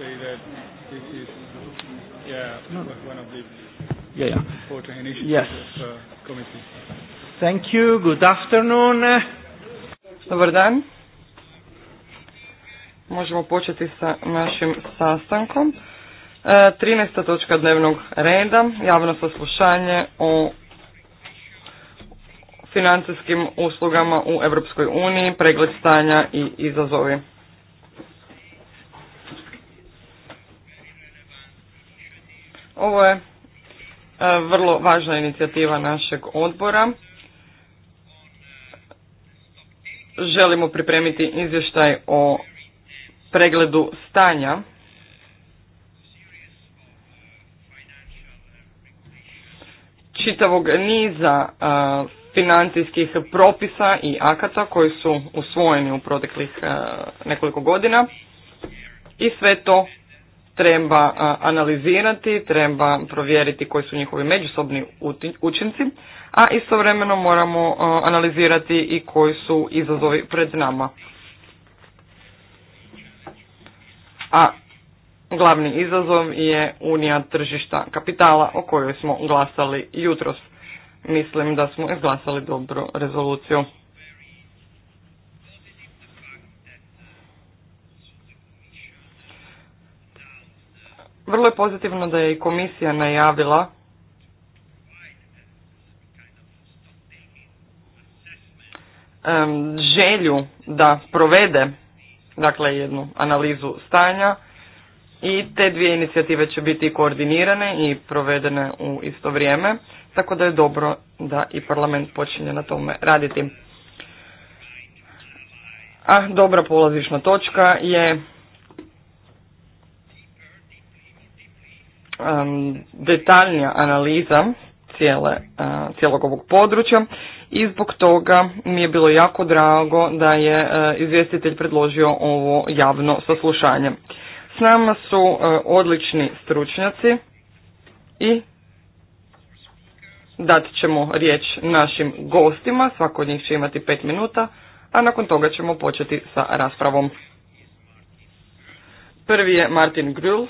say that this is yeah, one of the yeah, yeah. important initiatives yes. of the uh, committee. Thank you. Good afternoon. Dobar dan. Možemo početi sa našim sastankom. 13. E, točka dnevnog reda, javno saslušanje o financijskim uslugama u Europskoj uniji, pregled stanja i izazovi. Ovo je e, vrlo važna inicijativa našeg odbora. Želimo pripremiti izvještaj o pregledu stanja čitavog niza e, financijskih propisa i akata koji su usvojeni u proteklih e, nekoliko godina i sve to treba analizirati, treba provjeriti koji su njihovi međusobni učinci, a istovremeno moramo analizirati i koji su izazovi pred nama. A glavni izazov je unija tržišta kapitala o kojoj smo glasali jutros. Mislim da smo izglasali dobru rezoluciju. Vrlo je pozitivno da je i komisija najavila želju da provede dakle jednu analizu stanja i te dvije inicijative će biti koordinirane i provedene u isto vrijeme, tako da je dobro da i parlament počinje na tome raditi. A dobra polazišna točka je detaljnija analiza cijele, e, cijelog ovog područja i zbog toga mi je bilo jako drago da je e, izvjestitelj predložio ovo javno saslušanje. S nama su e, odlični stručnjaci i dat ćemo riječ našim gostima, svako od njih će imati pet minuta, a nakon toga ćemo početi sa raspravom. Prvi je Martin Grull,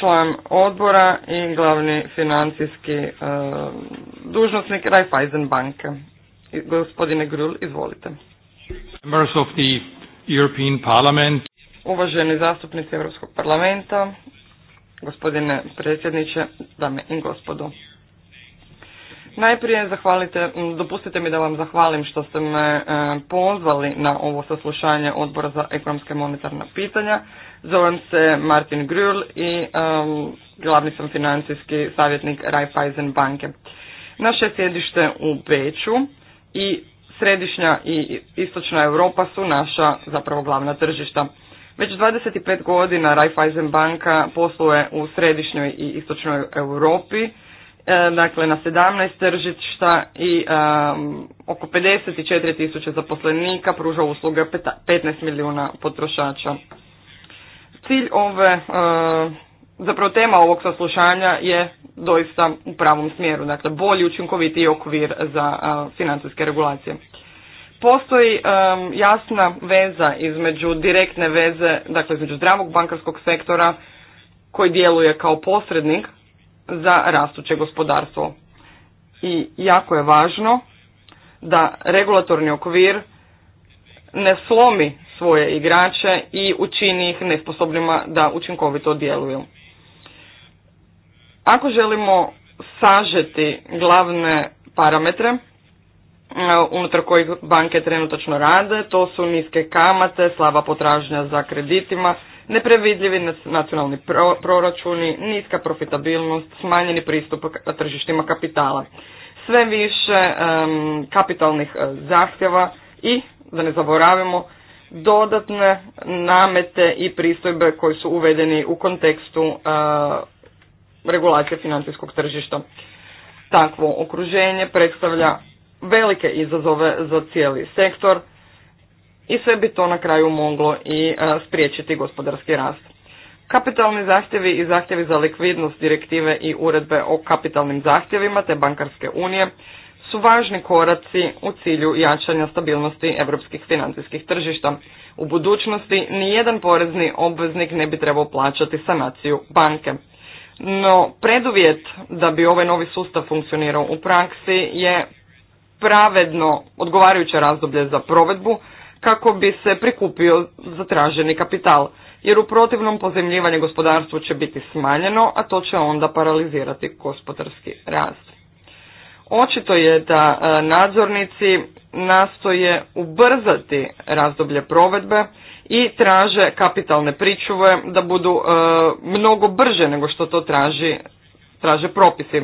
član odbora i glavni financijski dužnostnik e, dužnosnik Raiffeisen banke. Gospodine Grul, izvolite. Uvaženi zastupnici Europskog parlamenta, gospodine predsjedniče, dame i gospodo. Najprije zahvalite, dopustite mi da vam zahvalim što ste me e, pozvali na ovo saslušanje odbora za ekonomske monetarna pitanja Zovem se Martin Grull i um, glavni sam financijski savjetnik Raiffeisen banke. Naše sjedište u Beču i središnja i istočna Europa su naša zapravo glavna tržišta. Već 25 godina Raiffeisen banka posluje u središnjoj i istočnoj Europi, e, dakle na 17 tržišta i um, oko 54 tisuće zaposlenika pruža usluge 15 milijuna potrošača. Cilj ove, e, zapravo tema ovog saslušanja je doista u pravom smjeru, dakle bolji učinkovitiji okvir za e, financijske regulacije. Postoji e, jasna veza između direktne veze, dakle između zdravog bankarskog sektora koji djeluje kao posrednik za rastuće gospodarstvo. I jako je važno da regulatorni okvir ne slomi svoje igrače i učini ih nesposobnima da učinkovito djeluju. Ako želimo sažeti glavne parametre e, unutar kojih banke trenutačno rade, to su niske kamate, slaba potražnja za kreditima, neprevidljivi nacionalni proračuni, niska profitabilnost, smanjeni pristup tržištima kapitala, sve više kapitalnih e, zahtjeva i, da ne zaboravimo, dodatne namete i pristojbe koji su uvedeni u kontekstu e, regulacije financijskog tržišta. Takvo okruženje predstavlja velike izazove za cijeli sektor i sve bi to na kraju moglo i e, spriječiti gospodarski rast. Kapitalni zahtjevi i zahtjevi za likvidnost direktive i uredbe o kapitalnim zahtjevima te bankarske unije su važni koraci u cilju jačanja stabilnosti europskih financijskih tržišta. U budućnosti nijedan porezni obveznik ne bi trebao plaćati sanaciju banke. No, preduvjet da bi ovaj novi sustav funkcionirao u praksi je pravedno odgovarajuće razdoblje za provedbu kako bi se prikupio zatraženi kapital, jer u protivnom pozemljivanje gospodarstvu će biti smanjeno, a to će onda paralizirati gospodarski rast. Očito je da e, nadzornici nastoje ubrzati razdoblje provedbe i traže kapitalne pričuve da budu e, mnogo brže nego što to traži, traže propisi.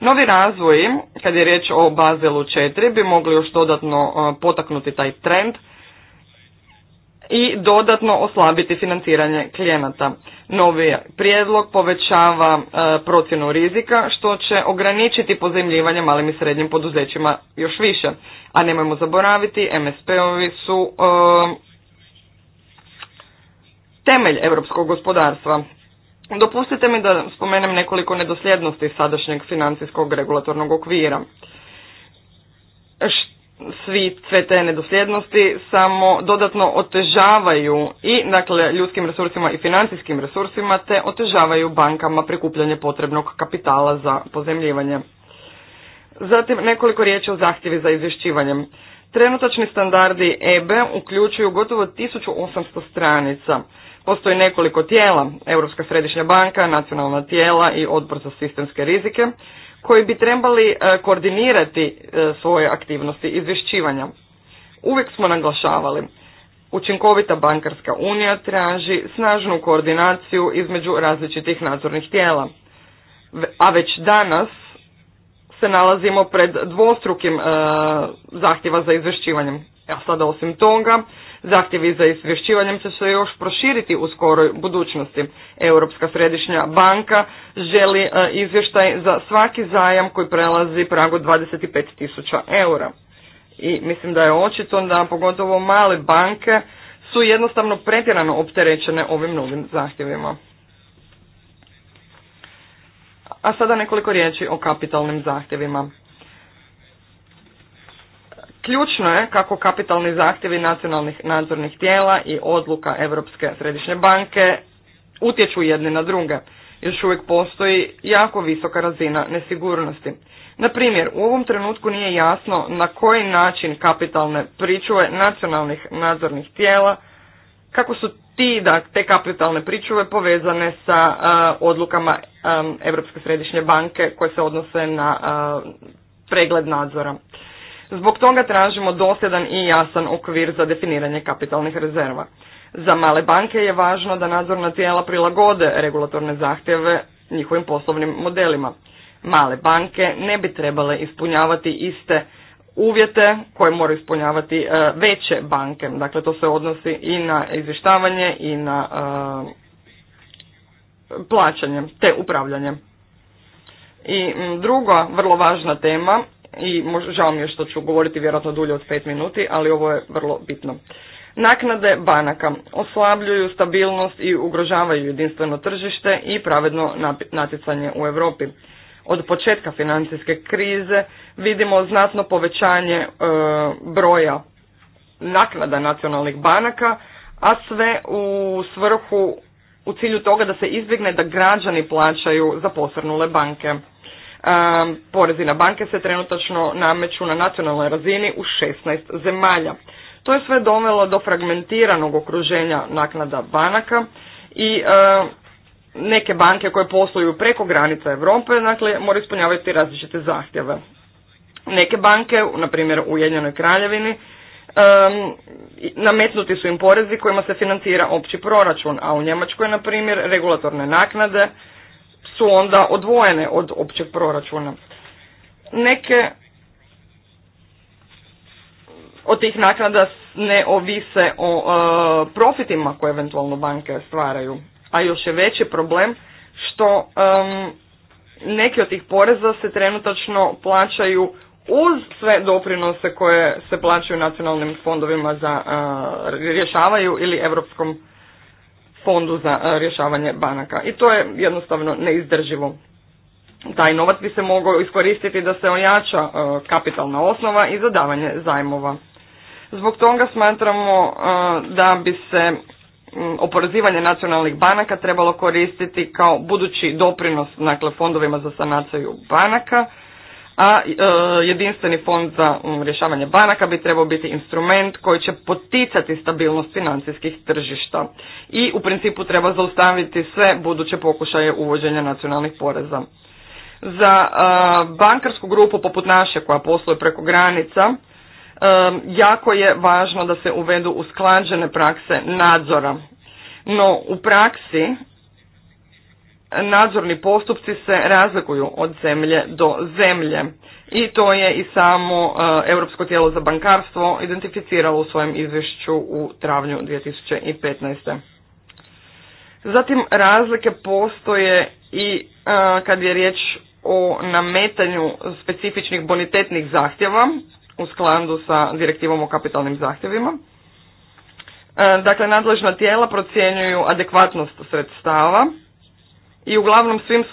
Novi razvoji, kad je riječ o Bazelu 4, bi mogli još dodatno e, potaknuti taj trend i dodatno oslabiti financiranje klijenata. Novi prijedlog povećava e, procjenu rizika što će ograničiti pozemljivanje malim i srednjim poduzećima još više. A nemojmo zaboraviti, MSP-ovi su e, temelj europskog gospodarstva. Dopustite mi da spomenem nekoliko nedosljednosti sadašnjeg financijskog regulatornog okvira svi sve te nedosljednosti samo dodatno otežavaju i dakle ljudskim resursima i financijskim resursima te otežavaju bankama prikupljanje potrebnog kapitala za pozemljivanje. Zatim nekoliko riječi o zahtjevi za izvješćivanjem. Trenutačni standardi EBE uključuju gotovo 1800 stranica. Postoji nekoliko tijela, Europska središnja banka, nacionalna tijela i odbor za sistemske rizike, koji bi trebali e, koordinirati e, svoje aktivnosti izvješćivanja. Uvijek smo naglašavali, učinkovita bankarska unija traži snažnu koordinaciju između različitih nadzornih tijela. A već danas se nalazimo pred dvostrukim e, zahtjeva za izvješćivanjem. A sada osim toga Zahtjevi za izvješćivanjem će se još proširiti u skoroj budućnosti. Europska središnja banka želi e, izvještaj za svaki zajam koji prelazi pragu 25.000 eura. I mislim da je očito da pogotovo male banke su jednostavno pretjerano opterećene ovim novim zahtjevima. A sada nekoliko riječi o kapitalnim zahtjevima. Ključno je kako kapitalni zahtjevi nacionalnih nadzornih tijela i odluka Europske središnje banke utječu jedne na druge. Još uvijek postoji jako visoka razina nesigurnosti. Na primjer, u ovom trenutku nije jasno na koji način kapitalne pričuve nacionalnih nadzornih tijela, kako su ti da te kapitalne pričuve povezane sa odlukama Europske središnje banke koje se odnose na pregled nadzora. Zbog toga tražimo dosljedan i jasan okvir za definiranje kapitalnih rezerva. Za male banke je važno da nadzorna tijela prilagode regulatorne zahtjeve njihovim poslovnim modelima. Male banke ne bi trebale ispunjavati iste uvjete koje moraju ispunjavati e, veće banke. Dakle, to se odnosi i na izvještavanje i na e, plaćanje te upravljanje. I druga vrlo važna tema i žao mi je što ću govoriti vjerojatno dulje od 5 minuti, ali ovo je vrlo bitno. Naknade banaka oslabljuju stabilnost i ugrožavaju jedinstveno tržište i pravedno natjecanje u Europi. Od početka financijske krize vidimo znatno povećanje e, broja naknada nacionalnih banaka, a sve u svrhu u cilju toga da se izbjegne da građani plaćaju za posrnule banke porezi na banke se trenutačno nameću na nacionalnoj razini u 16 zemalja. To je sve dovelo do fragmentiranog okruženja naknada banaka i e, neke banke koje posluju preko granica Europe, dakle, moraju ispunjavati različite zahtjeve. Neke banke, na primjer u Ujedinjenoj kraljevini, e, nametnuti su im porezi kojima se financira opći proračun, a u Njemačkoj, na primjer, regulatorne naknade su onda odvojene od općeg proračuna. Neke od tih naknada ne ovise o e, profitima koje eventualno banke stvaraju. A još je veći problem što neki od tih poreza se trenutačno plaćaju uz sve doprinose koje se plaćaju nacionalnim fondovima za e, rješavaju ili Europskom fondu za e, rješavanje banaka. I to je jednostavno neizdrživo. Taj novac bi se mogao iskoristiti da se ojača e, kapitalna osnova i za davanje zajmova. Zbog toga smatramo e, da bi se oporezivanje nacionalnih banaka trebalo koristiti kao budući doprinos dakle, fondovima za sanaciju banaka a e, jedinstveni fond za mm, rješavanje banaka bi trebao biti instrument koji će poticati stabilnost financijskih tržišta i u principu treba zaustaviti sve buduće pokušaje uvođenja nacionalnih poreza. Za e, bankarsku grupu poput naše koja posluje preko granica e, jako je važno da se uvedu usklađene prakse nadzora. No u praksi nadzorni postupci se razlikuju od zemlje do zemlje i to je i samo e, Europsko tijelo za bankarstvo identificiralo u svojem izvješću u travnju 2015. Zatim razlike postoje i e, kad je riječ o nametanju specifičnih bonitetnih zahtjeva u skladu sa direktivom o kapitalnim zahtjevima. E, dakle, nadležna tijela procjenjuju adekvatnost sredstava i uglavnom svim,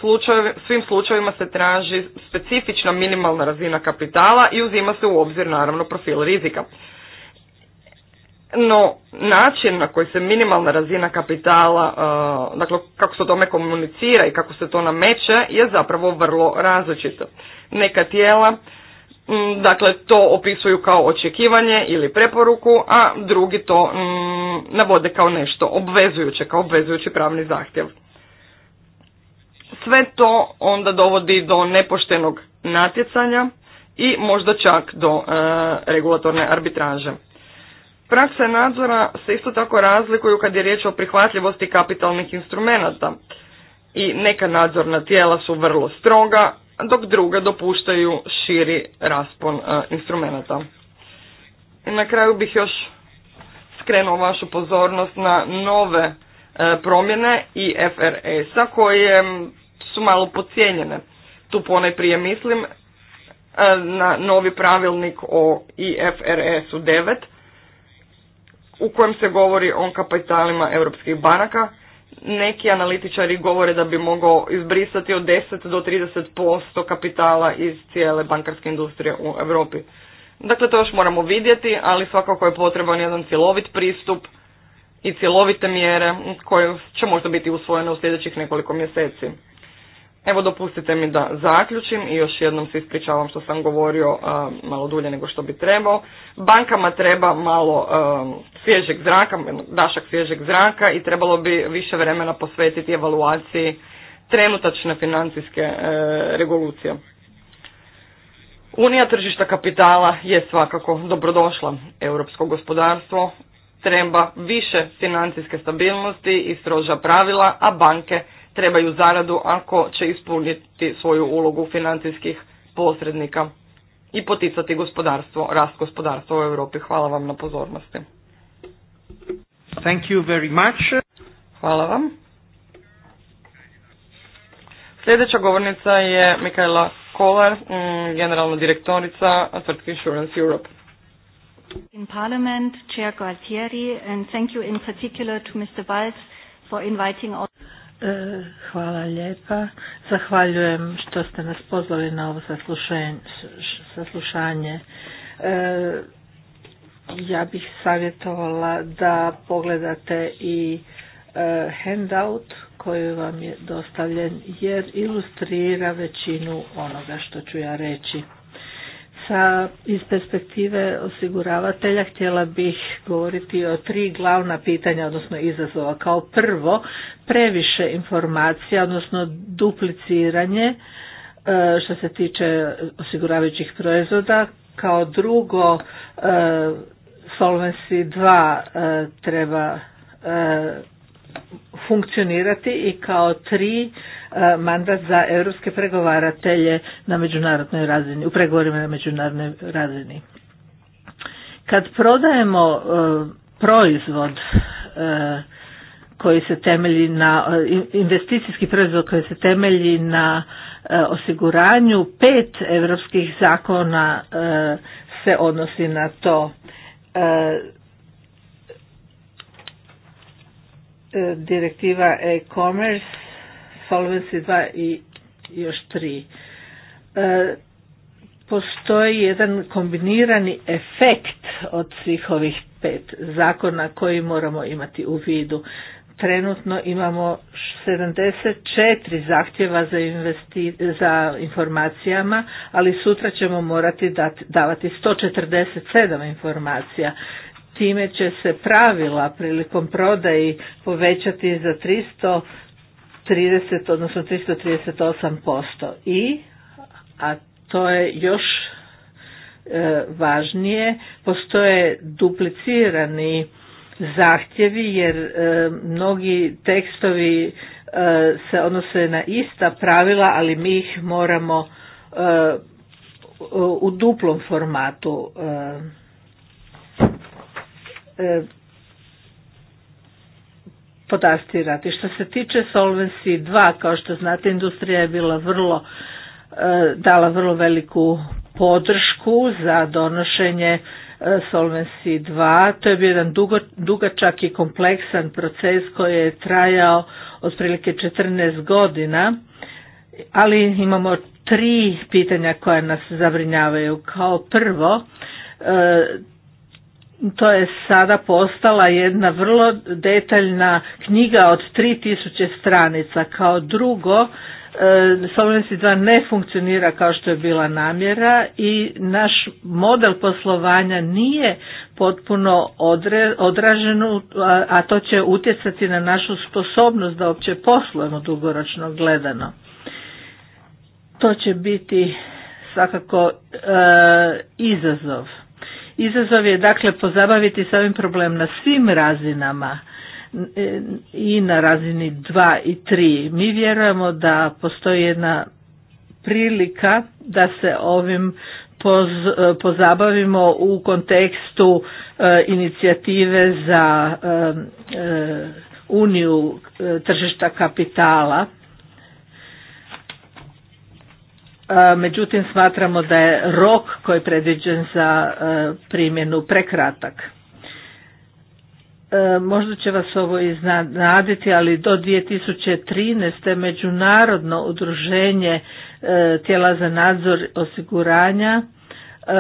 svim slučajevima se traži specifična minimalna razina kapitala i uzima se u obzir naravno profil rizika. No, način na koji se minimalna razina kapitala, e, dakle kako se tome komunicira i kako se to nameće je zapravo vrlo različito. Neka tijela dakle to opisuju kao očekivanje ili preporuku, a drugi to navode kao nešto obvezujuće, kao obvezujući pravni zahtjev. Sve to onda dovodi do nepoštenog natjecanja i možda čak do e, regulatorne arbitraže. Prakse nadzora se isto tako razlikuju kad je riječ o prihvatljivosti kapitalnih instrumenata i neka nadzorna tijela su vrlo stroga, dok druga dopuštaju širi raspon e, instrumenata. I na kraju bih još skrenuo vašu pozornost na nove e, promjene i a koje su malo podcijenjene. Tu prije mislim e, na novi pravilnik o IFRS-u 9 u kojem se govori o kapitalima europskih banaka. Neki analitičari govore da bi mogao izbrisati od 10 do 30% kapitala iz cijele bankarske industrije u Europi. Dakle, to još moramo vidjeti, ali svakako je potreban jedan cjelovit pristup i cjelovite mjere koje će možda biti usvojene u sljedećih nekoliko mjeseci. Evo dopustite mi da zaključim i još jednom se ispričavam što sam govorio malo dulje nego što bi trebao. Bankama treba malo svježeg zraka, dašak svježeg zraka i trebalo bi više vremena posvetiti evaluaciji trenutačne financijske e, revolucije. Unija tržišta kapitala je svakako dobrodošla. Europsko gospodarstvo treba više financijske stabilnosti i stroža pravila, a banke trebaju zaradu ako će ispuniti svoju ulogu financijskih posrednika i poticati gospodarstvo, rast gospodarstva u Europi. Hvala vam na pozornosti. Thank you very much. Hvala vam. Sljedeća govornica je Mikaela Kolar, mm, generalna direktorica Tvrtke Insurance Europe. In Parliament, Chair Gualtieri, and thank you in particular to Mr. Valls for inviting all... E, hvala lijepa. Zahvaljujem što ste nas pozvali na ovo saslušanje. E, ja bih savjetovala da pogledate i e, handout koji vam je dostavljen jer ilustrira većinu onoga što ću ja reći sa, iz perspektive osiguravatelja htjela bih govoriti o tri glavna pitanja, odnosno izazova. Kao prvo, previše informacija, odnosno dupliciranje e, što se tiče osiguravajućih proizvoda. Kao drugo, e, Solvency 2 e, treba funkcionirati i kao tri e, mandat za europske pregovaratelje na međunarodnoj razini, u pregovorima na međunarodnoj razini. Kad prodajemo e, proizvod e, koji se temelji na investicijski proizvod koji se temelji na osiguranju pet europskih zakona se odnosi na to E, direktiva e-commerce, Solvency 2 i još 3. E, postoji jedan kombinirani efekt od svih ovih pet zakona koji moramo imati u vidu. Trenutno imamo 74 zahtjeva za, investi, za informacijama, ali sutra ćemo morati dat, davati 147 informacija. Time će se pravila prilikom prodaji povećati za 330, odnosno 338%. I, a to je još e, važnije, postoje duplicirani zahtjevi jer e, mnogi tekstovi e, se odnose na ista pravila, ali mi ih moramo u duplom formatu E, podastirati. Što se tiče Solvency 2, kao što znate, industrija je bila vrlo, e, dala vrlo veliku podršku za donošenje e, Solvency 2. To je bio jedan dugačak i kompleksan proces koji je trajao otprilike 14 godina, ali imamo tri pitanja koja nas zabrinjavaju. Kao prvo, to je sada postala jedna vrlo detaljna knjiga od 3000 stranica. Kao drugo, e, Solvency 2 ne funkcionira kao što je bila namjera i naš model poslovanja nije potpuno odre, odražen, a to će utjecati na našu sposobnost da opće poslujemo dugoročno gledano. To će biti svakako e, izazov. Izazov je dakle pozabaviti sa ovim problem na svim razinama e, i na razini 2 i 3. Mi vjerujemo da postoji jedna prilika da se ovim e, pozabavimo u kontekstu e, inicijative za uniju tržišta kapitala međutim smatramo da je rok koji je predviđen za e, primjenu prekratak. E, možda će vas ovo iznaditi, ali do 2013. Međunarodno udruženje e, tijela za nadzor osiguranja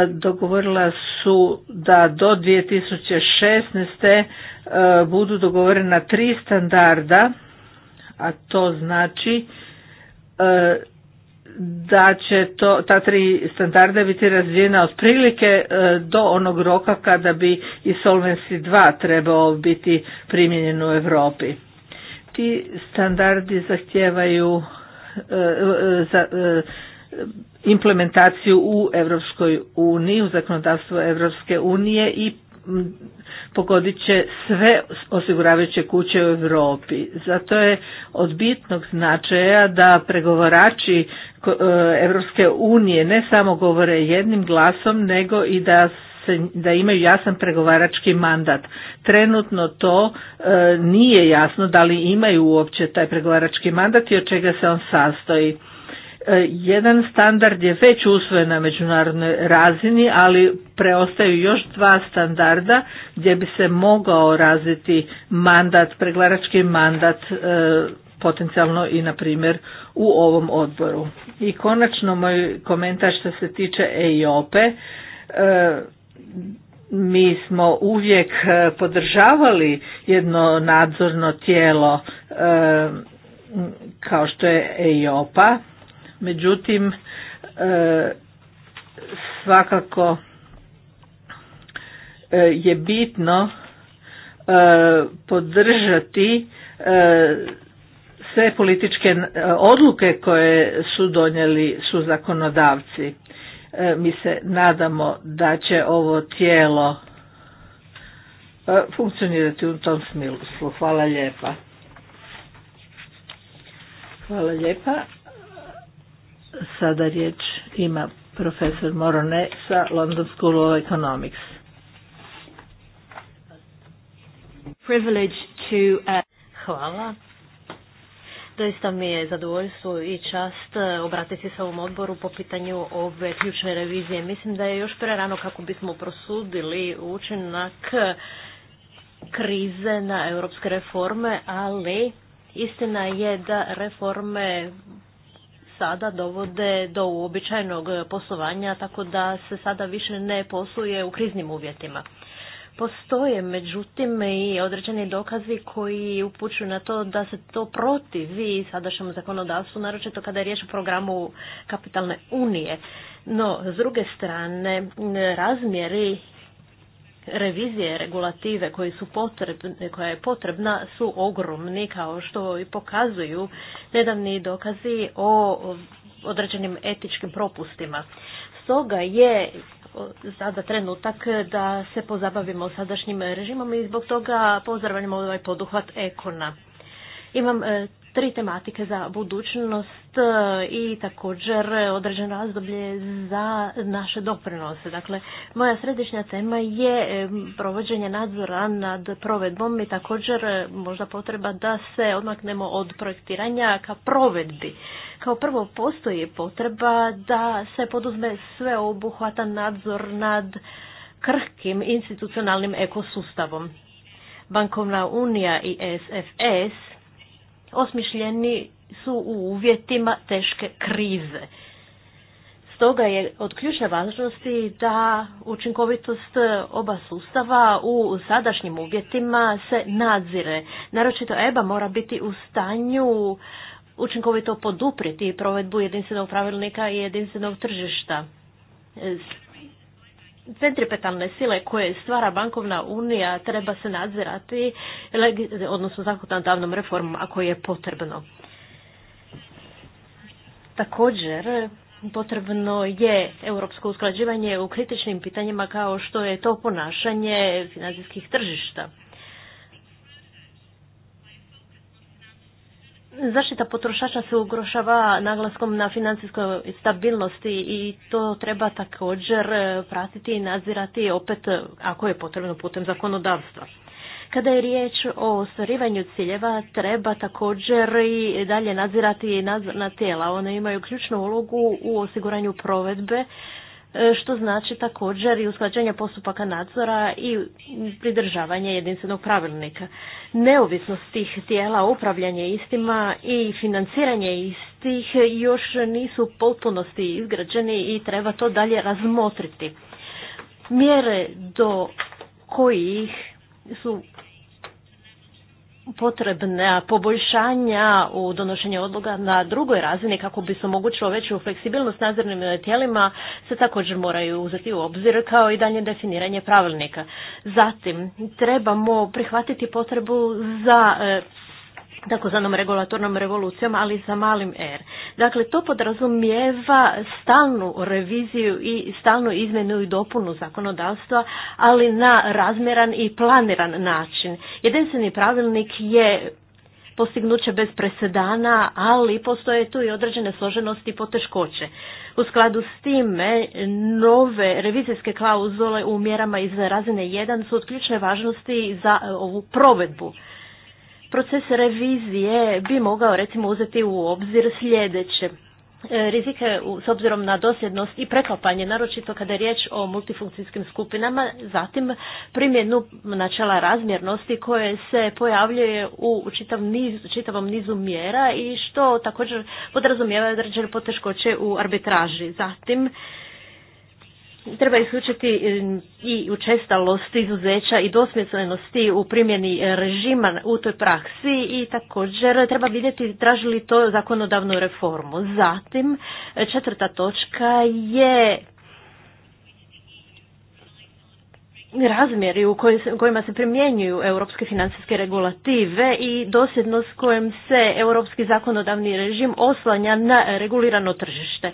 dogovorila su da do 2016. budu dogovorena tri standarda, a to znači da će to, ta tri standarda biti razvijena otprilike e, do onog roka kada bi i Solvency 2 trebao biti primijenjen u Europi. Ti standardi zahtijevaju e, e, za, implementaciju u Europskoj uniji, u zakonodavstvu Europske unije i pogodit će sve osiguravajuće kuće u Europi. Zato je od bitnog značaja da pregovarači Europske unije ne samo govore jednim glasom, nego i da da imaju jasan pregovarački mandat. Trenutno to e, nije jasno da li imaju uopće taj pregovarački mandat i od čega se on sastoji. E, jedan standard je već usvojen na međunarodnoj razini, ali preostaju još dva standarda gdje bi se mogao razviti mandat, preglarački mandat e, potencijalno i na primjer u ovom odboru. I konačno moj komentar što se tiče EIOPE, e, mi smo uvijek podržavali jedno nadzorno tijelo kao što je EIOPA, međutim e, svakako e, je bitno e, podržati sve političke odluke koje su donijeli su zakonodavci. Mi se nadamo da će ovo tijelo funkcionirati u tom smislu. Hvala lijepa. Hvala lijepa. Sada riječ ima profesor Morone sa London School of Economics. Uh, Hvala. Doista mi je zadovoljstvo i čast uh, obratiti se ovom odboru po pitanju ove ključne revizije. Mislim da je još prerano kako bismo prosudili učinak krize na europske reforme, ali istina je da reforme sada dovode do uobičajenog poslovanja, tako da se sada više ne posluje u kriznim uvjetima. Postoje međutim i određeni dokazi koji upućuju na to da se to protivi sadašnjem zakonodavstvu, naročito kada je riječ o programu kapitalne unije. No, s druge strane, razmjeri revizije regulative koje su potrebne, koja je potrebna su ogromni kao što i pokazuju nedavni dokazi o određenim etičkim propustima. Stoga je sada trenutak da se pozabavimo sadašnjim režimom i zbog toga pozdravljamo ovaj poduhvat Ekona. Imam e, tri tematike za budućnost e, i također određeno razdoblje za naše doprinose. Dakle, moja središnja tema je e, provođenje nadzora nad provedbom i također e, možda potreba da se odmaknemo od projektiranja ka provedbi. Kao prvo postoji potreba da se poduzme sveobuhvatan nadzor nad krhkim institucionalnim ekosustavom. Bankovna unija i SFS osmišljeni su u uvjetima teške krize. Stoga je od ključne važnosti da učinkovitost oba sustava u sadašnjim uvjetima se nadzire. Naročito EBA mora biti u stanju učinkovito poduprijeti provedbu jedinstvenog pravilnika i jedinstvenog tržišta centripetalne sile koje stvara bankovna unija treba se nadzirati, odnosno zakonodavnom reformom ako je potrebno. Također, potrebno je europsko usklađivanje u kritičnim pitanjima kao što je to ponašanje financijskih tržišta. Zaštita potrošača se ugrošava naglaskom na financijskoj stabilnosti i to treba također e, pratiti i nadzirati opet e, ako je potrebno putem zakonodavstva. Kada je riječ o ostvarivanju ciljeva, treba također i dalje nadzirati nadzorna tijela. One imaju ključnu ulogu u osiguranju provedbe, E, što znači također i usklađenje postupaka nadzora i pridržavanje jedinstvenog pravilnika. Neovisnost tih tijela, upravljanje istima i financiranje istih još nisu u potpunosti izgrađeni i treba to dalje razmotriti. Mjere do kojih su potrebna poboljšanja u donošenju odloga na drugoj razini kako bi se omogućilo veću fleksibilnost nadzornim e, tijelima se također moraju uzeti u obzir kao i dalje definiranje pravilnika. Zatim, trebamo prihvatiti potrebu za e, takozvanom regulatornom revolucijom, ali za malim R. Dakle, to podrazumijeva stalnu reviziju i stalnu izmjenu i dopunu zakonodavstva, ali na razmjeran i planiran način. Jedinstveni pravilnik je postignuće bez presedana, ali postoje tu i određene složenosti i poteškoće. U skladu s time, nove revizijske klauzule u mjerama iz razine 1 su od ključne važnosti za ovu provedbu proces revizije bi mogao recimo uzeti u obzir sljedeće. E, Rizike s obzirom na dosljednost i preklapanje, naročito kada je riječ o multifunkcijskim skupinama, zatim primjenu načela razmjernosti koje se pojavljuje u čitav niz, čitavom nizu mjera i što također podrazumijeva određene poteškoće u arbitraži. Zatim treba isključiti e, i učestalost izuzeća i dosmislenosti u primjeni e, režima u toj praksi i također treba vidjeti traži li to zakonodavnu reformu. Zatim, e, četvrta točka je razmjeri u kojima se primjenjuju europske financijske regulative i dosljednost kojim se europski zakonodavni režim oslanja na regulirano tržište.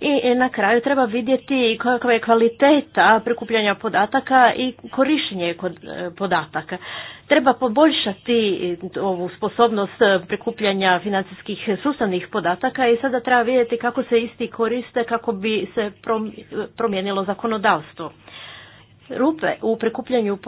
I na kraju treba vidjeti kakva je kvaliteta prikupljanja podataka i korištenje e, podataka. Treba poboljšati ovu sposobnost prikupljanja financijskih sustavnih podataka i sada treba vidjeti kako se isti koriste kako bi se promijenilo zakonodavstvo rupe u prikupljanju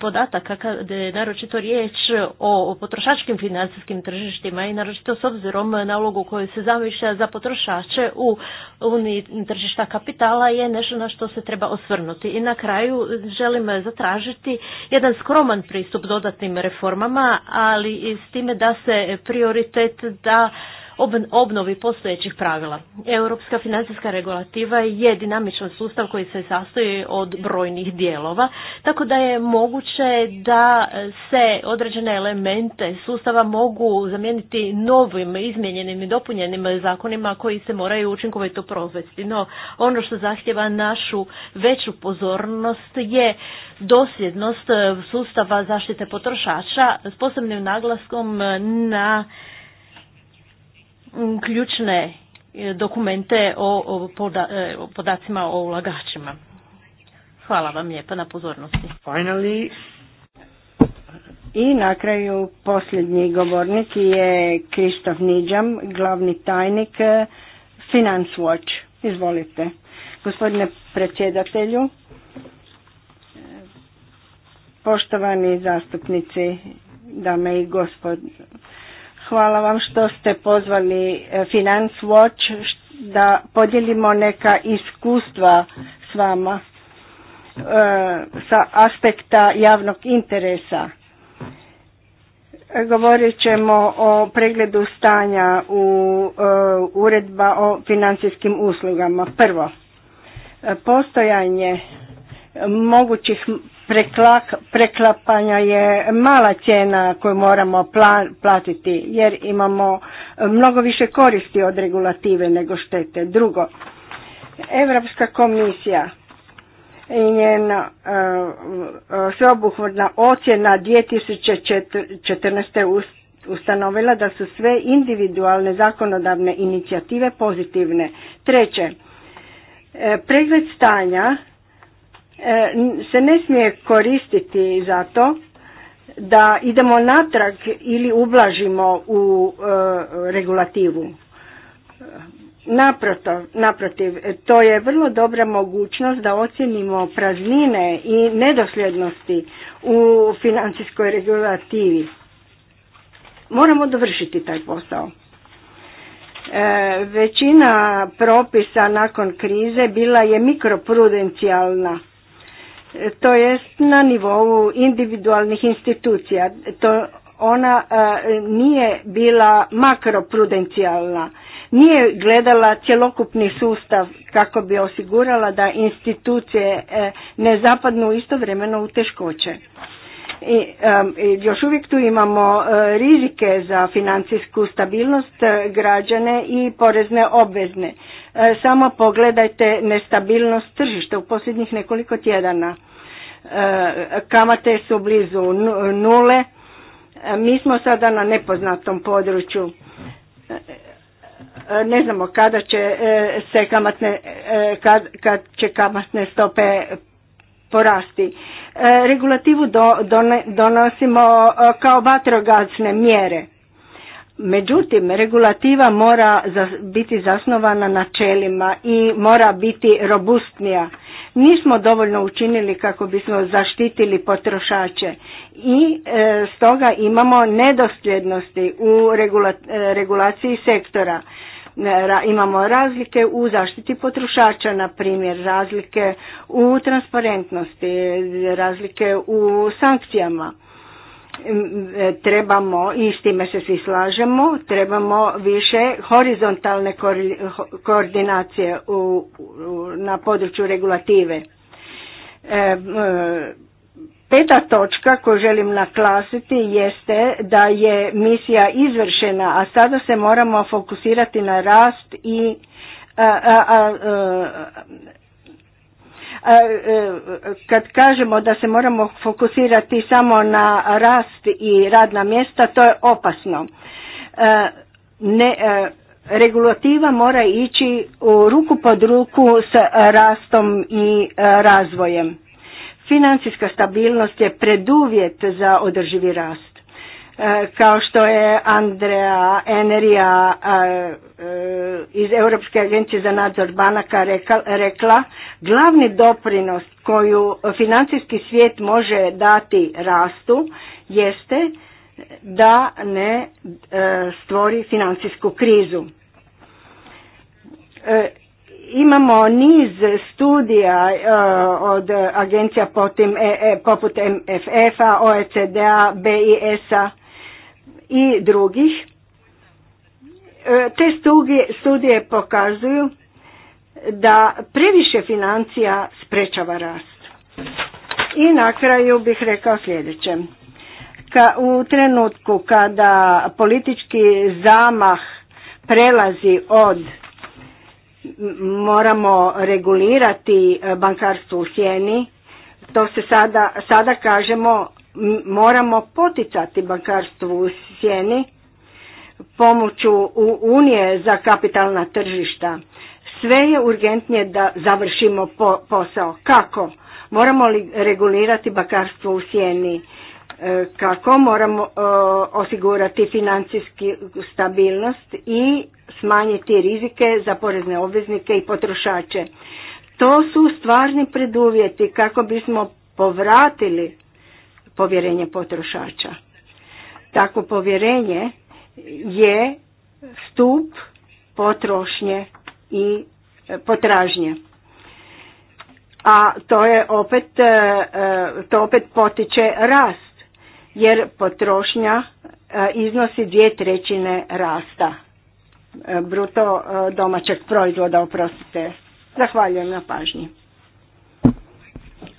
podataka kada je naročito riječ o potrošačkim financijskim tržištima i naročito s obzirom na ulogu koju se zamišlja za potrošače u uniji tržišta kapitala je nešto na što se treba osvrnuti. I na kraju želim zatražiti jedan skroman pristup dodatnim reformama, ali s time da se prioritet da obnovi postojećih pravila. Europska financijska regulativa je dinamičan sustav koji se sastoji od brojnih dijelova, tako da je moguće da se određene elemente sustava mogu zamijeniti novim, izmijenjenim i dopunjenim zakonima koji se moraju učinkovito provesti. No, ono što zahtjeva našu veću pozornost je dosljednost sustava zaštite potrošača s posebnim naglaskom na ključne e, dokumente e, o, podacima o ulagačima. Hvala vam lijepa na pozornosti. Finally. I na kraju posljednji govornik je Kristof Niđam, glavni tajnik e, Finance Watch. Izvolite. Gospodine predsjedatelju, poštovani zastupnici, dame i gospodine, Hvala vam što ste pozvali e, Finance Watch da podijelimo neka iskustva s vama e, sa aspekta javnog interesa. Govorit ćemo o pregledu stanja u e, uredba o financijskim uslugama. Prvo, postojanje mogućih preklapanja je mala cijena koju moramo platiti jer imamo e, mnogo više koristi od regulative nego štete. Drugo, Europska komisija i njena e, sveobuhvatna ocjena 2014. ustanovila da su sve individualne zakonodavne inicijative pozitivne. Treće, e, pregled stanja E, se ne smije koristiti za to da idemo natrag ili ublažimo u e, regulativu. Naproto, naprotiv, e, to je vrlo dobra mogućnost da ocjenimo praznine i nedosljednosti u financijskoj regulativi. Moramo dovršiti taj posao. većina propisa nakon krize bila je mikroprudencijalna to jest na nivou individualnih institucija. To ona e, nije bila makroprudencijalna, nije gledala cjelokupni sustav kako bi osigurala da institucije e, ne zapadnu istovremeno u teškoće. I, e, još uvijek tu imamo rizike za financijsku stabilnost građane i porezne obvezne. E, samo pogledajte nestabilnost tržišta u posljednjih nekoliko tjedana. E, kamate su blizu nule. E, mi smo sada na nepoznatom području. Ne znamo kada će se kamatne, kad, kad će kamatne stope porasti. Regulativu do, donosimo kao vatrogasne mjere Međutim, regulativa mora biti zasnovana na načelima i mora biti robustnija. Nismo dovoljno učinili kako bismo zaštitili potrošače i e, stoga imamo nedosljednosti u e, regulaciji sektora. E, imamo razlike u zaštiti potrošača, na primjer razlike u transparentnosti, razlike u sankcijama trebamo, i s time se svi slažemo, trebamo više horizontalne koordinacije u, na području regulative. E, e, peta točka koju želim naklasiti jeste da je misija izvršena, a sada se moramo fokusirati na rast i E, e, kad kažemo da se moramo fokusirati samo na rast i radna mjesta, to je opasno. E, ne, regulativa mora ići u ruku pod ruku s rastom i razvojem. Financijska stabilnost je preduvjet za održivi rast. E, kao što je Andrea Enerija e, e, iz Europske agencije za nadzor banaka rekla, glavni doprinos koju financijski svijet može dati rastu jeste da ne stvori financijsku krizu. Imamo niz studija od agencija poput MFF-a, OECD-a, BIS-a, i drugih. E, te studije, studije pokazuju da previše financija sprečava rast. I na kraju bih rekao sljedeće. Ka, u trenutku kada politički zamah prelazi od moramo regulirati bankarstvo u sjeni, to se sada, sada kažemo moramo poticati bankarstvo u sjeni pomoću Unije za kapitalna tržišta. Sve je urgentnije da završimo posao. Kako? Moramo li regulirati bankarstvo u sjeni? E, kako moramo e, osigurati financijsku stabilnost i smanjiti rizike za porezne obveznike i potrošače? To su stvarni preduvjeti kako bismo povratili povjerenje potrošača. Tako povjerenje je stup potrošnje i e, potražnje. A to je opet, e, e, to opet potiče rast, jer potrošnja iznosi dvije trećine rasta bruto domaćeg proizvoda, oprostite. Zahvaljujem na pažnji.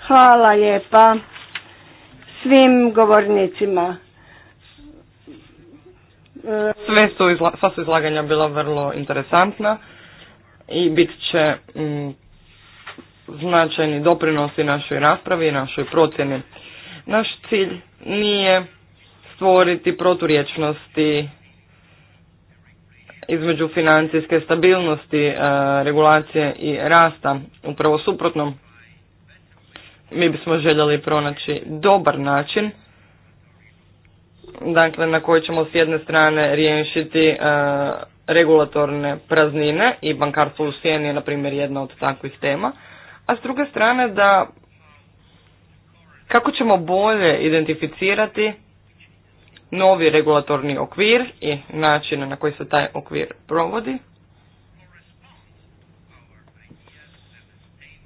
Hvala lijepa svim govornicima. Sve su su izlaganja bila vrlo interesantna i bit će mm, značajni doprinosi našoj raspravi i našoj procjeni. Naš cilj nije stvoriti proturječnosti između financijske stabilnosti, e, regulacije i rasta. Upravo suprotno, mi bismo željeli pronaći dobar način dakle na koji ćemo s jedne strane riješiti e, regulatorne praznine i bankarstvo u sjeni je na primjer jedna od takvih tema, a s druge strane da kako ćemo bolje identificirati novi regulatorni okvir i način na koji se taj okvir provodi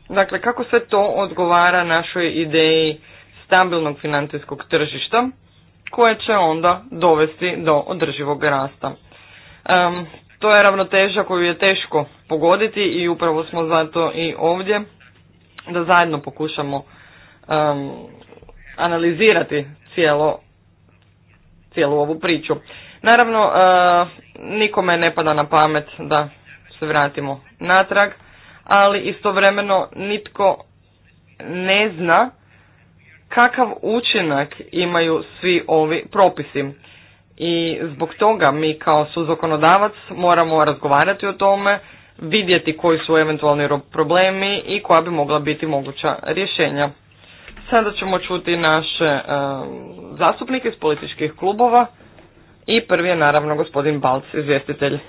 Dakle, kako sve to odgovara našoj ideji stabilnog financijskog tržišta koje će onda dovesti do održivog rasta. to je ravnoteža koju je teško pogoditi i upravo smo zato i ovdje da zajedno pokušamo analizirati cijelo, cijelu ovu priču. Naravno, eh, nikome ne pada na pamet da se vratimo natrag ali istovremeno nitko ne zna kakav učinak imaju svi ovi propisi. I zbog toga mi kao suzakonodavac moramo razgovarati o tome, vidjeti koji su eventualni problemi i koja bi mogla biti moguća rješenja. Sada ćemo čuti naše eh, zastupnike iz političkih klubova i prvi je naravno gospodin Balc, izvjestitelj.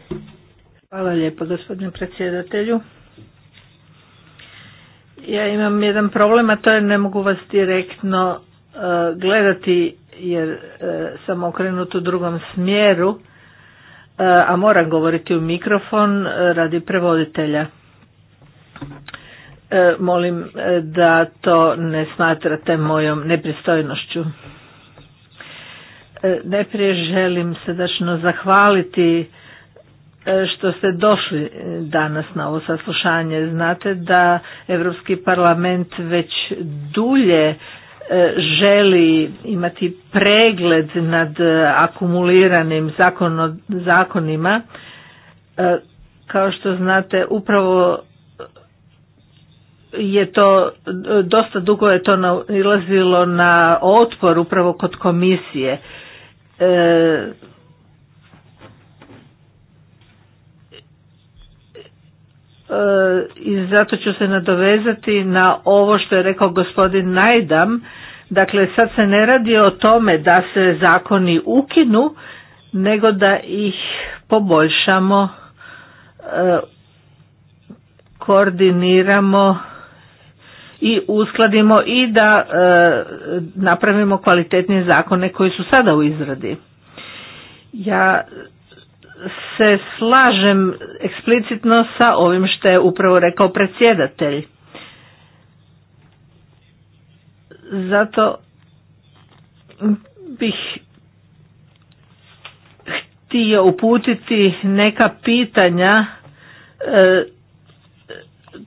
Hvala lijepo gospodinu predsjedatelju. Ja imam jedan problem, a to je ne mogu vas direktno e, gledati jer e, sam okrenut u drugom smjeru, e, a moram govoriti u mikrofon radi prevoditelja. Molim da to ne smatrate mojom nepristojnošću. Najprije želim srdačno zahvaliti E, što ste došli e, danas na ovo saslušanje. Znate da Europski parlament već dulje e, želi imati pregled nad akumuliranim zakonima. Kao što znate, upravo je to, dosta dugo je to nailazilo na otpor upravo kod komisije. E, i zato ću se nadovezati na ovo što je rekao gospodin Najdam. Dakle, sad se ne radi o tome da se zakoni ukinu, nego da ih poboljšamo, e, koordiniramo i uskladimo i da e, napravimo kvalitetnije zakone koji su sada u izradi. Ja se slažem eksplicitno sa ovim što je upravo rekao predsjedatelj. Zato bih htio uputiti neka pitanja e,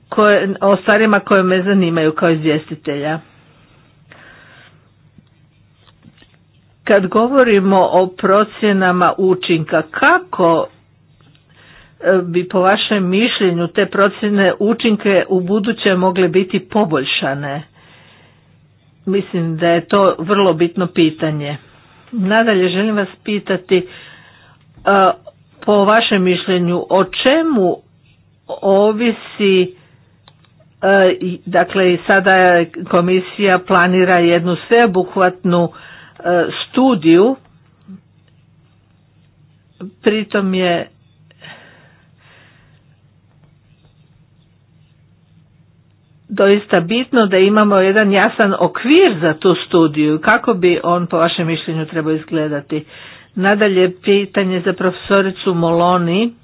koje, o stvarima koje me zanimaju kao izvjestitelja. kad govorimo o procjenama učinka, kako e, bi po vašem mišljenju te procjene učinke u buduće mogle biti poboljšane? Mislim da je to vrlo bitno pitanje. Nadalje želim vas pitati e, po vašem mišljenju o čemu ovisi e, dakle i sada komisija planira jednu sveobuhvatnu E, studiju pritom je doista bitno da imamo jedan jasan okvir za tu studiju. Kako bi on po vašem mišljenju trebao izgledati? Nadalje pitanje za profesoricu Moloni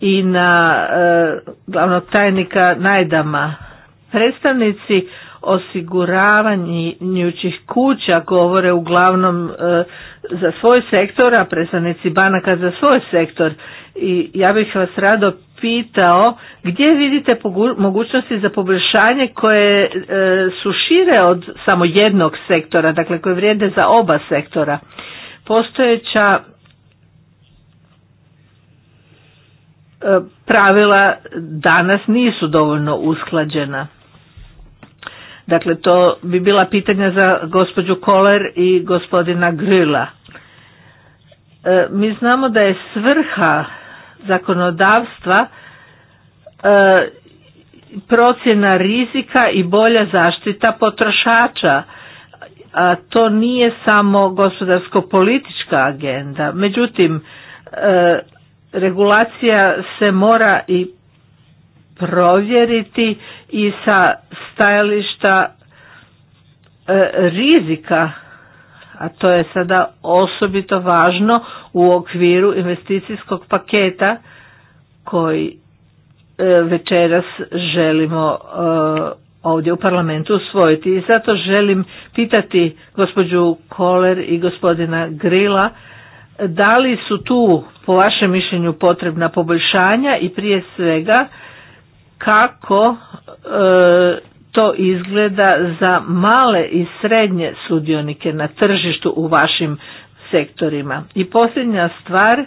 i na e, glavnog tajnika Najdama. Predstavnici osiguravanjućih kuća govore uglavnom e, za svoj sektor, a predstavnici banaka za svoj sektor. I ja bih vas rado pitao gdje vidite mogućnosti za poboljšanje koje e, su šire od samo jednog sektora, dakle koje vrijede za oba sektora. Postojeća e, pravila danas nisu dovoljno usklađena. Dakle, to bi bila pitanja za gospođu Koler i gospodina Grila. E, mi znamo da je svrha zakonodavstva e, procjena rizika i bolja zaštita potrošača. A to nije samo gospodarsko-politička agenda. Međutim, e, regulacija se mora i provjeriti i sa stajališta e, rizika a to je sada osobito važno u okviru investicijskog paketa koji e, večeras želimo e, ovdje u parlamentu usvojiti. I zato želim pitati gospođu Koler i gospodina Grila da li su tu po vašem mišljenju potrebna poboljšanja i prije svega kako e, to izgleda za male i srednje sudionike na tržištu u vašim sektorima. I posljednja stvar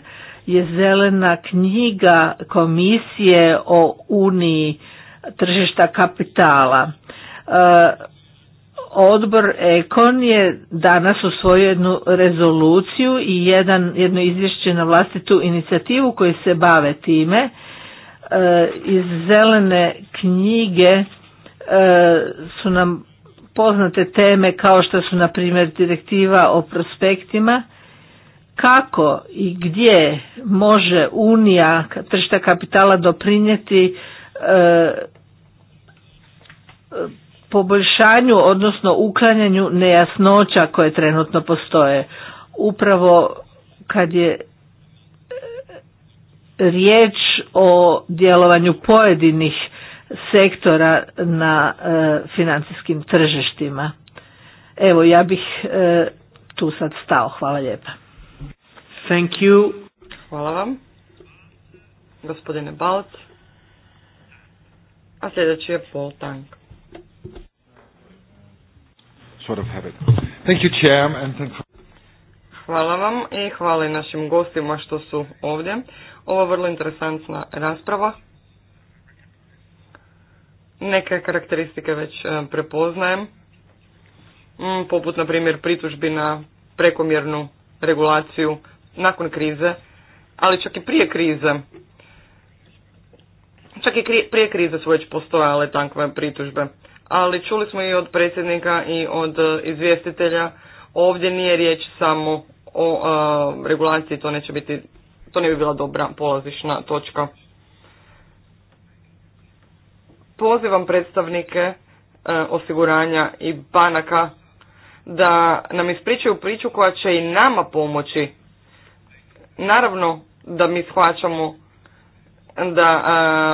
je zelena knjiga komisije o uniji tržišta kapitala. E, odbor Ekon je danas usvojio jednu rezoluciju i jedan, jedno izvješće na vlastitu inicijativu koji se bave time E, iz zelene knjige e, su nam poznate teme kao što su na primjer direktiva o prospektima kako i gdje može unija tržišta kapitala doprinijeti e, poboljšanju odnosno uklanjanju nejasnoća koje trenutno postoje upravo kad je riječ o djelovanju pojedinih sektora na e, financijskim tržištima. Evo, ja bih e, tu sad stao. Hvala lijepa. Thank you. Hvala vam. Gospodine Balc. A sljedeći je Paul Tank. Sort of habit. Thank you, Hvala vam i hvala našim gostima što su ovdje. Ovo vrlo interesantna rasprava. Neke karakteristike već e, prepoznajem, mm, poput na primjer pritužbi na prekomjernu regulaciju nakon krize, ali čak i prije krize. Čak i prije krize su već postojale takve pritužbe. Ali čuli smo i od predsjednika i od e, izvjestitelja, ovdje nije riječ samo o e, regulaciji, to neće biti to ne bi bila dobra polazišna točka. Pozivam predstavnike e, osiguranja i banaka da nam ispričaju priču koja će i nama pomoći. Naravno da mi shvaćamo da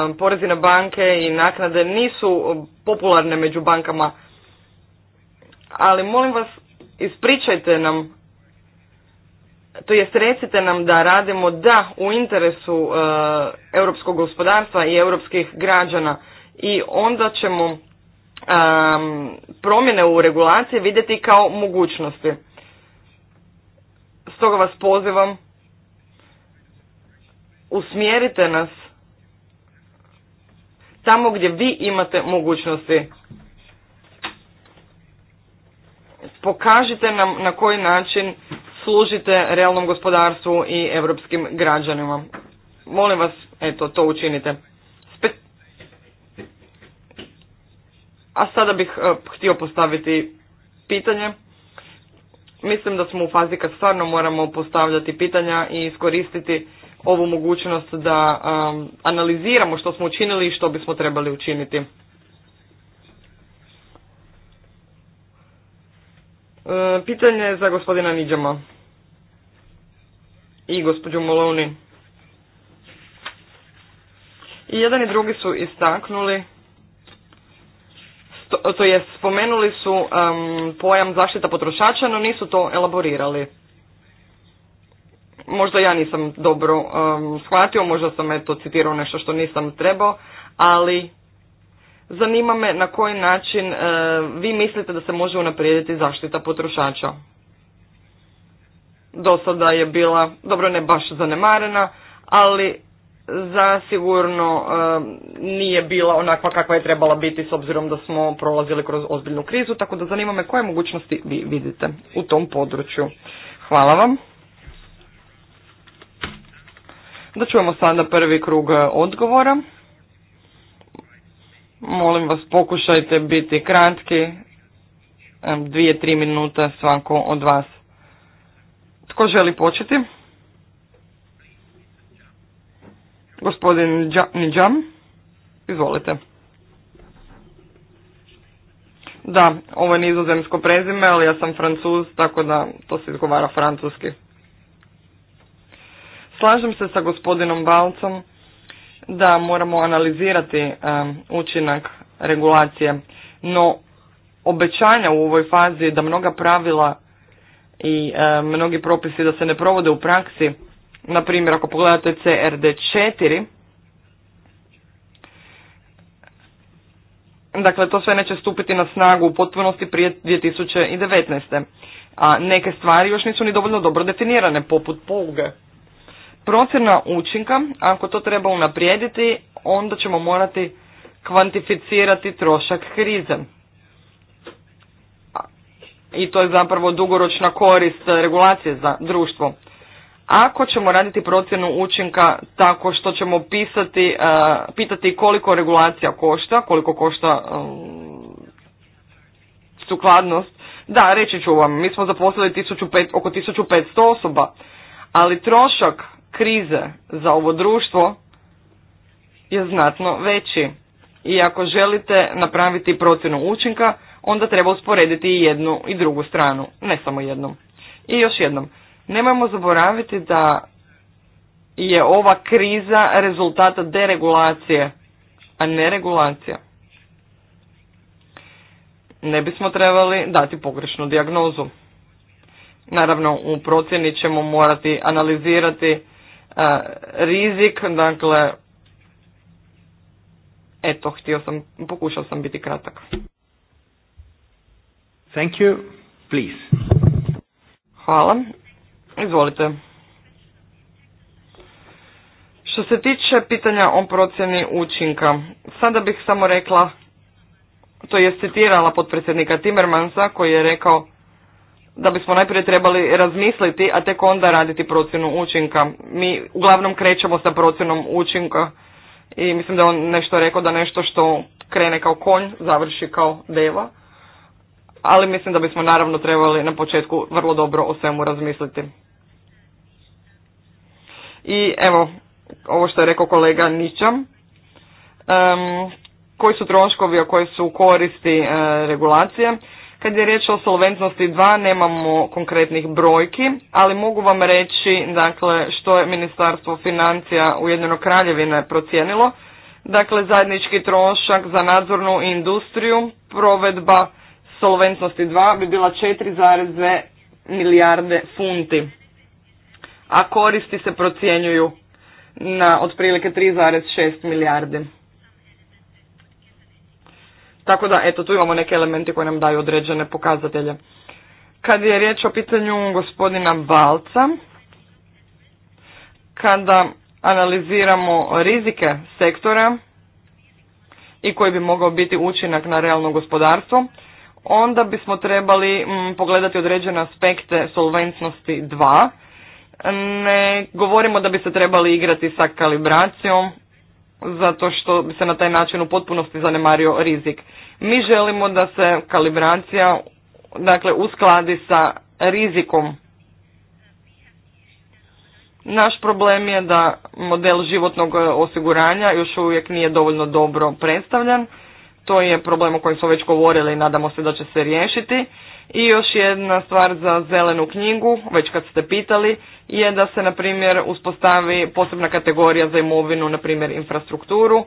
e, porezi na banke i naknade nisu popularne među bankama, ali molim vas ispričajte nam to jest recite nam da radimo da u interesu e, europskog gospodarstva i europskih građana i onda ćemo promjene u regulaciji vidjeti kao mogućnosti. Stoga vas pozivam, usmjerite nas tamo gdje vi imate mogućnosti. Pokažite nam na koji način služite realnom gospodarstvu i europskim građanima. Molim vas, eto, to učinite. A sada bih e, htio postaviti pitanje. Mislim da smo u fazi kad stvarno moramo postavljati pitanja i iskoristiti ovu mogućnost da e, analiziramo što smo učinili i što bismo trebali učiniti. E, pitanje za gospodina Niđama i gospođu Moloni. I jedan i drugi su istaknuli, to je spomenuli su um, pojam zaštita potrošača, no nisu to elaborirali. Možda ja nisam dobro um, shvatio, možda sam eto citirao nešto što nisam trebao, ali zanima me na koji način uh, vi mislite da se može unaprijediti zaštita potrošača do sada je bila, dobro ne baš zanemarena, ali zasigurno e, nije bila onakva kakva je trebala biti s obzirom da smo prolazili kroz ozbiljnu krizu, tako da zanima me koje mogućnosti vi vidite u tom području. Hvala vam. Da čujemo sada prvi krug eh, odgovora. Molim vas pokušajte biti kratki, dvije, tri minuta svako od vas. Tko želi početi? Gospodin Nidžam, izvolite. Da, ovo je nizozemsko prezime, ali ja sam francuz, tako da to se izgovara francuski. Slažem se sa gospodinom Balcom da moramo analizirati učinak regulacije, no obećanja u ovoj fazi da mnoga pravila i e, mnogi propisi da se ne provode u praksi. Na primjer, ako pogledate CRD4, dakle to sve neće stupiti na snagu u potpunosti prije 2019. A neke stvari još nisu ni dovoljno dobro definirane, poput pouge Procjena učinka, ako to treba unaprijediti, onda ćemo morati kvantificirati trošak krize i to je zapravo dugoročna korist e, regulacije za društvo. Ako ćemo raditi procjenu učinka tako što ćemo pisati, e, pitati koliko regulacija košta, koliko košta e, sukladnost, da, reći ću vam, mi smo zaposlili oko 1500 osoba, ali trošak krize za ovo društvo je znatno veći. I ako želite napraviti procjenu učinka, onda treba usporediti i jednu i drugu stranu, ne samo jednom. I još jednom, nemojmo zaboraviti da je ova kriza rezultata deregulacije, a ne regulacija. Ne bismo trebali dati pogrešnu dijagnozu. Naravno, u procjeni ćemo morati analizirati e, rizik, dakle, eto, htio sam, pokušao sam biti kratak. Thank you. Please. Hvala. Izvolite. Što se tiče pitanja o procjeni učinka, sada bih samo rekla, to je citirala potpredsjednika Timmermansa koji je rekao da bismo najprije trebali razmisliti, a tek onda raditi procjenu učinka. Mi uglavnom krećemo sa procjenom učinka i mislim da on nešto rekao da nešto što krene kao konj završi kao deva ali mislim da bismo naravno trebali na početku vrlo dobro o svemu razmisliti. I evo, ovo što je rekao kolega Ničam, koji su troškovi, a koje su koristi e, regulacije. Kad je riječ o solventnosti 2, nemamo konkretnih brojki, ali mogu vam reći dakle, što je Ministarstvo financija Ujedinjeno kraljevine procijenilo. Dakle, zajednički trošak za nadzornu industriju, provedba solventnosti 2 bi bila 4,2 milijarde funti, a koristi se procjenjuju na otprilike 3,6 milijarde. Tako da, eto, tu imamo neke elementi koje nam daju određene pokazatelje. Kad je riječ o pitanju gospodina Balca, kada analiziramo rizike sektora i koji bi mogao biti učinak na realno gospodarstvo, onda bismo trebali mm, pogledati određene aspekte solventnosti 2. Ne govorimo da bi se trebali igrati sa kalibracijom, zato što bi se na taj način u potpunosti zanemario rizik. Mi želimo da se kalibracija dakle, uskladi sa rizikom. Naš problem je da model životnog e, osiguranja još uvijek nije dovoljno dobro predstavljan to je problem o kojem smo već govorili i nadamo se da će se riješiti. I još jedna stvar za zelenu knjigu, već kad ste pitali, je da se, na primjer, uspostavi posebna kategorija za imovinu, na primjer, infrastrukturu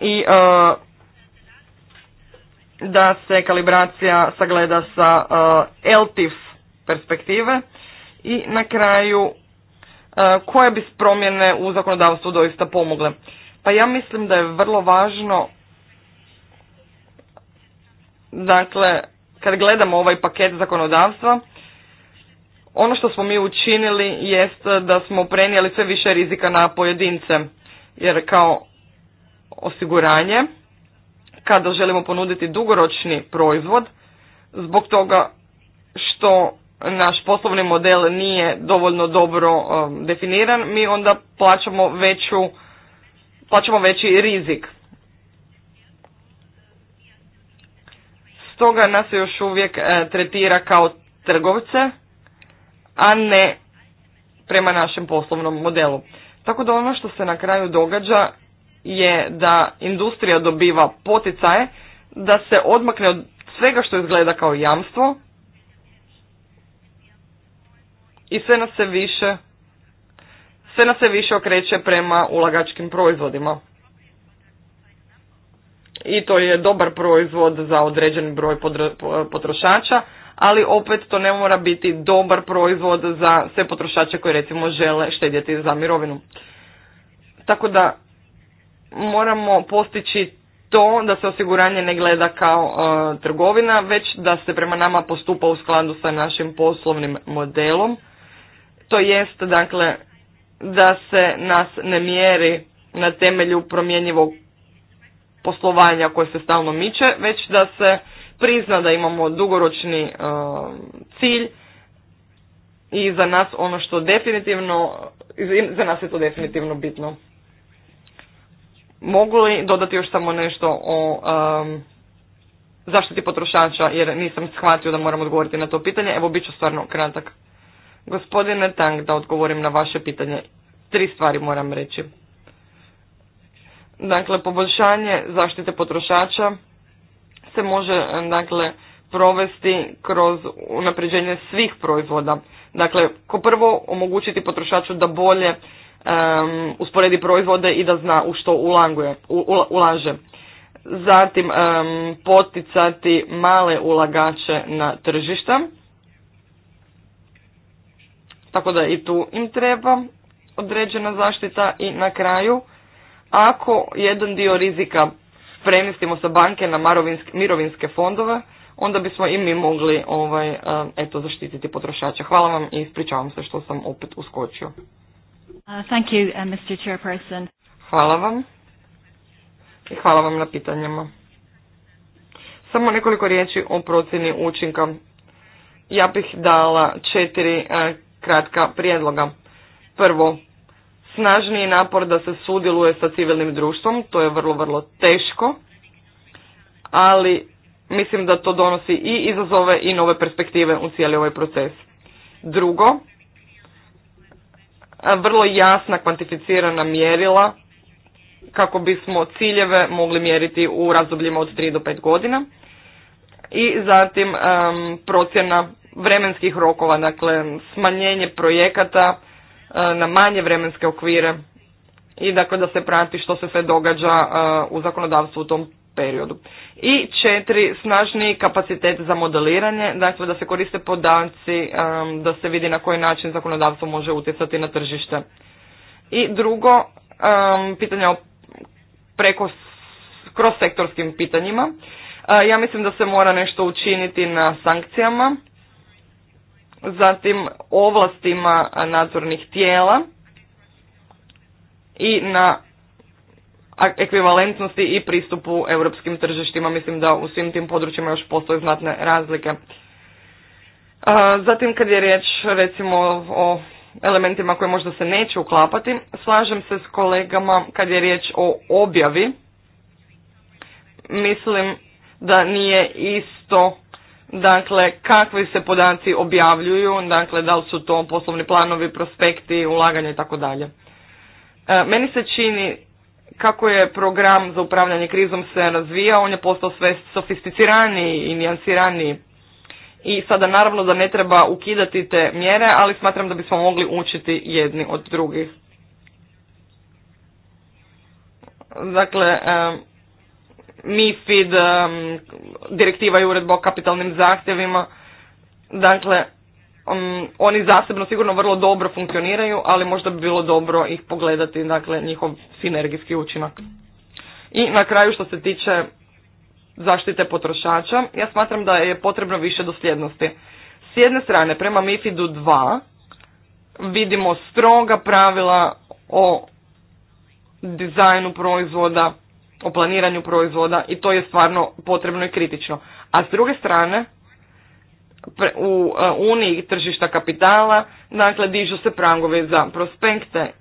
i e, da se kalibracija sagleda sa uh, e, LTIF perspektive i na kraju e, koje bi promjene u zakonodavstvu doista pomogle. Pa ja mislim da je vrlo važno Dakle, kad gledamo ovaj paket zakonodavstva, ono što smo mi učinili jest da smo prenijeli sve više rizika na pojedince, jer kao osiguranje, kada želimo ponuditi dugoročni proizvod, zbog toga što naš poslovni model nije dovoljno dobro um, definiran, mi onda plaćamo veću plaćamo veći rizik. Toga nas se još uvijek e, tretira kao trgovce, a ne prema našem poslovnom modelu. Tako da ono što se na kraju događa je da industrija dobiva poticaje da se odmakne od svega što izgleda kao jamstvo i sve nas se više sve nas se više okreće prema ulagačkim proizvodima i to je dobar proizvod za određen broj potrošača, ali opet to ne mora biti dobar proizvod za sve potrošače koji recimo žele štedjeti za mirovinu. Tako da moramo postići to da se osiguranje ne gleda kao e, trgovina, već da se prema nama postupa u skladu sa našim poslovnim modelom. To jest dakle da se nas ne mjeri na temelju promjenjivog poslovanja koje se stalno miče, već da se prizna da imamo dugoročni uh, cilj i za nas ono što definitivno, za nas je to definitivno bitno. Mogu li dodati još samo nešto o um, zaštiti potrošača jer nisam shvatio da moram odgovoriti na to pitanje. Evo bit ću stvarno kratak. Gospodine Tang, da odgovorim na vaše pitanje. Tri stvari moram reći. Dakle, poboljšanje zaštite potrošača se može dakle, provesti kroz unapređenje svih proizvoda. Dakle, ko prvo omogućiti potrošaču da bolje um, usporedi proizvode i da zna u što ulaže. Zatim poticati male ulagače na tržišta. Tako da i tu im treba određena zaštita i na kraju ako jedan dio rizika premjestimo sa banke na mirovinske fondove, onda bismo i mi mogli ovaj, e, eto, zaštititi potrošača. Hvala vam i ispričavam se što sam opet uskočio. Uh, thank you, uh, Mr. Chairperson. Hvala vam i hvala vam na pitanjima Samo nekoliko riječi o procjeni učinka. Ja bih dala četiri e, kratka prijedloga. Prvo, snažniji napor da se sudjeluje sa civilnim društvom, to je vrlo, vrlo teško, ali mislim da to donosi i izazove i nove perspektive u cijeli ovaj proces. Drugo, vrlo jasna kvantificirana mjerila kako bismo ciljeve mogli mjeriti u razdobljima od 3 do 5 godina i zatim procjena vremenskih rokova, dakle smanjenje projekata E, na manje vremenske okvire i dakle da se prati što se sve događa e, u zakonodavstvu u tom periodu. I četiri, snažni kapacitet za modeliranje, dakle da se koriste podaci, e, da se vidi na koji način zakonodavstvo može utjecati na tržište. I drugo, pitanja o preko kroz sektorskim pitanjima. Ja mislim da se mora nešto učiniti na sankcijama zatim ovlastima nadzornih tijela i na ekvivalentnosti i pristupu europskim tržištima. Mislim da u svim tim područjima još postoje znatne razlike. Zatim kad je riječ recimo o elementima koje možda se neće uklapati, slažem se s kolegama kad je riječ o objavi. Mislim da nije isto Dakle, kakvi se podaci objavljuju, dakle, da li su to poslovni planovi, prospekti, ulaganja i tako dalje. E, meni se čini kako je program za upravljanje krizom se razvijao, on je postao sve sofisticiraniji i nijansiraniji. I sada naravno da ne treba ukidati te mjere, ali smatram da bismo mogli učiti jedni od drugih. Dakle, MIFID, um, direktiva i uredba o kapitalnim zahtjevima. Dakle, um, oni zasebno sigurno vrlo dobro funkcioniraju, ali možda bi bilo dobro ih pogledati, dakle, njihov sinergijski učinak. I na kraju što se tiče zaštite potrošača, ja smatram da je potrebno više dosljednosti. S jedne strane, prema MIFID-u 2 vidimo stroga pravila o dizajnu proizvoda, o planiranju proizvoda i to je stvarno potrebno i kritično. A s druge strane, u e, Uniji tržišta kapitala, dakle, dižu se prangovi za prospekte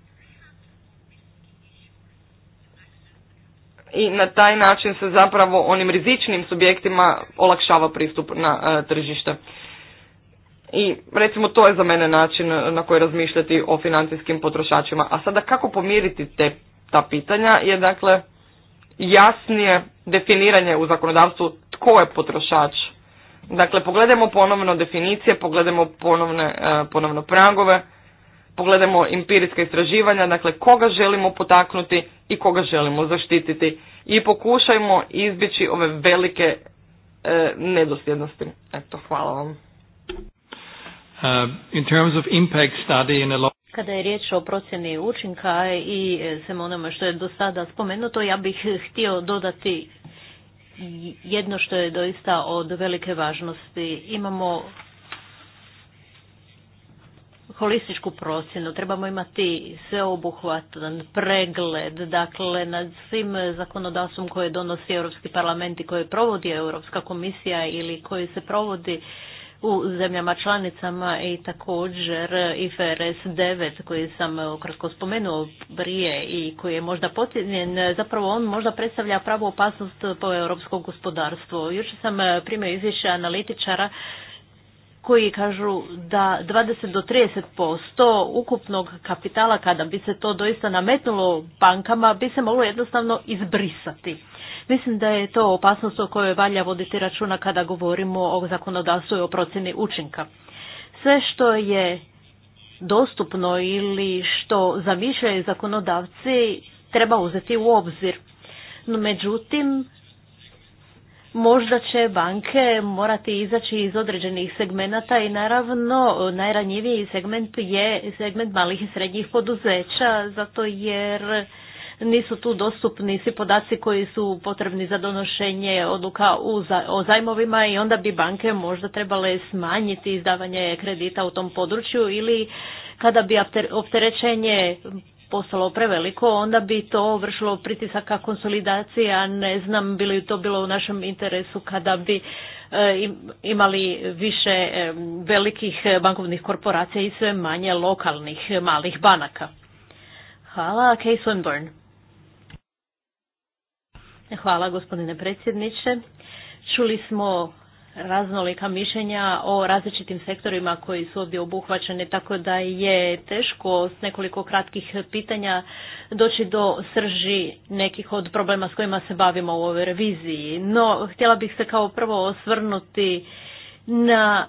i na taj način se zapravo onim rizičnim subjektima olakšava pristup na e, tržište. I recimo to je za mene način na koji razmišljati o financijskim potrošačima. A sada kako pomiriti te ta pitanja je dakle jasnije definiranje u zakonodavstvu tko je potrošač. Dakle, pogledajmo ponovno definicije, pogledajmo ponovne, e, ponovno pragove, pogledajmo empirijska istraživanja, dakle koga želimo potaknuti i koga želimo zaštititi. I pokušajmo izbjeći ove velike e, nedosljednosti. Eto, hvala vam. Uh, in terms of impact study in a kada je riječ o procjeni učinka i svem onome što je do sada spomenuto, ja bih htio dodati jedno što je doista od velike važnosti. Imamo holističku procjenu, trebamo imati sveobuhvatan pregled, dakle nad svim zakonodavstvom koje donosi Europski parlament i koje provodi Europska komisija ili koji se provodi u zemljama članicama i također IFRS 9 koji sam eh, ukratko spomenuo prije i koji je možda potjenjen, zapravo on možda predstavlja pravu opasnost po europskom gospodarstvu. Jučer sam eh, primio izvješće analitičara koji kažu da 20 do 30% ukupnog kapitala, kada bi se to doista nametnulo bankama, bi se moglo jednostavno izbrisati. Mislim da je to opasnost o kojoj valja voditi računa kada govorimo o zakonodavstvu i o procjeni učinka. Sve što je dostupno ili što zamišljaju zakonodavci treba uzeti u obzir. No, međutim, možda će banke morati izaći iz određenih segmenata i naravno najranjiviji segment je segment malih i srednjih poduzeća zato jer nisu tu dostupni svi podaci koji su potrebni za donošenje odluka o zajmovima i onda bi banke možda trebale smanjiti izdavanje kredita u tom području ili kada bi opterećenje postalo preveliko, onda bi to vršilo pritisaka konsolidacija, ne znam bi li to bilo u našem interesu kada bi e, imali više e, velikih bankovnih korporacija i sve manje lokalnih malih banaka. Hvala, Kay Swinburne. Hvala gospodine predsjedniče. Čuli smo raznolika mišljenja o različitim sektorima koji su ovdje obuhvaćeni, tako da je teško s nekoliko kratkih pitanja doći do srži nekih od problema s kojima se bavimo u ovoj reviziji. No, htjela bih se kao prvo osvrnuti na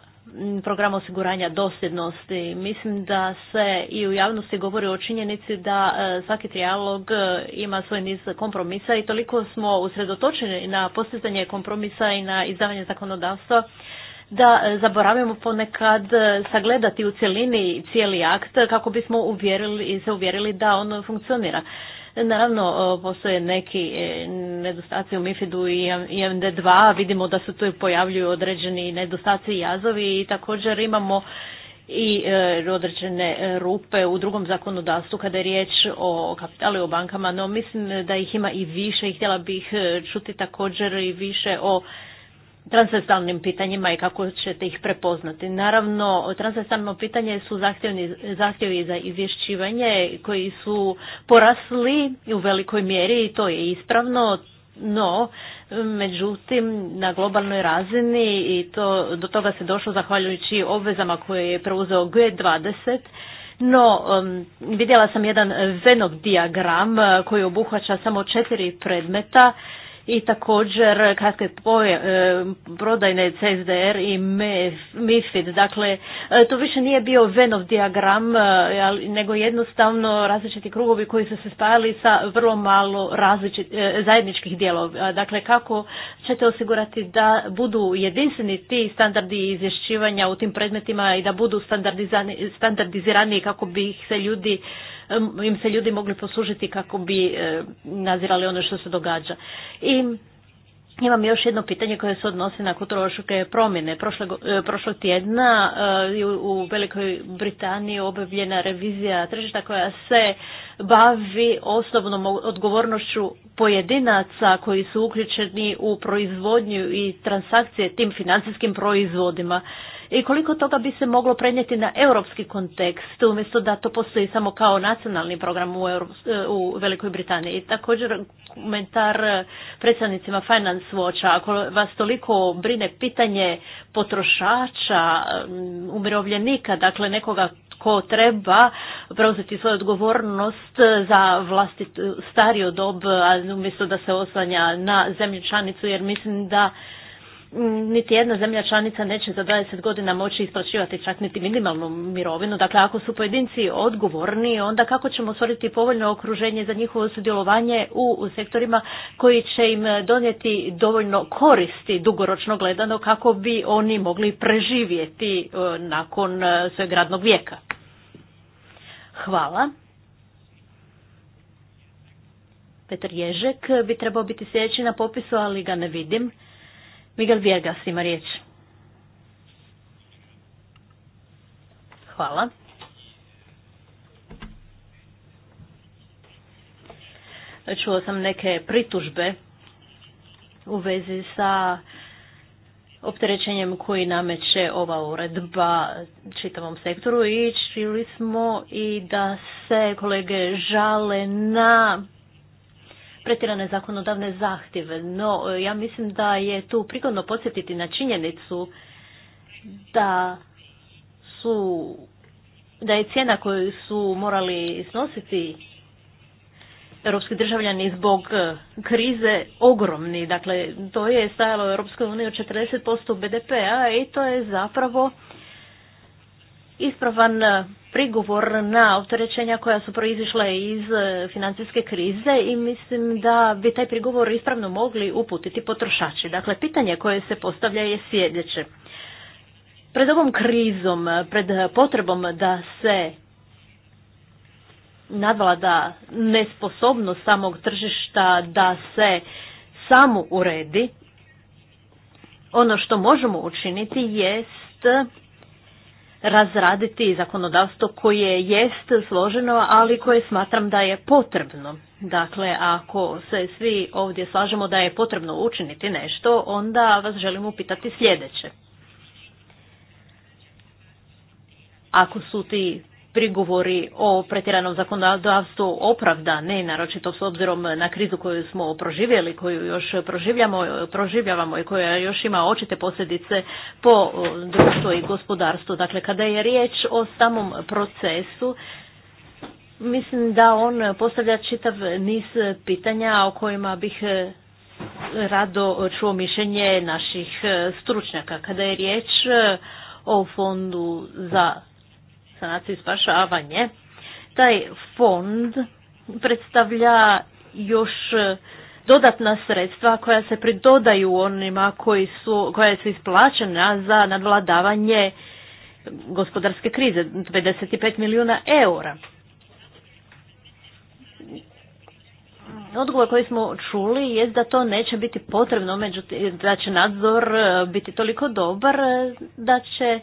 program osiguranja dosljednosti. Mislim da se i u javnosti govori o činjenici da e, svaki trijalog e, ima svoj niz kompromisa i toliko smo usredotočeni na postizanje kompromisa i na izdavanje zakonodavstva da e, zaboravimo ponekad sagledati u cjelini cijeli akt kako bismo uvjerili i se uvjerili da on funkcionira. Naravno, postoje neki e, nedostaci u MIFID-u i MD2, vidimo da se tu pojavljuju određeni nedostaci i jazovi i također imamo i e, određene e, rupe u drugom zakonodavstvu kada je riječ o kapitalu i o bankama, no mislim da ih ima i više i htjela bih čuti također i više o Transvestalnim pitanjima i kako ćete ih prepoznati. Naravno, transvestalno pitanje su zahtjevi za izvješćivanje koji su porasli u velikoj mjeri i to je ispravno, no međutim na globalnoj razini i to, do toga se došlo zahvaljujući obvezama koje je preuzeo G20 no, um, vidjela sam jedan venog diagram koji obuhvaća samo četiri predmeta i također kaske poje, e, prodajne CSDR i MIFID. Dakle, e, to više nije bio Venov diagram, e, nego jednostavno različiti krugovi koji su se spajali sa vrlo malo zajedničkih dijelova. Dakle, kako ćete osigurati da budu jedinstveni ti standardi izvješćivanja u tim predmetima i da budu standardizirani kako bi ih se ljudi im se ljudi mogli poslužiti kako bi e, nazirali ono što se događa. I imam još jedno pitanje koje se odnosi na kulturološke promjene. Prošlog, e, prošlog tjedna e, u Velikoj Britaniji obavljena revizija tržišta koja se bavi osobnom odgovornošću pojedinaca koji su uključeni u proizvodnju i transakcije tim financijskim proizvodima i koliko toga bi se moglo prenijeti na europski kontekst umjesto da to postoji samo kao nacionalni program u, e, u Velikoj Britaniji. I također komentar e, predstavnicima Finance Watcha, ako vas toliko brine pitanje potrošača, mm, umirovljenika, dakle nekoga ko treba preuzeti svoju odgovornost za vlastitu stariju dob, a umjesto da se oslanja na zemlju članicu, jer mislim da Mm, niti jedna zemlja članica neće za 20 godina moći isplaćivati čak niti minimalnu mirovinu. Dakle, ako su pojedinci odgovorni, onda kako ćemo stvoriti povoljno okruženje za njihovo sudjelovanje u, sektorima koji će im donijeti dovoljno koristi dugoročno gledano kako bi oni mogli preživjeti e, nakon e, svojeg radnog vijeka. Hvala. Petar Ježek bi trebao biti sljedeći na popisu, ali ga ne vidim. Miguel Vjegas ima riječ. Hvala. Čuo sam neke pritužbe u vezi sa opterećenjem koji nameće ova uredba čitavom sektoru i čuli smo i da se kolege žale na pretirane zakonodavne zahtjeve, no e, ja mislim da je tu prigodno podsjetiti na činjenicu da su da je cijena koju su morali snositi europski državljani zbog e, krize ogromni. Dakle, to je stajalo Europskoj uniji od 40% BDP-a i to je zapravo ispravan e, prigovor na opterećenja koja su proizišla iz e, financijske krize i mislim da bi taj prigovor ispravno mogli uputiti potrošači. Dakle, pitanje koje se postavlja je sljedeće. Pred ovom krizom, pred potrebom da se nadvlada nesposobnost samog tržišta da se samo uredi, ono što možemo učiniti jest razraditi zakonodavstvo koje jest složeno, ali koje smatram da je potrebno. Dakle, ako se svi ovdje slažemo da je potrebno učiniti nešto, onda vas želim upitati sljedeće. Ako su ti prigovori o pretjeranom zakonodavstvu ne naročito s obzirom na krizu koju smo proživjeli, koju još proživljamo, proživljavamo i koja još ima očite posljedice po društvu i gospodarstvu. Dakle, kada je riječ o samom procesu, mislim da on postavlja čitav niz pitanja o kojima bih e, rado čuo mišljenje naših e, stručnjaka. Kada je riječ e, o fondu za sanaciju i spašavanje, taj fond predstavlja još dodatna sredstva koja se pridodaju onima koji su, koja su isplaćena za nadvladavanje gospodarske krize, 55 milijuna eura. Odgovor koji smo čuli je da to neće biti potrebno, međutim da će nadzor e, biti toliko dobar e, da će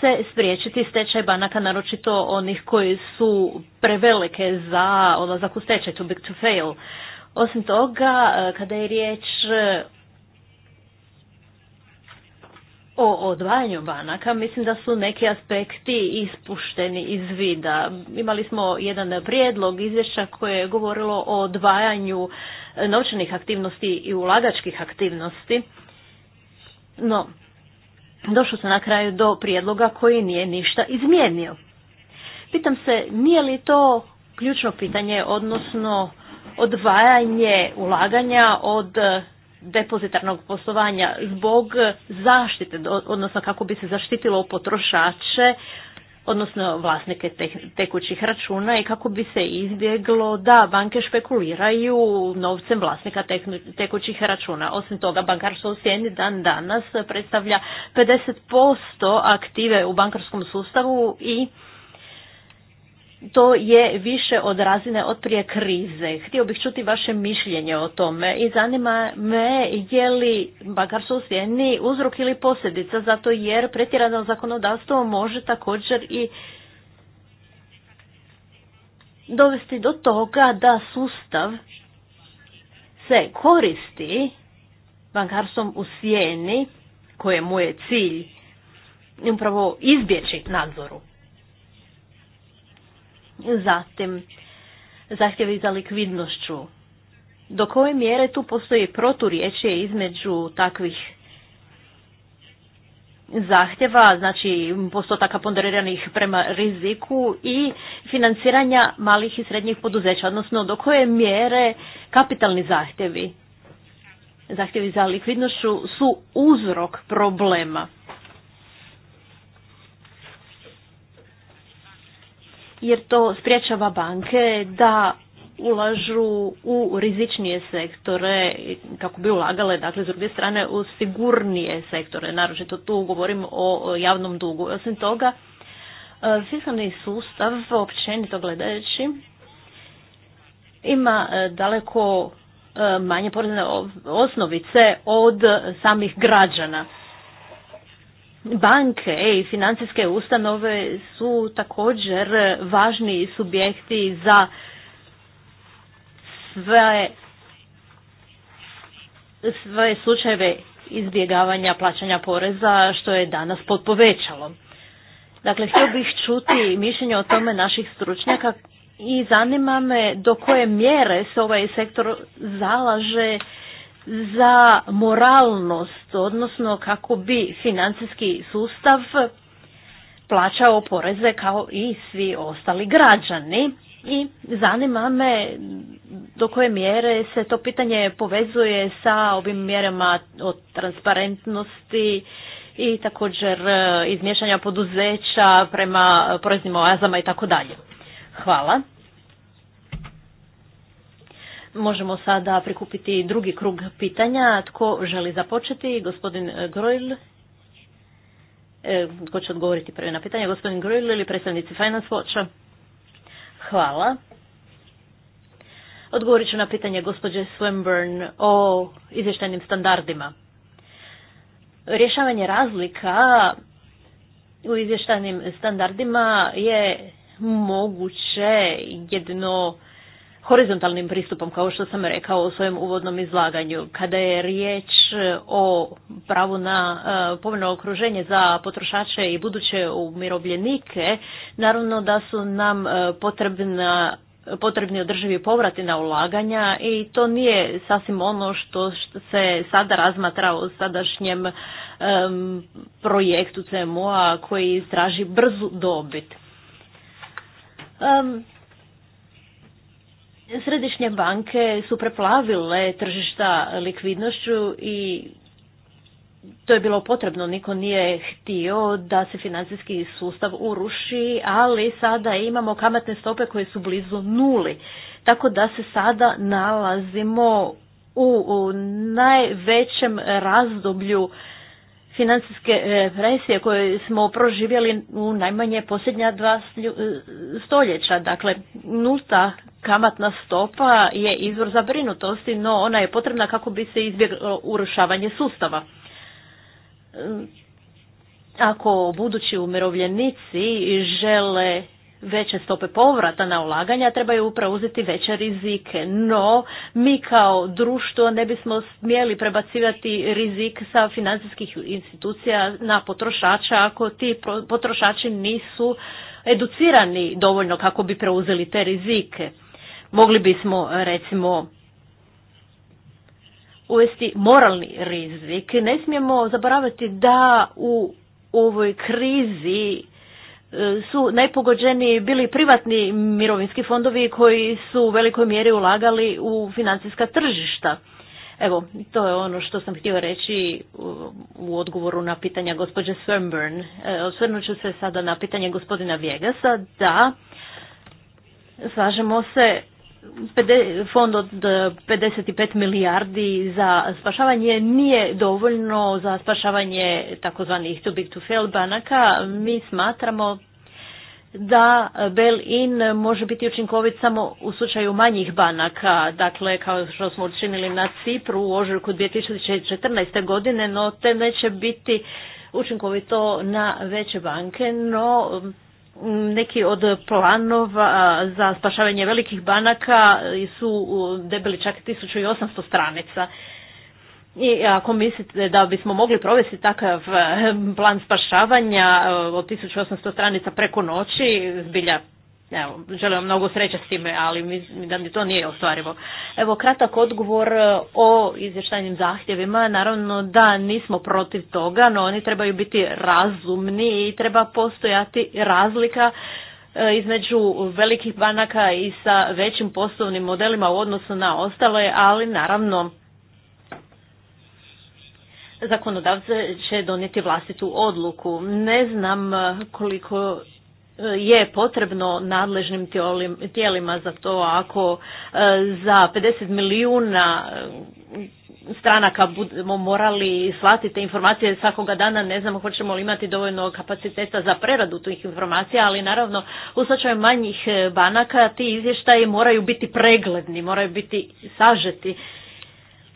se spriječiti stečaj banaka, naročito onih koji su prevelike za odlazak u stečaj, big to fail. Osim toga, e, kada je riječ e, o odvajanju banaka, mislim da su neki aspekti ispušteni iz vida. Imali smo jedan prijedlog izvješća koje je govorilo o odvajanju e, novčanih aktivnosti i ulagačkih aktivnosti. No, došlo se na kraju do prijedloga koji nije ništa izmijenio. Pitam se, nije li to ključno pitanje, odnosno odvajanje ulaganja od depozitarnog poslovanja zbog zaštite, odnosno kako bi se zaštitilo potrošače odnosno vlasnike tekućih računa i kako bi se izbjeglo da banke špekuliraju novcem vlasnika tekućih računa. Osim toga, bankarstvo u sjeni dan danas predstavlja 50% aktive u bankarskom sustavu i to je više od razine od prije krize. Htio bih čuti vaše mišljenje o tome i zanima me je li bakar su usvijeni uzrok ili posljedica, zato jer pretjerano zakonodavstvo može također i dovesti do toga da sustav se koristi bankarstvom u sjeni, kojemu je cilj upravo izbjeći nadzoru. Zatim, zahtjevi za likvidnošću. Do koje mjere tu postoji proturječje između takvih zahtjeva, znači postotaka ponderiranih prema riziku i financiranja malih i srednjih poduzeća, odnosno do koje mjere kapitalni zahtjevi, zahtjevi za likvidnošću su uzrok problema. jer to spriječava banke da ulažu u rizičnije sektore kako bi ulagale, dakle, s druge strane u sigurnije sektore, naročito tu govorim o javnom dugu. Osim toga, e, fiskalni sustav, općenito gledajući, ima e, daleko e, manje porezne osnovice od samih građana. Banke e, i financijske ustanove su također važni subjekti za sve, sve slučajeve izbjegavanja plaćanja poreza što je danas pod povećalom. Dakle, htio bih čuti mišljenje o tome naših stručnjaka i zanima me do koje mjere se ovaj sektor zalaže za moralnost, odnosno kako bi financijski sustav plaćao poreze kao i svi ostali građani. I zanima me do koje mjere se to pitanje povezuje sa ovim mjerama od transparentnosti i također e, izmješanja poduzeća prema poreznim oazama i tako dalje. Hvala. Možemo sada prikupiti drugi krug pitanja. Tko želi započeti? Gospodin e, Grojl. E, tko će odgovoriti prvi na pitanje? Gospodin Grojl ili predstavnici Finance Watcha? Hvala. Odgovorit ću na pitanje gospođe Swinburne o izvještajnim standardima. Rješavanje razlika u izvještajnim standardima je moguće jedno horizontalnim pristupom, kao što sam rekao u svojem uvodnom izlaganju. Kada je riječ e, o pravu na e, povoljno okruženje za potrošače i buduće umirovljenike, naravno da su nam e, potrebna potrebni održivi povrati na ulaganja i to nije sasvim ono što se sada razmatra u sadašnjem projektu CMO-a koji traži brzu dobit. Um, Središnje banke su preplavile tržišta likvidnošću i to je bilo potrebno, niko nije htio da se financijski sustav uruši, ali sada imamo kamatne stope koje su blizu nuli. Tako da se sada nalazimo u, najvećem razdoblju financijske presije e, koje smo proživjeli u najmanje posljednja dva stoljeća. Dakle, nulta kamatna stopa je izvor zabrinutosti, no ona je potrebna kako bi se izbjeglo urušavanje sustava. Mm, ako budući umirovljenici žele veće stope povrata na ulaganja, trebaju preuzeti veće rizike. No, mi kao društvo ne bismo smjeli prebacivati rizik sa financijskih institucija na potrošača ako ti potrošači nisu educirani dovoljno kako bi preuzeli te rizike. Mogli bismo recimo uvesti moralni rizik. Ne smijemo zaboraviti da u ovoj krizi e, su najpogođeni bili privatni mirovinski fondovi koji su u velikoj mjeri ulagali u financijska tržišta. Evo, to je ono što sam htio reći e, u odgovoru na pitanja gospođe Swinburne. E, osvrnut ću se sada na pitanje gospodina Vjegasa da slažemo se fond od 55 e, milijardi za spašavanje nije dovoljno za spašavanje takozvanih too big to fail banaka. Mi smatramo da bail-in može biti učinkovit samo u slučaju manjih banaka, dakle kao što smo učinili na Cipru u ožujku 2014. godine, no te neće biti učinkovito na veće banke, no neki od planova za spašavanje velikih banaka su debeli čak 1800 stranica. I ako mislite da bismo mogli provesti takav eh, plan spašavanja eh, od 1800 stranica preko noći, zbilja Evo, želim vam mnogo sreća s time, ali mi da mi to nije ostvarivo. Evo, kratak odgovor e, o izvještajnim zahtjevima. Naravno da nismo protiv toga, no oni trebaju biti razumni i treba postojati razlika e, između velikih banaka i sa većim poslovnim modelima u odnosu na ostale, ali naravno zakonodavce će donijeti vlastitu odluku. Ne znam e, koliko je potrebno nadležnim tijelima za to ako e, za 50 milijuna e, stranaka budemo morali slati te informacije svakoga dana, ne znamo hoćemo li imati dovoljno kapaciteta za preradu tih informacija, ali naravno u slučaju manjih e, banaka ti izvještaji moraju biti pregledni, moraju biti sažeti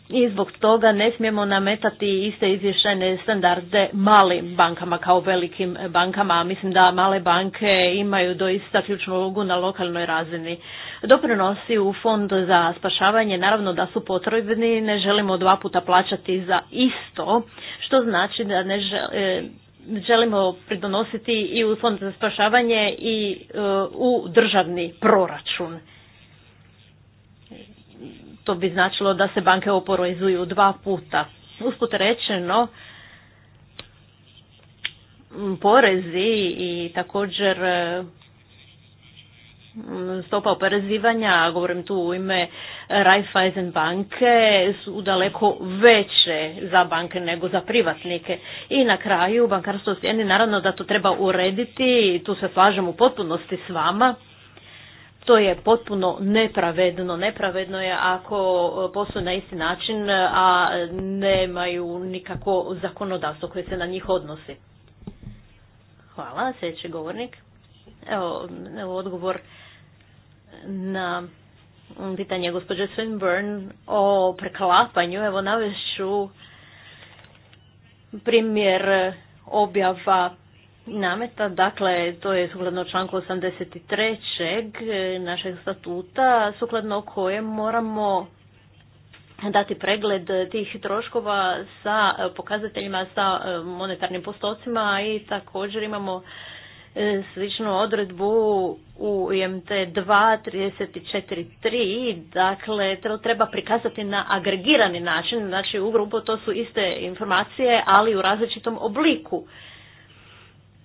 i zbog toga ne smijemo nametati iste izvještajne standarde malim bankama kao velikim bankama. Mislim da male banke imaju doista ključnu ulogu na lokalnoj razini. Doprinosi u fond za spašavanje naravno da su potrebni, ne želimo dva puta plaćati za isto, što znači da ne e, želimo pridonositi i u fond za spašavanje i e, u državni proračun. To bi značilo da se banke oporezuju dva puta. Usput rečeno, porezi i također e, stopa oporezivanja, govorim tu u ime Raiffeisen banke, su daleko veće za banke nego za privatnike. I na kraju bankarstvo sjeni, naravno da to treba urediti, tu se slažem u potpunosti s vama, to je potpuno nepravedno. Nepravedno je ako e, posluju na isti način, e, a nemaju nikako zakonodavstvo koje se na njih odnosi. Hvala, sljedeći govornik. Evo, evo odgovor na pitanje gospođe Swinburne o preklapanju. Evo navješću primjer objava nameta, dakle to je sukladno članku 83. našeg statuta, sukladno kojem moramo dati pregled tih troškova sa pokazateljima, sa e, monetarnim postocima i također imamo e, sličnu odredbu u IMT 2.34.3, dakle to treba prikazati na agregirani način, znači u grupu to su iste informacije, ali u različitom obliku.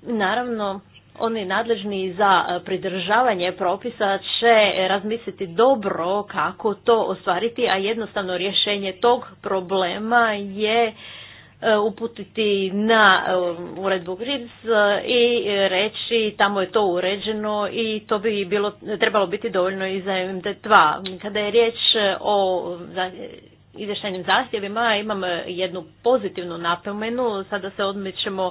Naravno, oni nadležni za e, pridržavanje propisa će razmisliti dobro kako to ostvariti, a jednostavno rješenje tog problema je e, uputiti na e, uredbu GRIDS i reći tamo je to uređeno i to bi bilo, trebalo biti dovoljno i za MD2. Kada je riječ o izvještajnim zahtjevima imam e, jednu pozitivnu napomenu. Sada se odmičemo e,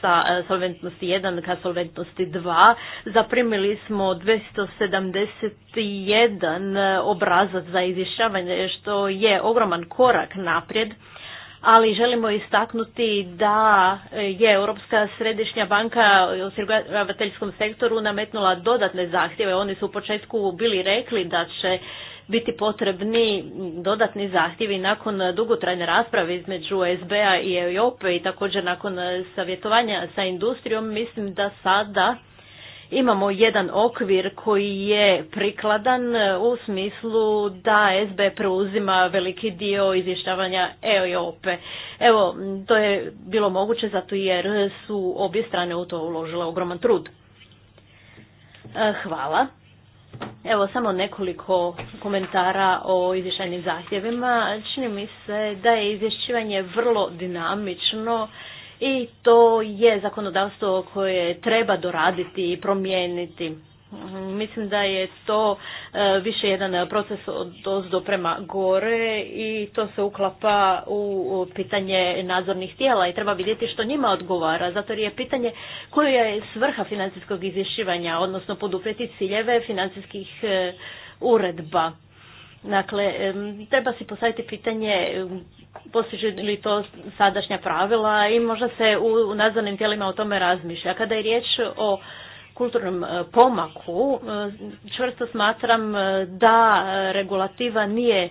sa e, solventnosti 1 ka solventnosti 2. Zaprimili smo 271 obrazac za izvješćavanje što je ogroman korak naprijed. Ali želimo istaknuti da je Europska središnja banka u osiguravateljskom sektoru nametnula dodatne zahtjeve. Oni su u početku bili rekli da će biti potrebni dodatni zahtjevi nakon dugotrajne rasprave između sba a i Europe e i također nakon e, savjetovanja sa industrijom, mislim da sada imamo jedan okvir koji je prikladan e, u smislu da SB preuzima veliki dio izvještavanja EOP. Evo, to je bilo moguće zato jer su obje strane u to uložile ogroman trud. Hvala. Evo samo nekoliko komentara o izvještajnim zahtjevima. Čini mi se da je izvješćivanje vrlo dinamično i to je zakonodavstvo koje treba doraditi i promijeniti. Mislim da je to e, više jedan proces od do prema gore i to se uklapa u pitanje nadzornih tijela i treba vidjeti što njima odgovara. Zato je pitanje koja je svrha financijskog izvješćivanja, odnosno poduprijeti ciljeve financijskih e, uredba. Dakle, e, treba si postaviti pitanje postižu li to sadašnja pravila i možda se u nadzornim tijelima o tome razmišlja. Kada je riječ o kulturnom e, pomaku, e, čvrsto smatram e, da regulativa nije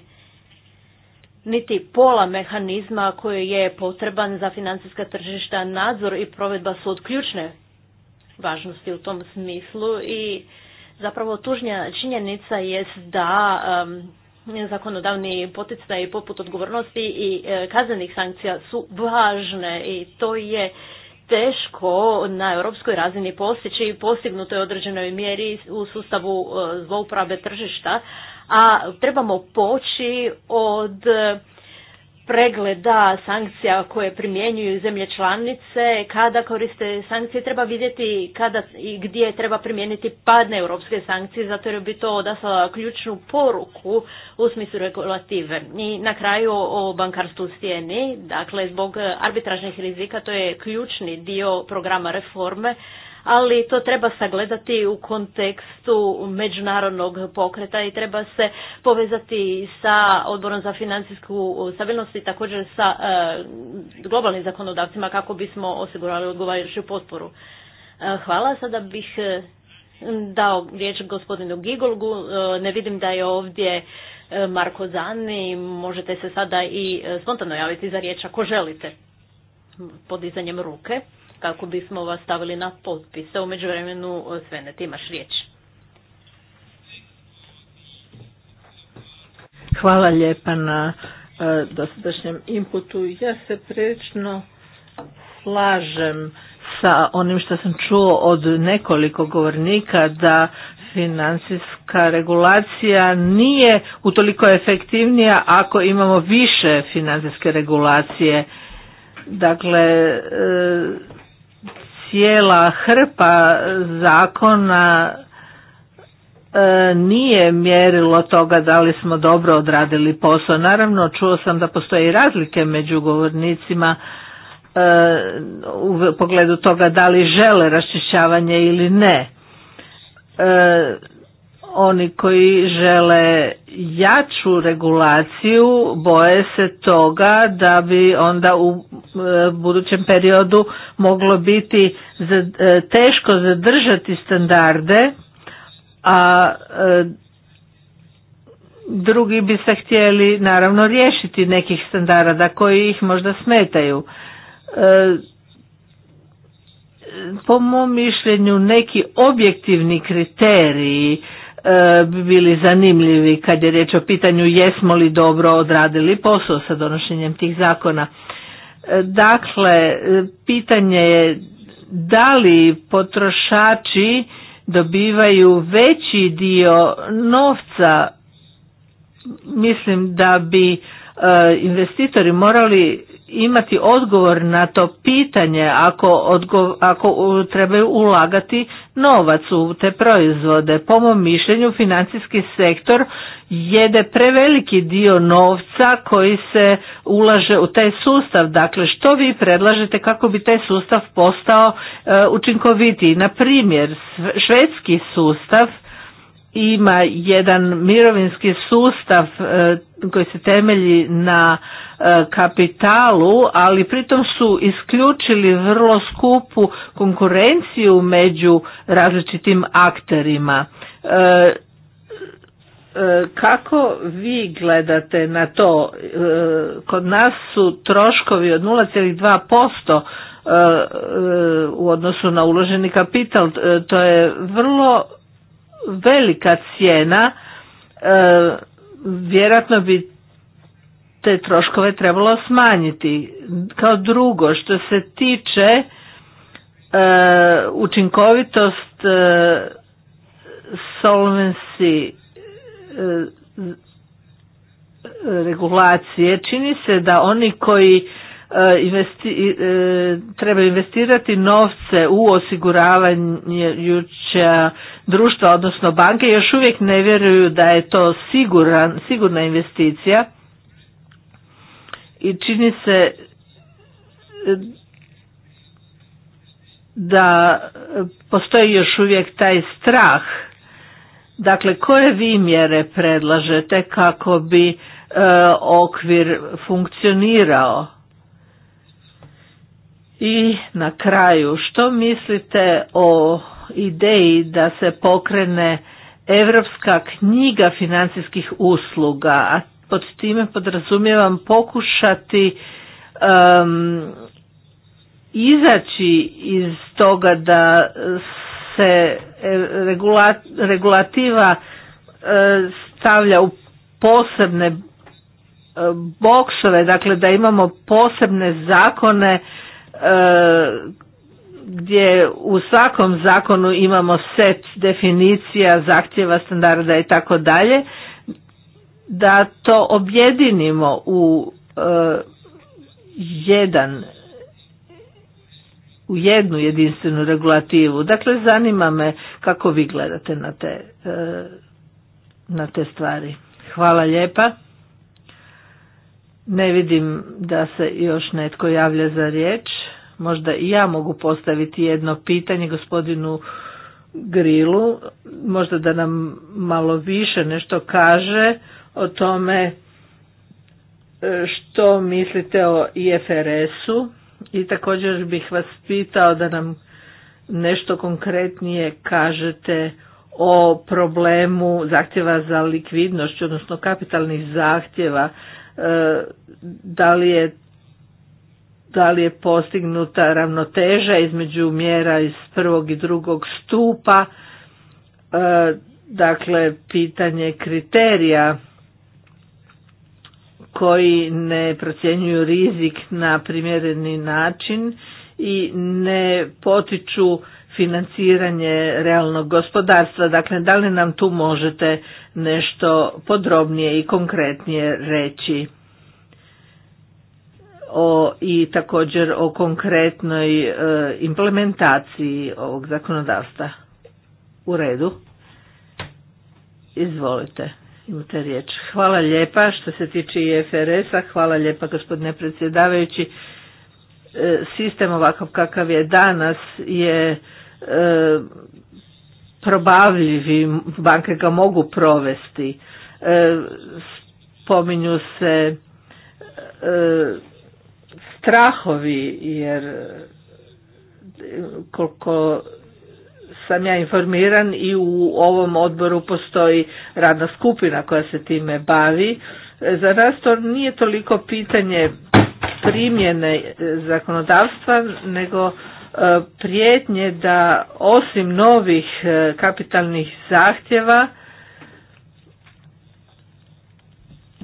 niti pola mehanizma koji je potreban za financijska tržišta, nadzor i provedba su od ključne važnosti u tom smislu i zapravo tužnja činjenica jest da zakonodavni poticaj poput odgovornosti i kaznenih sankcija su važne i to je teško na europskoj razini postići i postignuto je određenoj mjeri u sustavu e, zlouporabe tržišta, a trebamo poći od pregleda sankcija koje primjenjuju zemlje članice, kada koriste sankcije, treba vidjeti kada i gdje treba primijeniti padne europske sankcije, zato jer bi to odaslala ključnu poruku u smislu regulative. I na kraju o bankarstvu stijeni, dakle zbog arbitražnih rizika, to je ključni dio programa reforme, ali to treba sagledati u kontekstu međunarodnog pokreta i treba se povezati sa odborom za financijsku stabilnost i također sa e, globalnim zakonodavcima kako bismo osigurali odgovarajuću potporu. E, hvala, sada bih e, dao riječ gospodinu Gigolgu. Ne vidim da je ovdje Marko Zani. Možete se sada i spontano javiti za riječ ako želite podizanjem ruke kako bismo vas stavili na potpise. U međuvremenu e, Svene, ti imaš riječ. Hvala lijepa na e, dosadašnjem inputu. Ja se prilično slažem sa onim što sam čuo od nekoliko govornika da financijska regulacija nije utoliko efektivnija ako imamo više financijske regulacije. Dakle, e, cijela hrpa zakona e, nije mjerilo toga da li smo dobro odradili posao. Naravno, čuo sam da postoje i razlike među govornicima e, u pogledu toga da li žele raščišćavanje ili ne. E, oni koji žele jaču regulaciju boje se toga da bi onda u e, budućem periodu moglo biti e, teško zadržati standarde, a e, drugi bi se htjeli naravno riješiti nekih standarda koji ih možda smetaju. Po mom mišljenju neki objektivni kriteriji bi e, bili zanimljivi kad je riječ o pitanju jesmo li dobro odradili posao sa donošenjem tih zakona. E, dakle, e, pitanje je da li potrošači dobivaju veći dio novca, mislim da bi investitori morali imati odgovor na to pitanje ako, ako trebaju ulagati novac u te proizvode. Po mom mišljenju financijski sektor jede preveliki dio novca koji se ulaže u taj sustav. Dakle, što vi predlažete kako bi taj sustav postao e, učinkovitiji? Na primjer, švedski sustav ima jedan mirovinski sustav e, koji se temelji na e, kapitalu, ali pritom su isključili vrlo skupu konkurenciju među različitim akterima. E, e, kako vi gledate na to? Kod nas su troškovi od 0,2% u odnosu na uloženi kapital. To je vrlo velika cijena vjerojatno bi te troškove trebalo smanjiti. Kao drugo, što se tiče e, učinkovitost e, e, e regulacije, čini se da oni koji Eh, investi, eh, treba investirati novce u osiguravajuća društva, odnosno banke, još uvijek ne vjeruju da je to siguran, sigurna investicija i čini se eh, da postoji još uvijek taj strah. Dakle, koje vi mjere predlažete kako bi okvir funkcionirao? I na kraju, što mislite o ideji da se pokrene Europska knjiga financijskih usluga, a pod time podrazumijevam pokušati um, izaći iz toga da se e, regulativa e, stavlja u posebne e, boksove, dakle da imamo posebne zakone gdje u svakom zakonu imamo set definicija, zahtjeva, standarda i tako dalje, da to objedinimo u e, jedan u jednu jedinstvenu regulativu. Dakle, zanima me kako vi gledate na te, e, na te stvari. Hvala lijepa. Ne vidim da se još netko javlja za riječ. Možda i ja mogu postaviti jedno pitanje gospodinu Grilu. Možda da nam malo više nešto kaže o tome e, što mislite o IFRS-u i također bih vas pitao da nam nešto konkretnije kažete o problemu zahtjeva za likvidnošću, odnosno kapitalnih zahtjeva da li je da li je postignuta ravnoteža između mjera iz prvog i drugog stupa, e, dakle pitanje kriterija koji ne procjenjuju rizik na primjereni način i ne potiču financiranje realnog gospodarstva. Dakle, da li nam tu možete nešto podrobnije i konkretnije reći? O, I također o konkretnoj e, implementaciji ovog zakonodavstva. U redu. Izvolite, imate riječ. Hvala lijepa što se tiče IFRS-a, hvala lijepa gospodine predsjedavajući. E, sistem ovakav kakav je danas je probavljivi, banke ga mogu provesti. E, spominju se e, strahovi jer koliko sam ja informiran i u ovom odboru postoji radna skupina koja se time bavi. E, za nas to nije toliko pitanje primjene zakonodavstva nego prijetnje da osim novih e, kapitalnih zahtjeva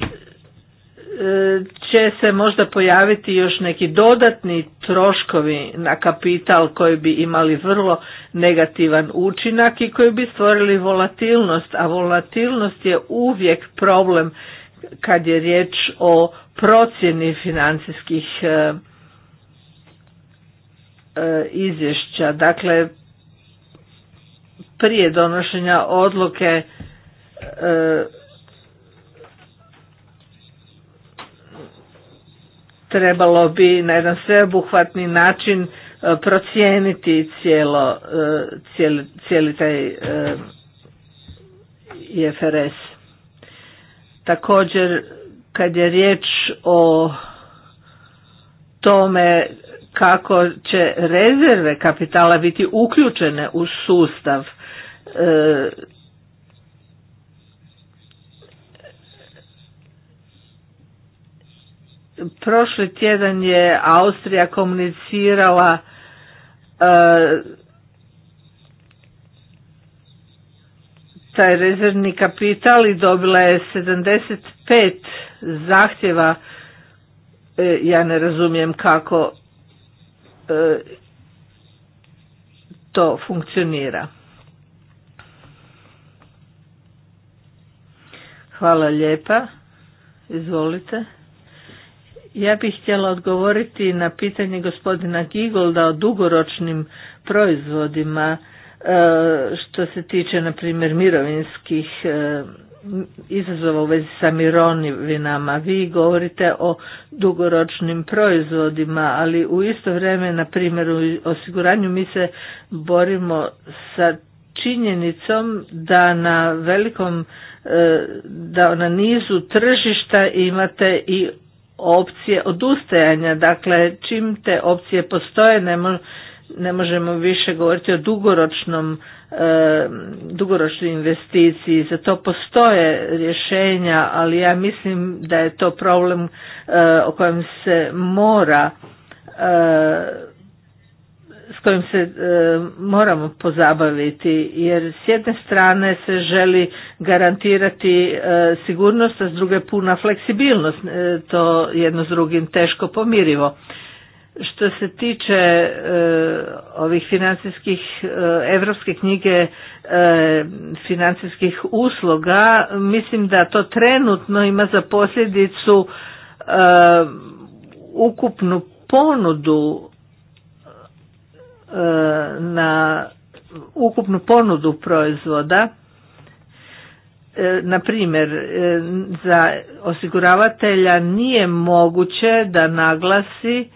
e, će se možda pojaviti još neki dodatni troškovi na kapital koji bi imali vrlo negativan učinak i koji bi stvorili volatilnost, a volatilnost je uvijek problem kad je riječ o procjeni financijskih e, E, izvješća. Dakle, prije donošenja odluke e, trebalo bi na jedan sveobuhvatni način e, procijeniti cijelo, cijeli, taj IFRS. Također, kad je riječ o tome kako će rezerve kapitala biti uključene u sustav e, prošli tjedan je Austrija komunicirala e, taj rezervni kapital i dobila je 75 zahtjeva. E, ja ne razumijem kako E, to funkcionira. Hvala lijepa. Izvolite. Ja bih htjela odgovoriti na pitanje gospodina Gigolda o dugoročnim proizvodima e, što se tiče na primjer mirovinskih e, izazova u vezi sa mironivinama. Vi govorite o dugoročnim proizvodima, ali u isto vrijeme, na primjer, u osiguranju mi se borimo sa činjenicom da na velikom, e, da na nizu tržišta imate i opcije odustajanja. Dakle, čim te opcije postoje, ne možemo ne možemo više govoriti o dugoročnom e, dugoročnoj investiciji za to postoje rješenja ali ja mislim da je to problem e, o kojem se mora e, s kojim se moramo pozabaviti jer s jedne strane se želi garantirati sigurnost a s druge puna fleksibilnost to jedno s drugim teško pomirivo što se tiče e, ovih financijskih, e, evropske knjige e, financijskih usluga, mislim da to trenutno ima za posljedicu ukupnu ponudu na ukupnu ponudu proizvoda na primjer za osiguravatelja nije moguće da naglasi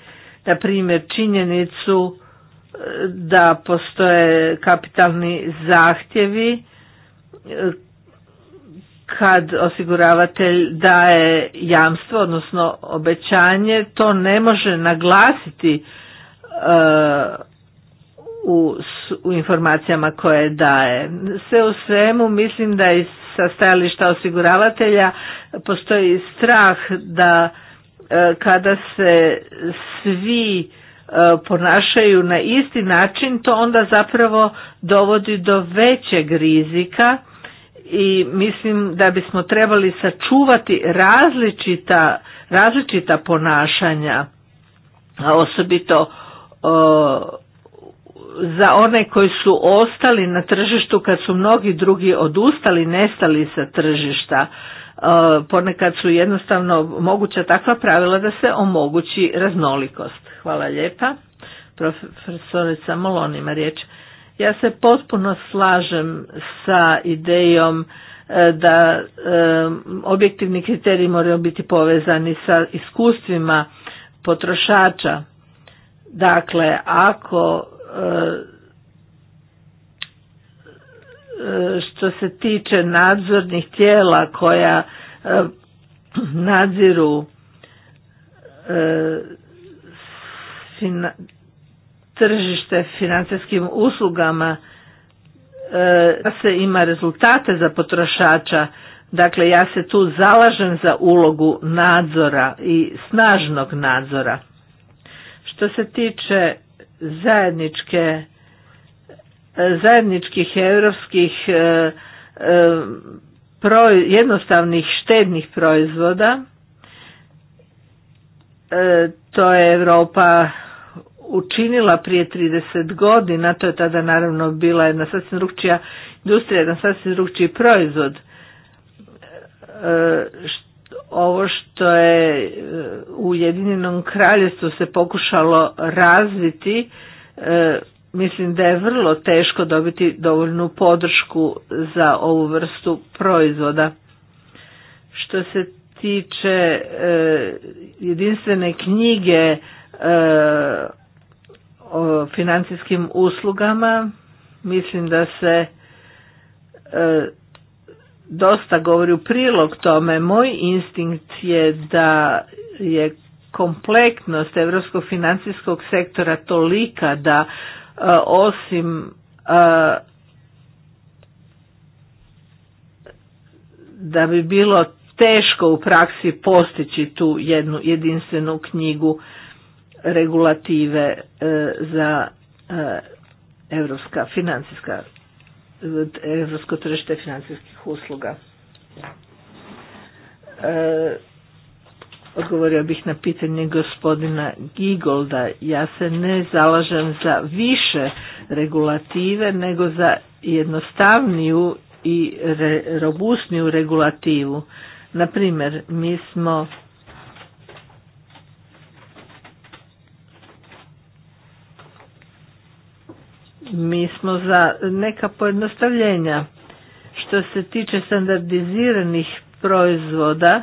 na primjer činjenicu e, da postoje kapitalni zahtjevi e, kad osiguravatelj daje jamstvo, odnosno obećanje, to ne može naglasiti e, u, u informacijama koje daje. Sve u svemu mislim da iz sa stajališta osiguravatelja postoji strah da E, kada se svi e, ponašaju na isti način, to onda zapravo dovodi do većeg rizika i mislim da bismo trebali sačuvati različita, različita ponašanja, osobito e, za one koji su ostali na tržištu kad su mnogi drugi odustali, nestali sa tržišta. E, ponekad su jednostavno moguća takva pravila da se omogući raznolikost. Hvala lijepa. Profesorica Molon ima riječ. Ja se potpuno slažem sa idejom e, da e, objektivni kriteriji moraju biti povezani sa iskustvima potrošača. Dakle, ako što se tiče nadzornih tijela koja e, nadziru e, tržište financijskim uslugama e, da se ima rezultate za potrošača dakle ja se tu zalažem za ulogu nadzora i snažnog nadzora što se tiče zajedničke zajedničkih europskih e, e, jednostavnih štednih proizvoda. E, to je Europa učinila prije 30 godina, to je tada naravno bila jedna sasvim drugčija industrija, jedan sasvim drugčiji proizvod. Ovo što je u Ujedinjenom kraljestvu se pokušalo razviti mislim da je vrlo teško dobiti dovoljnu podršku za ovu vrstu proizvoda. Što se tiče e, jedinstvene knjige e, o financijskim uslugama, mislim da se e, dosta govori u prilog tome. Moj instinkt je da je kompleksnost europskog financijskog sektora tolika da osim e, da bi bilo teško u praksi postići tu jednu jedinstvenu knjigu regulative e, za e, evropska financijska evropsko tržište financijskih usluga odgovorio bih na pitanje gospodina Gigolda. Ja se ne zalažem za više regulative nego za jednostavniju i re, robustniju regulativu. Na mi smo mi smo za neka pojednostavljenja što se tiče standardiziranih proizvoda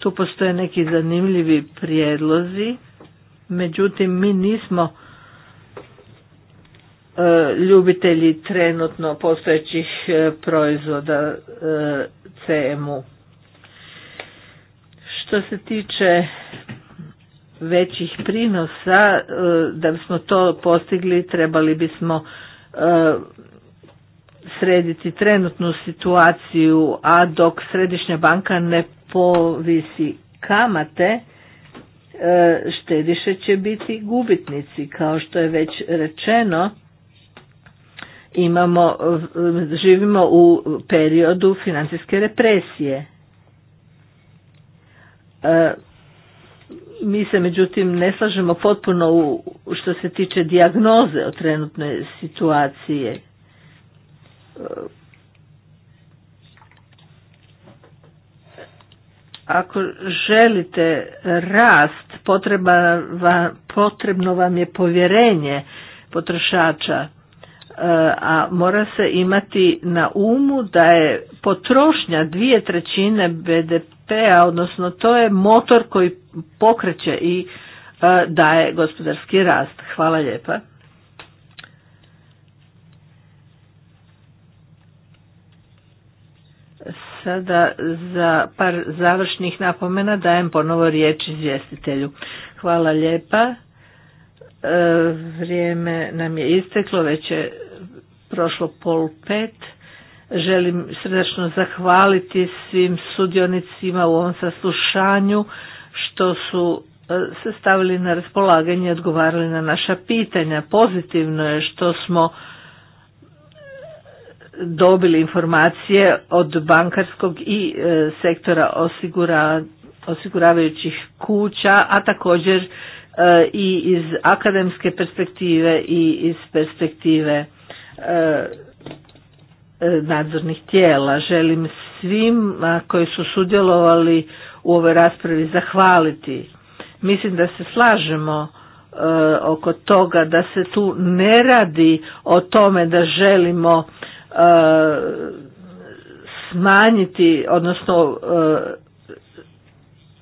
tu postoje neki zanimljivi prijedlozi, međutim mi nismo e, ljubitelji trenutno postojećih e, proizvoda e, CMU. Što se tiče većih prinosa, da bismo to postigli trebali bismo srediti trenutnu situaciju, a dok središnja banka ne povisi kamate, e, štediše će biti gubitnici. Kao što je već rečeno, imamo, živimo u periodu financijske represije. E, mi se međutim ne slažemo potpuno u, što se tiče dijagnoze o trenutnoj situaciji ako želite rast, potreba, potrebno vam je povjerenje potrošača, e, a mora se imati na umu da je potrošnja dvije trećine BDP-a, odnosno to je motor koji pokreće i e, daje gospodarski rast. Hvala lijepa. sada za par završnih napomena dajem ponovo riječ izvjestitelju. Hvala lijepa. E, vrijeme nam je isteklo, već je prošlo pol pet. Želim srdačno zahvaliti svim sudionicima u ovom saslušanju što su e, se stavili na raspolaganje i odgovarali na naša pitanja. Pozitivno je što smo dobili informacije od bankarskog i e, sektora osigura, osiguravajućih kuća, a također e, i iz akademske perspektive i iz perspektive e, nadzornih tijela. Želim svim koji su sudjelovali u ovoj raspravi zahvaliti. Mislim da se slažemo oko toga da se tu ne radi o tome da želimo smanjiti, odnosno e,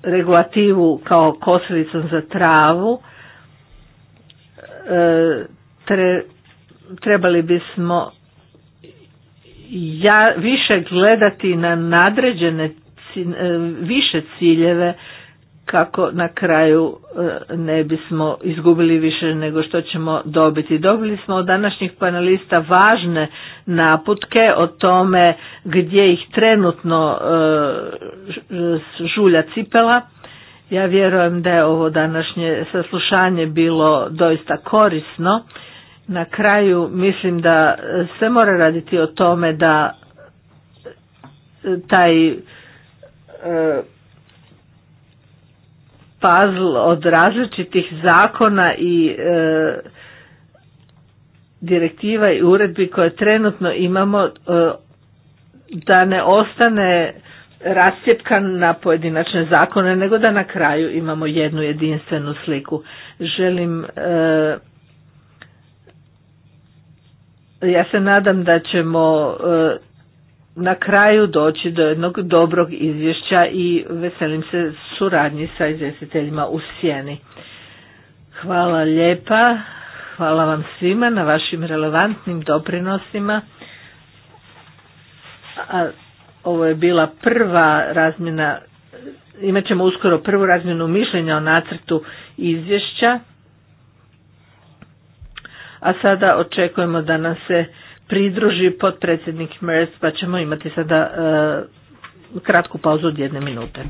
regulativu kao kosilicom za travu, e, tre, trebali bismo ja, više gledati na nadređene e, više ciljeve kako na kraju e, ne bismo izgubili više nego što ćemo dobiti. Dobili smo od današnjih panelista važne naputke o tome gdje ih trenutno e, žulja cipela. Ja vjerujem da je ovo današnje saslušanje bilo doista korisno. Na kraju mislim da se mora raditi o tome da e, taj puzzle od različitih zakona i e, direktiva i uredbi koje trenutno imamo e, da ne ostane rascjepkan na pojedinačne zakone nego da na kraju imamo jednu jedinstvenu sliku. Želim e, ja se nadam da ćemo na kraju doći do jednog dobrog izvješća i veselim se suradnji sa izvjestiteljima u sjeni. Hvala lijepa, hvala vam svima na vašim relevantnim doprinosima. A, ovo je bila prva razmjena, imat ćemo uskoro prvu razmjenu mišljenja o nacrtu izvješća. A sada očekujemo da nam se pridruži potpredsjednik Mers, pa ćemo imati sada e, kratku pauzu od jedne minute.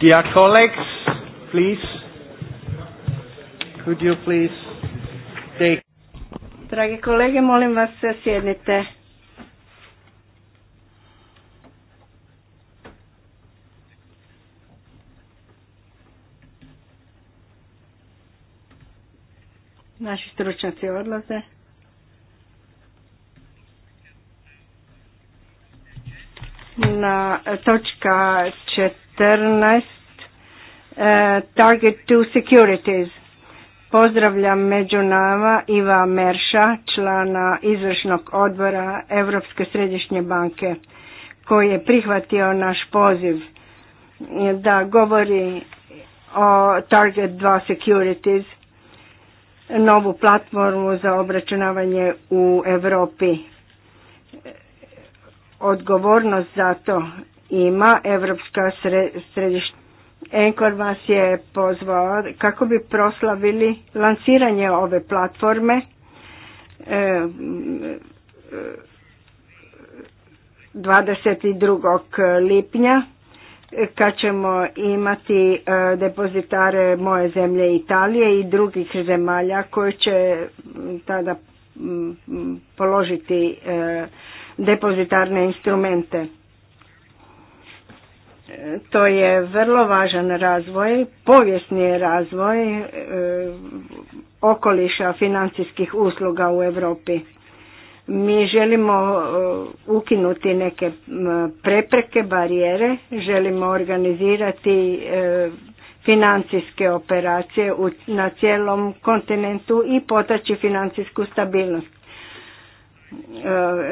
Dear colleagues, please, could you please take... Dragi kolege, molim vas se sjednite. Naši stručnjaci odlaze. Na točka čet 14 e, Target 2 Securities. Pozdravljam među nama Iva Merša, člana izvršnog odbora Europske središnje banke, koji je prihvatio naš poziv da govori o Target 2 Securities, novu platformu za obračunavanje u Europi. Odgovornost za to ima Evropska središnja Enkor vas je pozvao kako bi proslavili lansiranje ove platforme 22. E, lipnja kad ćemo imati e, depozitare moje zemlje Italije i drugih zemalja koji će tada položiti e, depozitarne instrumente. To je vrlo važan razvoj, povijesni razvoj e, okoliša financijskih usluga u Europi. Mi želimo e, ukinuti neke prepreke, barijere, želimo organizirati e, financijske operacije na cijelom kontinentu i potaći financijsku stabilnost.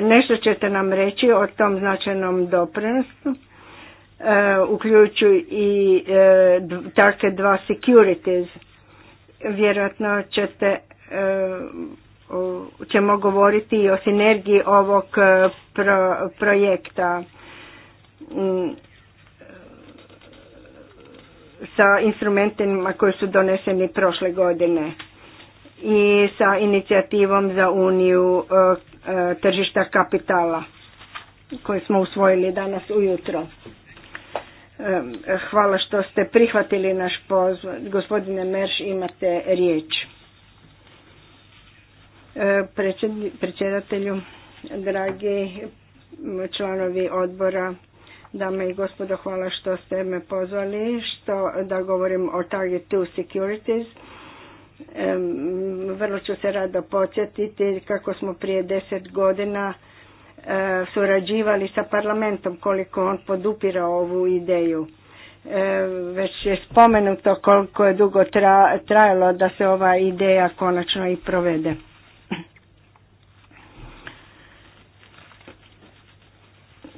Nešto ćete nam reći o tom značajnom doprinosu Uh, uključuju i uh, Target 2 Securities. Vjerojatno ćete uh, ćemo govoriti i o sinergiji ovog pro, projekta mm, sa instrumentima koji su doneseni prošle godine i sa inicijativom za uniju tržišta kapitala koju smo usvojili danas ujutro. Hvala što ste prihvatili naš pozv. Gospodine Merš, imate riječ. E, predsjedatelju, dragi članovi odbora, dame i gospodo, hvala što ste me pozvali, što da govorim o Target 2 Securities. Vrlo ću se rado podsjetiti kako smo prije deset godina E, surađivali sa parlamentom koliko on podupira ovu ideju. E, već je spomenuto koliko je dugo trajalo da se ova ideja konačno i provede.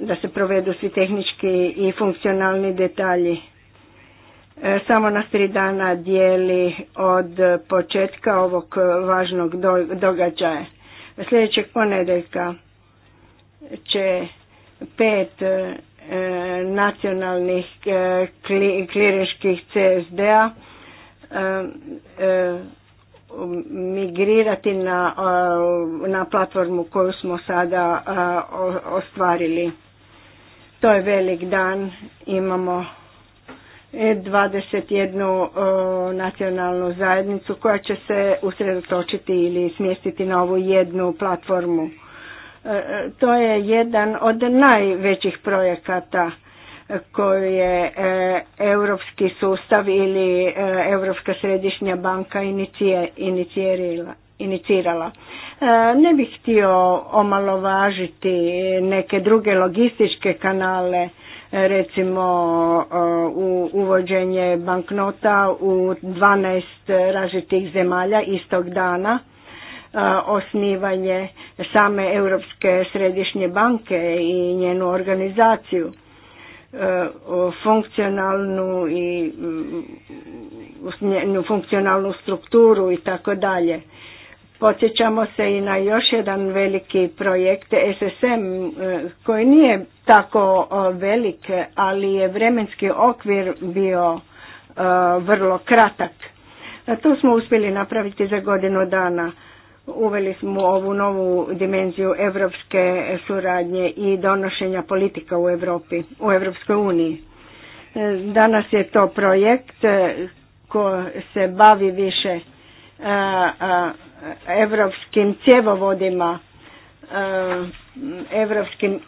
Da se provedu svi tehnički i funkcionalni detalji. E, samo nas tri dana dijeli od početka ovog važnog događaja. Sljedećeg ponedeljka će pet e, nacionalnih e, kliriških CSD-a e, migrirati na, na platformu koju smo sada ostvarili. To je velik dan, imamo 21 nacionalnu zajednicu koja će se usredotočiti ili smjestiti na ovu jednu platformu. E, e, to je jedan od najvećih projekata koji je e, europski sustav ili Europska središnja banka inicirala. Ne bih htio omalovažiti neke druge logističke kanale, recimo u uvođenje banknota u 12 različitih zemalja istog dana osnivanje same Europske središnje banke i njenu organizaciju e, funkcionalnu i njenu funkcionalnu strukturu i tako dalje. Podsjećamo se i na još jedan veliki projekt SSM e, koji nije tako velik, ali je vremenski okvir bio e, vrlo kratak. To smo uspjeli napraviti za godinu dana. Uveli smo ovu novu dimenziju evropske suradnje i donošenja politika u Europi, u Europskoj uniji. Danas je to projekt eh, ko se bavi više eh, eh, evropskim cjevovodima, evropskim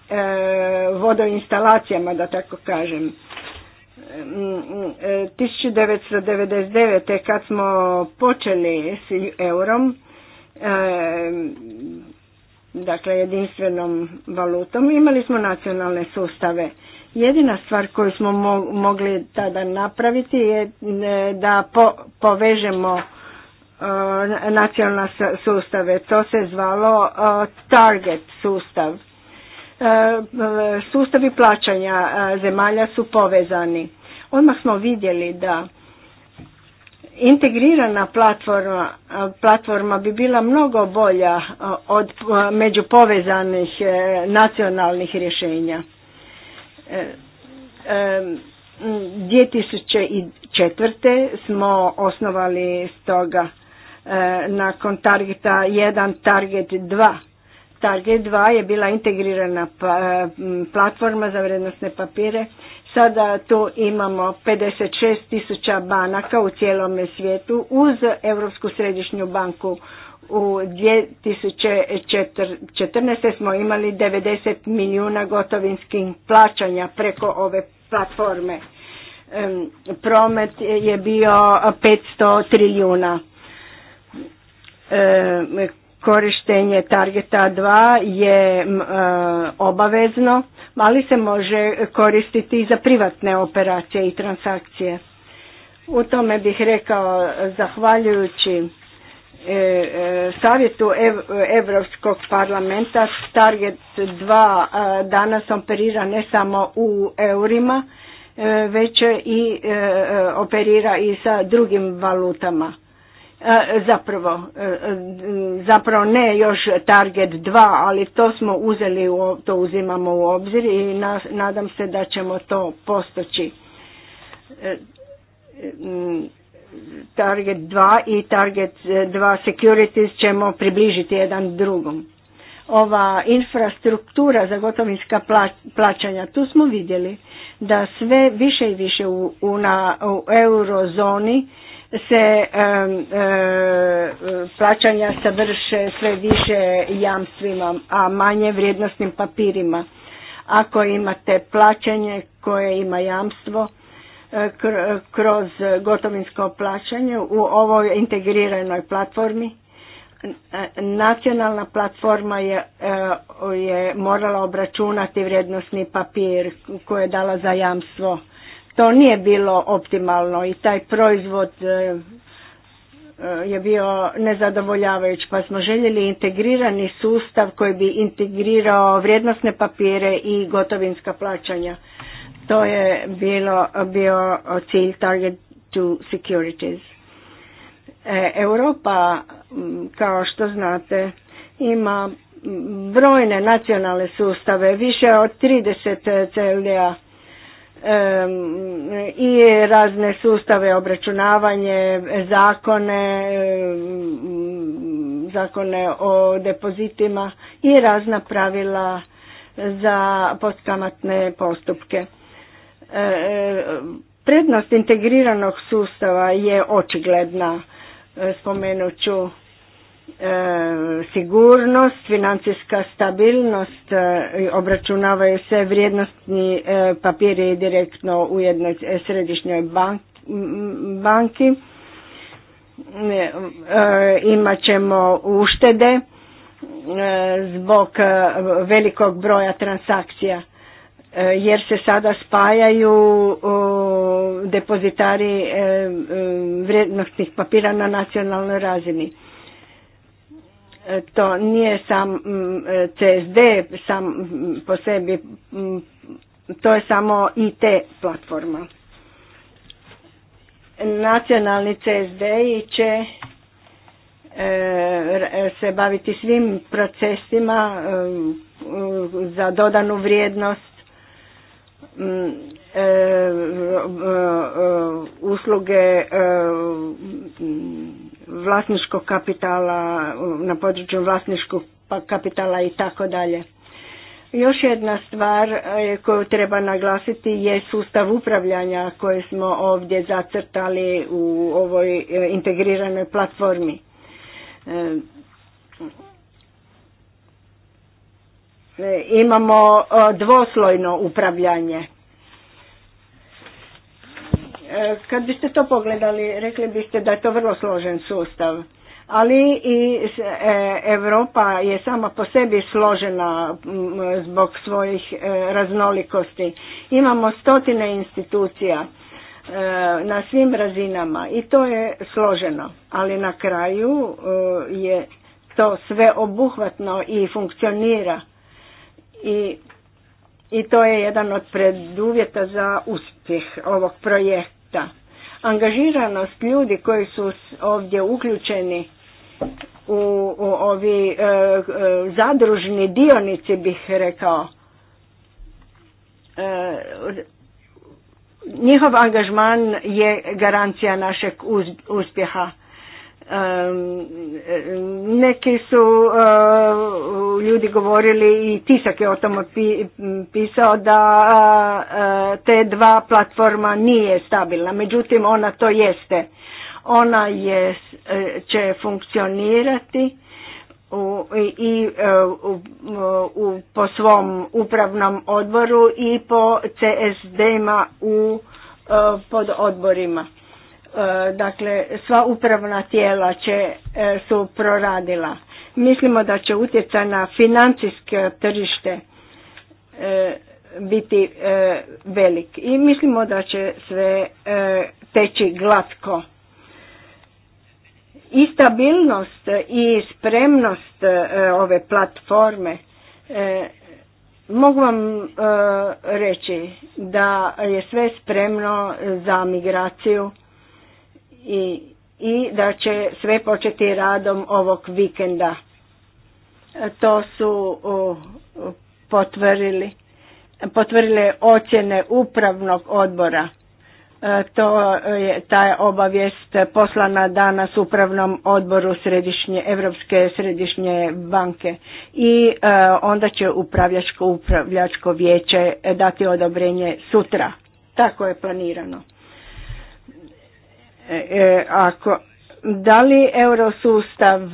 vodoinstalacijama, da tako kažem. 1999. kad smo počeli s eurom, dakle jedinstvenom valutom, imali smo nacionalne sustave. Jedina stvar koju smo mogli tada napraviti je e, da povežemo e, nacionalne sustave. To se zvalo e, target sustav. Sustavi plaćanja zemalja su povezani. Odmah smo vidjeli da Integrirana platforma, platforma bi bila mnogo bolja e, od e, međupovezanih e, nacionalnih rješenja. 2004. smo osnovali stoga nakon Targeta 1, Target 2. Target 2 je bila integrirana pa, platforma za vrednostne papire Sada tu imamo 56 tisuća banaka u cijelom svijetu uz Europsku središnju banku. U 2014. smo imali 90 milijuna gotovinskih plaćanja preko ove platforme. Promet je bio 500 trilijuna Korištenje targeta 2 je e, obavezno, ali se može koristiti i za privatne operacije i transakcije. U tome bih rekao zahvaljujući e, e, savjetu Europskog parlamenta Target 2 danas operira ne samo u eurima, već i operira i sa drugim valutama. E, zapravo, e, e, zapravo ne još target 2, ali to smo uzeli, to uzimamo u obzir i nadam se da ćemo to postoći. Target 2 i Target 2 Securities ćemo približiti jedan drugom. Ova infrastruktura za gotovinska plaćanja, tu smo vidjeli da sve više i više u, u, na, u eurozoni se eh, plaćanja vrše sve više jamstvima, a manje vrijednostnim papirima. Ako imate plaćanje koje ima jamstvo, eh, kroz gotovinsko plaćanje u ovoj integriranoj platformi. Nacionalna platforma je, eh, je morala obračunati vrijednosni papir koje je dala za jamstvo to nije bilo optimalno i taj proizvod e, e, je bio nezadovoljavajući, pa smo željeli integrirani sustav koji bi integrirao vrijednosne papire i gotovinska plaćanja. To je bilo, bio cilj Target to Securities. E, Europa, kao što znate, ima brojne nacionalne sustave, više od 30 celija i razne sustave obračunavanje, zakone, zakone o depozitima i razna pravila za postkamatne postupke. Prednost integriranog sustava je očigledna. Spomenut ću E, sigurnost, financijska stabilnost, e, obračunavaju se vrijednostni e, papiri direktno u jednoj središnjoj banki. Imat ćemo uštede zbog velikog broja transakcija jer se sada spajaju depozitari vrijednostnih papira na nacionalnoj razini E, to nije sam mm, e, CSD sam mm, po sebi, mm, to je samo IT platforma. Nacionalni CSD će e, se baviti svim procesima za dodanu vrijednost usluge vlasničkog kapitala, na području vlasničkog pa kapitala i tako dalje. Još jedna stvar e, koju treba naglasiti je sustav upravljanja koje smo ovdje zacrtali u ovoj e, integriranoj platformi. E, imamo dvoslojno upravljanje E, kad biste to pogledali, rekli biste da je to vrlo složen sustav. Ali i e, Europa je sama po sebi složena zbog svojih e, raznolikosti. Imamo stotine institucija na svim razinama i to je složeno. Ali na kraju je to sve obuhvatno i funkcionira. I i to je jedan od preduvjeta za uspjeh ovog projekta da Angažiranost ljudi koji su ovdje uključeni u, u ovi e, e zadružni dionici bih rekao. E, njihov angažman je garancija našeg uspjeha neki su eh, ljudi govorili i Tisak je o tom pisao da eh, te dva platforma nije stabilna, međutim ona to jeste. Ona je, eh, će funkcionirati i po svom upravnom odboru i po CSD-ima u pod odborima. E, dakle, sva upravna tijela će, e, su proradila. Mislimo da će utjecaj na financijske tržište e, biti velik i mislimo da će sve teći glatko i stabilnost i spremnost ove platforme mogu vam reći da je sve spremno za migraciju i, i da će sve početi radom ovog vikenda. E, to su potvrili potvrdile ocjene upravnog odbora. E, to je ta obavijest poslana danas upravnom odboru Središnje, Europske središnje banke i e, onda će upravljačko, upravljačko vijeće dati odobrenje sutra. Tako je planirano. E, e, ako da li eurosustav e,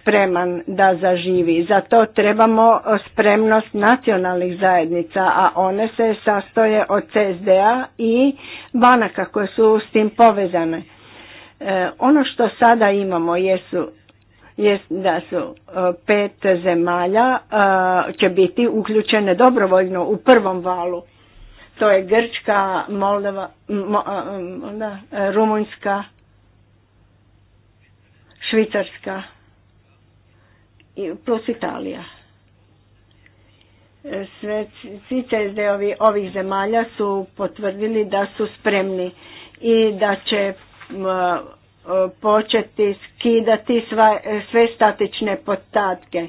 spreman da zaživi? Za to trebamo spremnost nacionalnih zajednica, a one se sastoje od CSDA i banaka koje su s tim povezane. Ono što sada imamo jesu jest da su pet zemalja će biti uključene dobrovoljno u prvom valu to je Grčka, Moldova, Mo, da, Rumunjska, Švicarska plus Italija. E, sve, svi CSD-ovi ovih zemalja su potvrdili da su spremni i da će početi skidati e, sve statične podatke.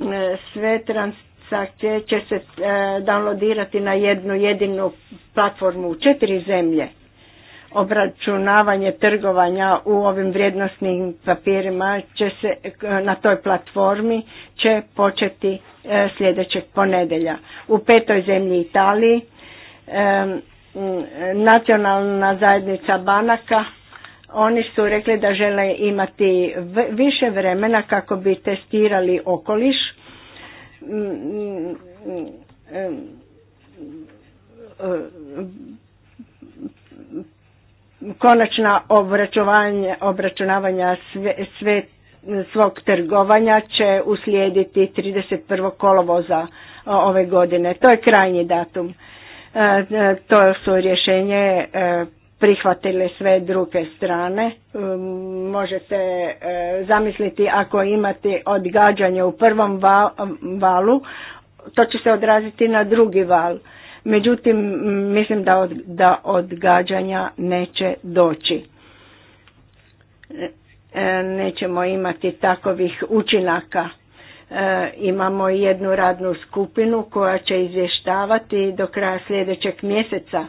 E, sve trans, stranica će se e, downloadirati na jednu jedinu platformu u četiri zemlje. Obračunavanje trgovanja u ovim vrijednostnim papirima će se e, na toj platformi će početi e, sljedećeg ponedelja. U petoj zemlji Italiji nacionalna zajednica banaka oni su rekli da žele imati više vremena kako bi testirali okoliš konačna obračunavanja sve, sve svog trgovanja će uslijediti 31. kolovoza ove godine. To je krajnji datum. E, e, to su rješenje e, prihvatile sve druge strane. Um, možete e, zamisliti ako imate odgađanje u prvom valu, to će se odraziti na drugi val. Međutim, mislim da, od, da odgađanja neće doći. E, nećemo imati takovih učinaka. E, imamo jednu radnu skupinu koja će izvještavati do kraja sljedećeg mjeseca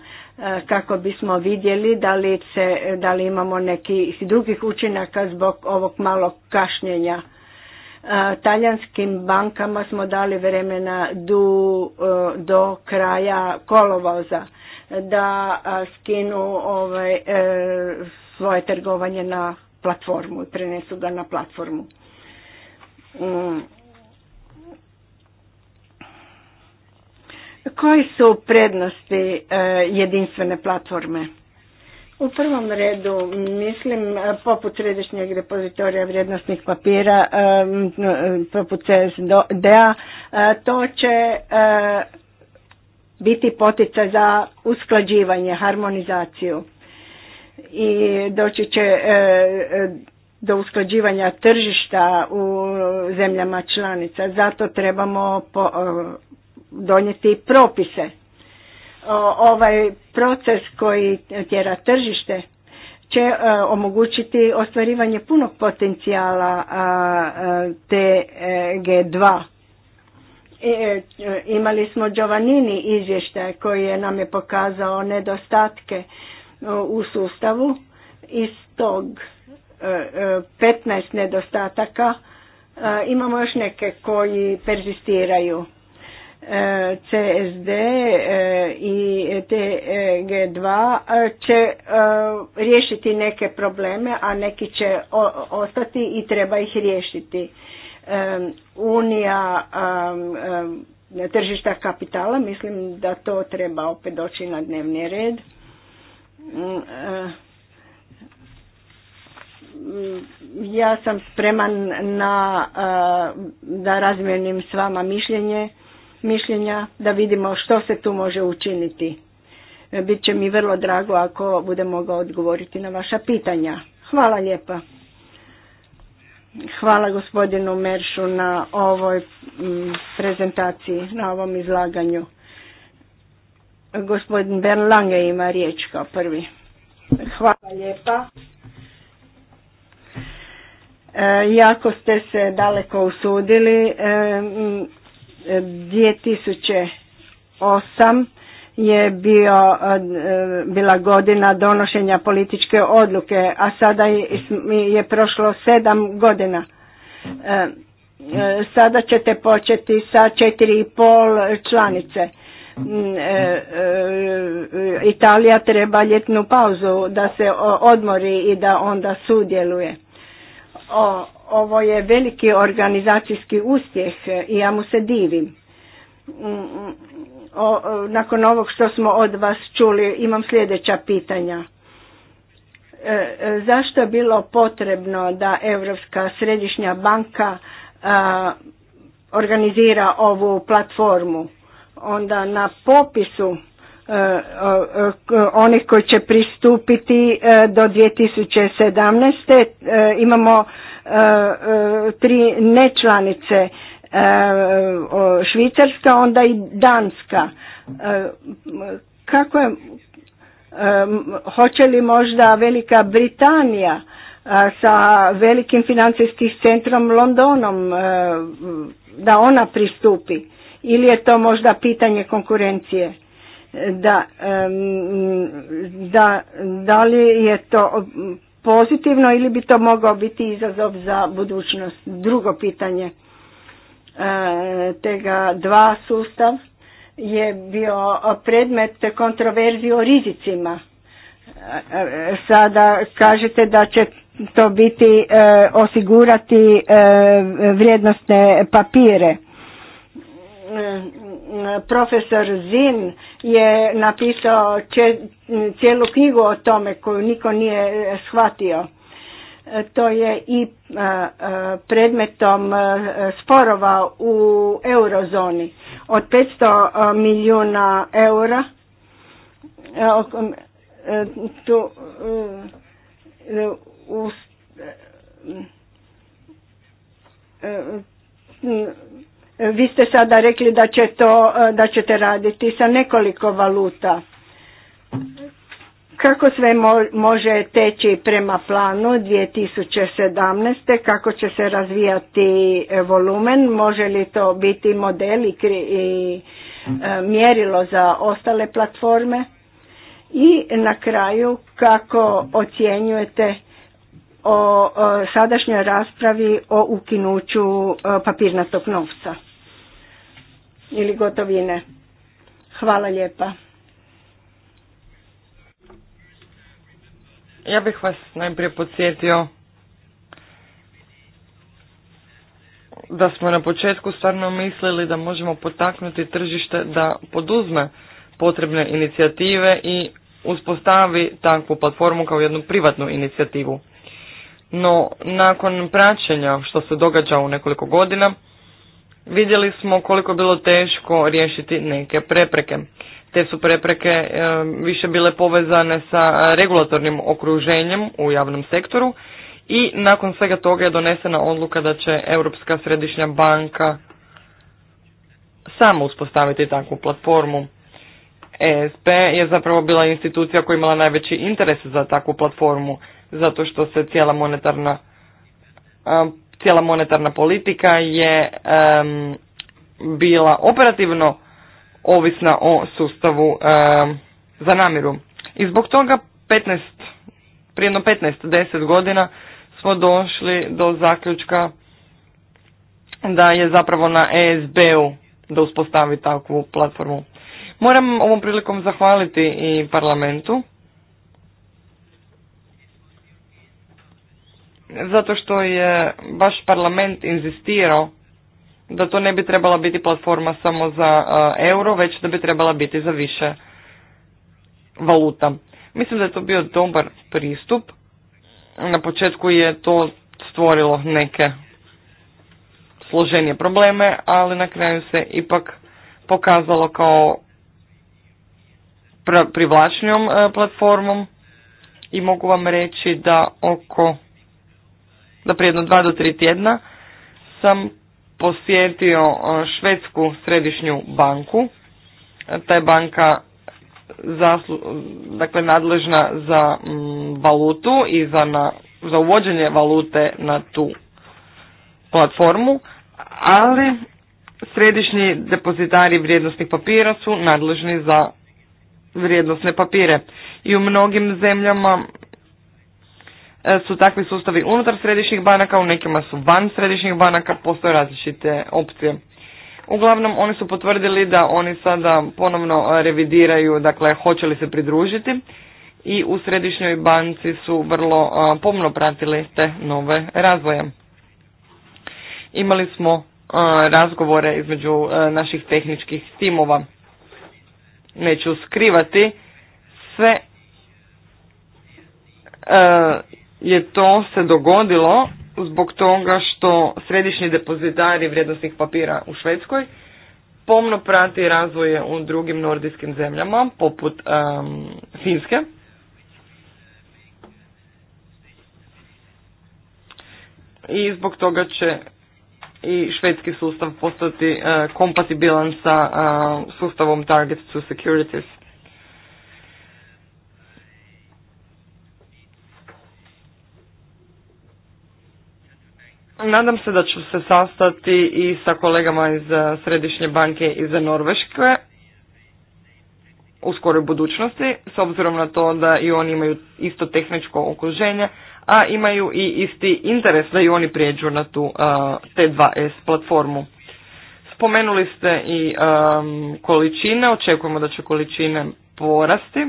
kako bismo vidjeli da li, se, da li imamo nekih drugih učinaka zbog ovog malog kašnjenja. E, talijanskim bankama smo dali vremena do, e, do kraja kolovoza da skinu ovaj, e, svoje trgovanje na platformu i prenesu ga na platformu. Mm. Koji su prednosti e, jedinstvene platforme? U prvom redu, mislim, e, poput središnjeg repozitorija vrijednostnih papira, e, poput CSDA, to će biti potica za usklađivanje, harmonizaciju i doći će do usklađivanja tržišta u zemljama članica. Zato trebamo donijeti propise. Ovaj proces koji tjera tržište će e, omogućiti ostvarivanje punog potencijala te G2. E, imali smo Giovannini izvještaj koji je nam je pokazao nedostatke e, u sustavu. Iz tog 15 nedostataka imamo još neke koji perzistiraju CSD eh, i TG2 eh, će eh, riješiti neke probleme, a neki će ostati i treba ih riješiti. Unija tržišta kapitala, mislim da to treba opet doći na dnevni red. Mm, mm, ja sam spreman na, da razmijenim s vama mišljenje mišljenja da vidimo što se tu može učiniti. E, Biće mi vrlo drago ako budem mogao odgovoriti na vaša pitanja. Hvala lijepa. Hvala gospodinu Meršu na ovoj mm, prezentaciji, na ovom izlaganju. Gospodin Berlange ima riječ kao prvi. Hvala lijepa. E, jako ste se daleko usudili. E, 2008 je bio, e, bila godina donošenja političke odluke, a sada je prošlo sedam godina. E, e, sada ćete početi sa četiri i pol članice. Mm, Italija treba ljetnu pauzu da se odmori i da onda sudjeluje. Ovo je veliki organizacijski uspjeh e, i ja mu se divim. Mm, mm, e, nakon ovog što smo od vas čuli imam sljedeća pitanja. E, zašto je bilo potrebno da Europska središnja banka organizira ovu platformu? Onda na popisu onih koji će pristupiti do 2017. imamo E, tri nečlanice e, Švicarska, onda i Danska. E, kako je, hoće li možda Velika Britanija sa velikim financijskim centrom Londonom da ona pristupi ili je to možda pitanje konkurencije da, da, da li je to pozitivno ili bi to mogao biti izazov za budućnost? Drugo pitanje. E, tega dva sustav je bio predmet kontroverzije o rizicima. E, sada kažete da će to biti e, osigurati vrijednostne papire profesor Zin je napisao cijelu knjigu o tome koju niko nije e, shvatio. E, to je i e, predmetom sporova u eurozoni. Od 500 milijuna eura tu u vi ste sada rekli da, će to, da ćete raditi sa nekoliko valuta. Kako sve može teći prema planu 2017. Kako će se razvijati e, volumen? Može li to biti model i, e, mjerilo za ostale platforme? I na kraju kako ocjenjujete o, o sadašnjoj raspravi o ukinuću e, papirnatog novca? ili gotovine. Hvala lijepa. Ja bih vas najprije podsjetio da smo na početku stvarno mislili da možemo potaknuti tržište da poduzme potrebne inicijative i uspostavi takvu platformu kao jednu privatnu inicijativu. No, nakon praćenja što se događa u nekoliko godina, vidjeli smo koliko bilo teško riješiti neke prepreke. Te su prepreke e, više bile povezane sa regulatornim okruženjem u javnom sektoru i nakon svega toga je donesena odluka da će Europska središnja banka samo uspostaviti takvu platformu. ESP je zapravo bila institucija koja je imala najveći interes za takvu platformu, zato što se cijela monetarna e, cijela monetarna politika je bila operativno ovisna o sustavu za namiru. I zbog toga 15, prijedno 15, 10 godina smo došli do zaključka da je zapravo na ESB-u da uspostavi takvu platformu. Moram ovom prilikom zahvaliti i parlamentu zato što je baš parlament inzistirao da to ne bi trebala biti platforma samo za eh, euro, već da bi trebala biti za više valuta. Mislim da je to bio dobar pristup. Na početku je to stvorilo neke složenije probleme, ali na kraju se ipak pokazalo kao privlačnijom eh, platformom i mogu vam reći da oko da prije jedno dva do tri tjedna sam posjetio e, Švedsku središnju banku. E, ta je banka dakle, nadležna za mm, valutu i za, na, za uvođenje valute na tu platformu, ali središnji depozitari vrijednosnih papira su nadležni za vrijednosne papire. I u mnogim zemljama E, su takvi sustavi unutar središnjih banaka, u nekima su van središnjih banaka, postoje različite opcije. Uglavnom, oni su potvrdili da oni sada ponovno e, revidiraju, dakle, hoće li se pridružiti i u središnjoj banci su vrlo e, pomno pratili te nove razvoje. Imali smo razgovore između naših tehničkih timova. Neću skrivati sve je to se dogodilo zbog toga što središnji depozitari vrijednosnih papira u Švedskoj pomno prati razvoje u drugim nordijskim zemljama, poput Finske. I zbog toga će i švedski sustav postati eh, kompatibilan sa eh, sustavom Target to Securities. Nadam se da ću se sastati i sa kolegama iz eh, Središnje banke iz Norveške u skoroj budućnosti, s obzirom na to da i oni imaju isto tehničko okruženje, a imaju i isti interes da i oni prijeđu na tu eh, T2S platformu. Spomenuli ste i ehm, količine, očekujemo da će količine porasti.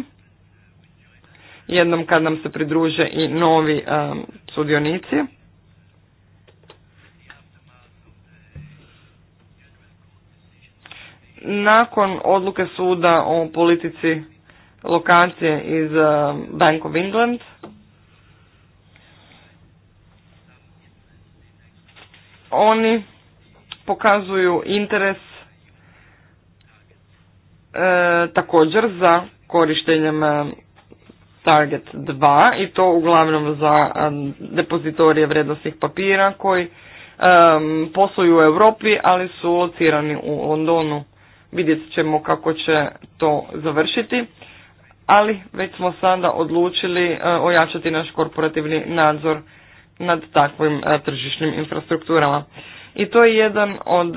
Jednom kad nam se pridruže i novi ehm, sudionici. nakon odluke suda o politici lokacije iz eh, Bank of England, oni pokazuju interes eh, također za korištenjem eh, Target 2 i to uglavnom za depozitorije vrednostnih papira koji posluju u Europi ali su locirani u Londonu vidjet ćemo kako će to završiti, ali već smo sada odlučili e, ojačati naš korporativni nadzor nad takvim e, tržišnim infrastrukturama. I to je jedan od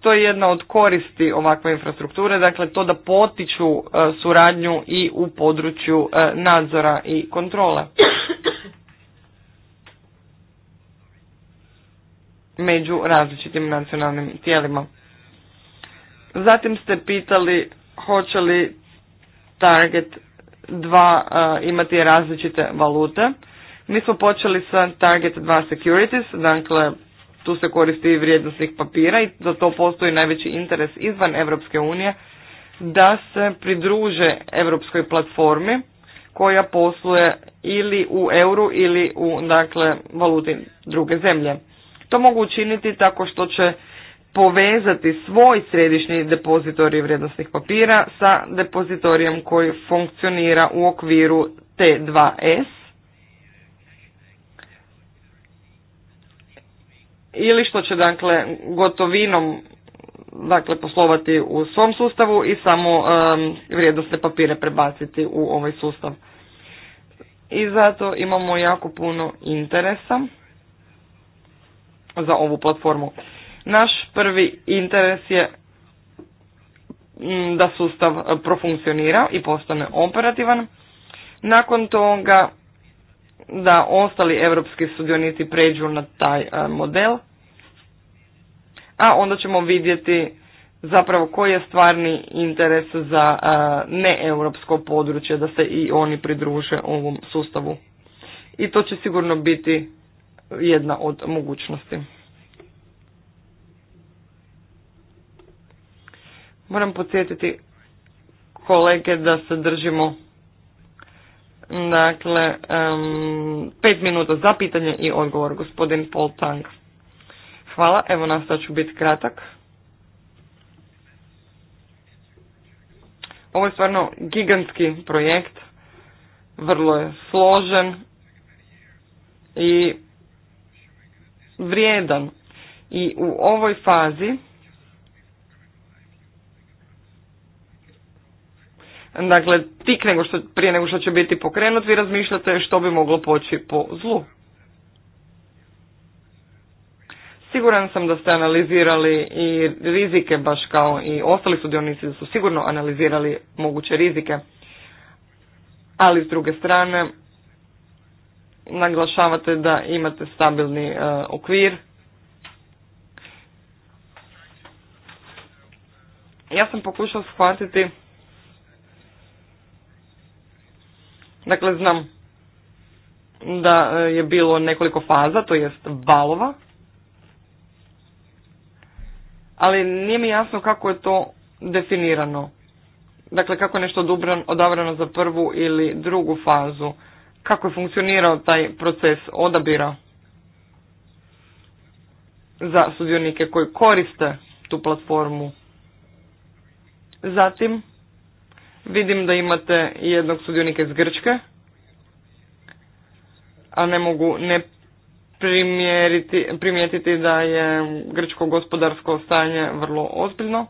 to je jedna od koristi ovakve infrastrukture, dakle to da potiču e, suradnju i u području nadzora i kontrole. među različitim nacionalnim tijelima. Zatim ste pitali hoće li target 2 e, imati različite valute. Mi smo počeli sa target 2 securities, dakle tu se koristi i vrijednostnih papira i za to postoji najveći interes izvan Europske unije da se pridruže europskoj platformi koja posluje ili u euru ili u dakle valuti druge zemlje. To mogu učiniti tako što će povezati svoj središnji depozitorij vrijednosnih papira sa depozitorijem koji funkcionira u okviru T2S ili što će dakle gotovinom dakle poslovati u svom sustavu i samo um, vrijednosne papire prebaciti u ovaj sustav. I zato imamo jako puno interesa za ovu platformu. Naš prvi interes je mm, da sustav profunkcionira i postane operativan. Nakon toga da ostali europski sudionici pređu na taj e, model, a onda ćemo vidjeti zapravo koji je stvarni interes za e, neeuropsko područje da se i oni pridruže ovom sustavu. I to će sigurno biti jedna od mogućnosti. Moram podsjetiti kolege da se držimo dakle pet minuta za pitanje i odgovor gospodin Paul Tang. Hvala, evo sad ću biti kratak. Ovo je stvarno gigantski projekt, vrlo je složen i vrijedan. I u ovoj fazi Dakle, tik nego što, prije nego što će biti pokrenut, vi razmišljate što bi moglo poći po zlu. Siguran sam da ste analizirali i rizike, baš kao i ostali sudionici da su sigurno analizirali moguće rizike. Ali s druge strane, naglašavate da imate stabilni e, okvir. Ja sam pokušao shvatiti Dakle, znam da e, je bilo nekoliko faza, to jest balova, ali nije mi jasno kako je to definirano. Dakle, kako je nešto odabrano za prvu ili drugu fazu. Kako je funkcionirao taj proces odabira za sudionike koji koriste tu platformu. Zatim, Vidim da imate jednog sudionika iz Grčke, a ne mogu ne primijetiti da je grčko gospodarsko stanje vrlo ozbiljno.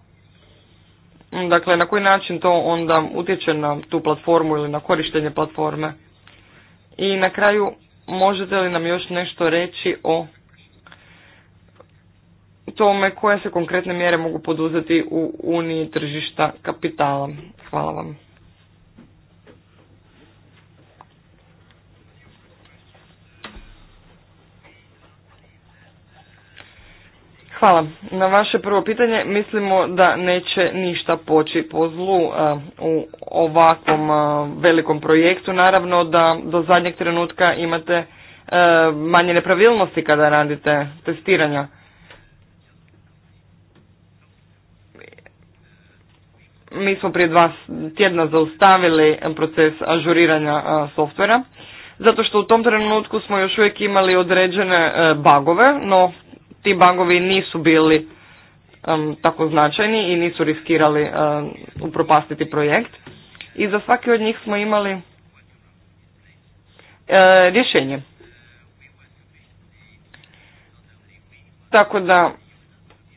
Dakle, na koji način to onda utječe na tu platformu ili na korištenje platforme? I na kraju, možete li nam još nešto reći o tome koje se konkretne mjere mogu poduzeti u Uniji tržišta kapitala? Hvala vam. Hvala. Na vaše prvo pitanje mislimo da neće ništa poći po zlu eh, u ovakvom eh, velikom projektu. Naravno da do zadnjeg trenutka imate eh, manje nepravilnosti kada radite testiranja. mi smo prije dva tjedna zaustavili proces ažuriranja softvera, zato što u tom trenutku smo još uvijek imali određene e, bagove, no ti bagovi nisu bili tako značajni i nisu riskirali um, upropastiti projekt. I za svaki od njih smo imali e, rješenje. Tako da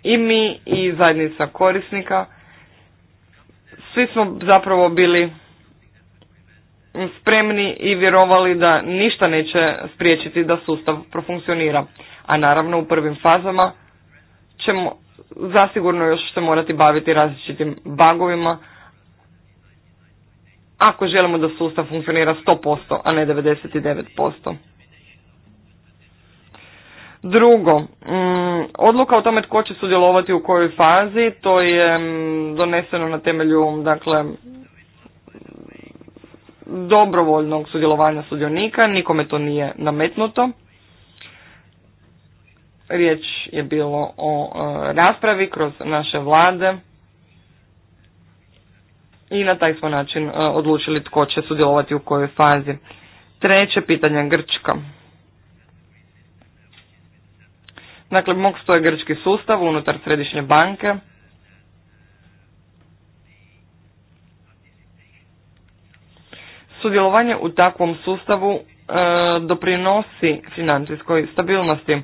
i mi i zajednica korisnika svi smo zapravo bili spremni i vjerovali da ništa neće spriječiti da sustav profunkcionira. A naravno u prvim fazama ćemo zasigurno još se morati baviti različitim bagovima ako želimo da sustav funkcionira 100%, a ne 99%. Drugo, mm, odluka o tome tko će sudjelovati u kojoj fazi, to je mm, doneseno na temelju dakle, dobrovoljnog sudjelovanja sudionika, nikome to nije nametnuto. Riječ je bilo o e, raspravi kroz naše vlade i na taj smo način e, odlučili tko će sudjelovati u kojoj fazi. Treće pitanje Grčka. Dakle, mog je grčki sustav unutar središnje banke. Sudjelovanje u takvom sustavu e, doprinosi financijskoj stabilnosti.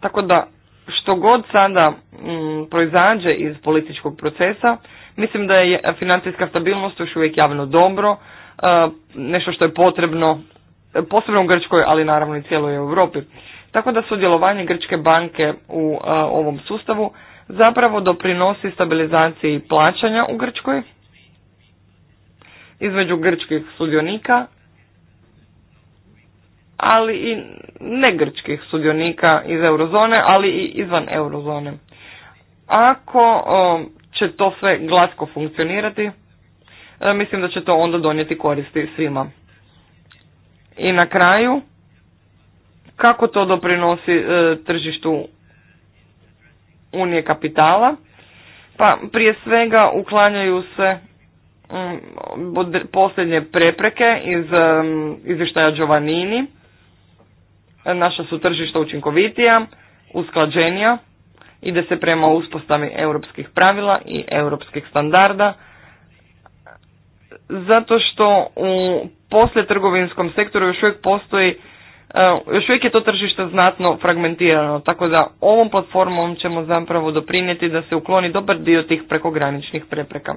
Tako da što god sada mm, proizađe iz političkog procesa, mislim da je financijska stabilnost još uvijek javno dobro, e, nešto što je potrebno posebno u Grčkoj, ali naravno i cijeloj Europi. Tako da sudjelovanje Grčke banke u e, ovom sustavu zapravo doprinosi stabilizaciji plaćanja u Grčkoj između grčkih sudionika, ali i ne grčkih sudionika iz eurozone, ali i izvan eurozone. Ako e, će to sve glasko funkcionirati, e, mislim da će to onda donijeti koristi svima. I na kraju, kako to doprinosi e, tržištu unije kapitala? Pa prije svega uklanjaju se mm, posljednje prepreke iz izještaja izvještaja Giovannini. E, naša su tržišta učinkovitija, usklađenija, ide se prema uspostavi europskih pravila i europskih standarda, zato što u poslije trgovinskom sektoru još uvijek postoji eh, još uvijek je to tržište znatno fragmentirano, tako da ovom platformom ćemo zapravo doprinijeti da se ukloni dobar dio tih prekograničnih prepreka.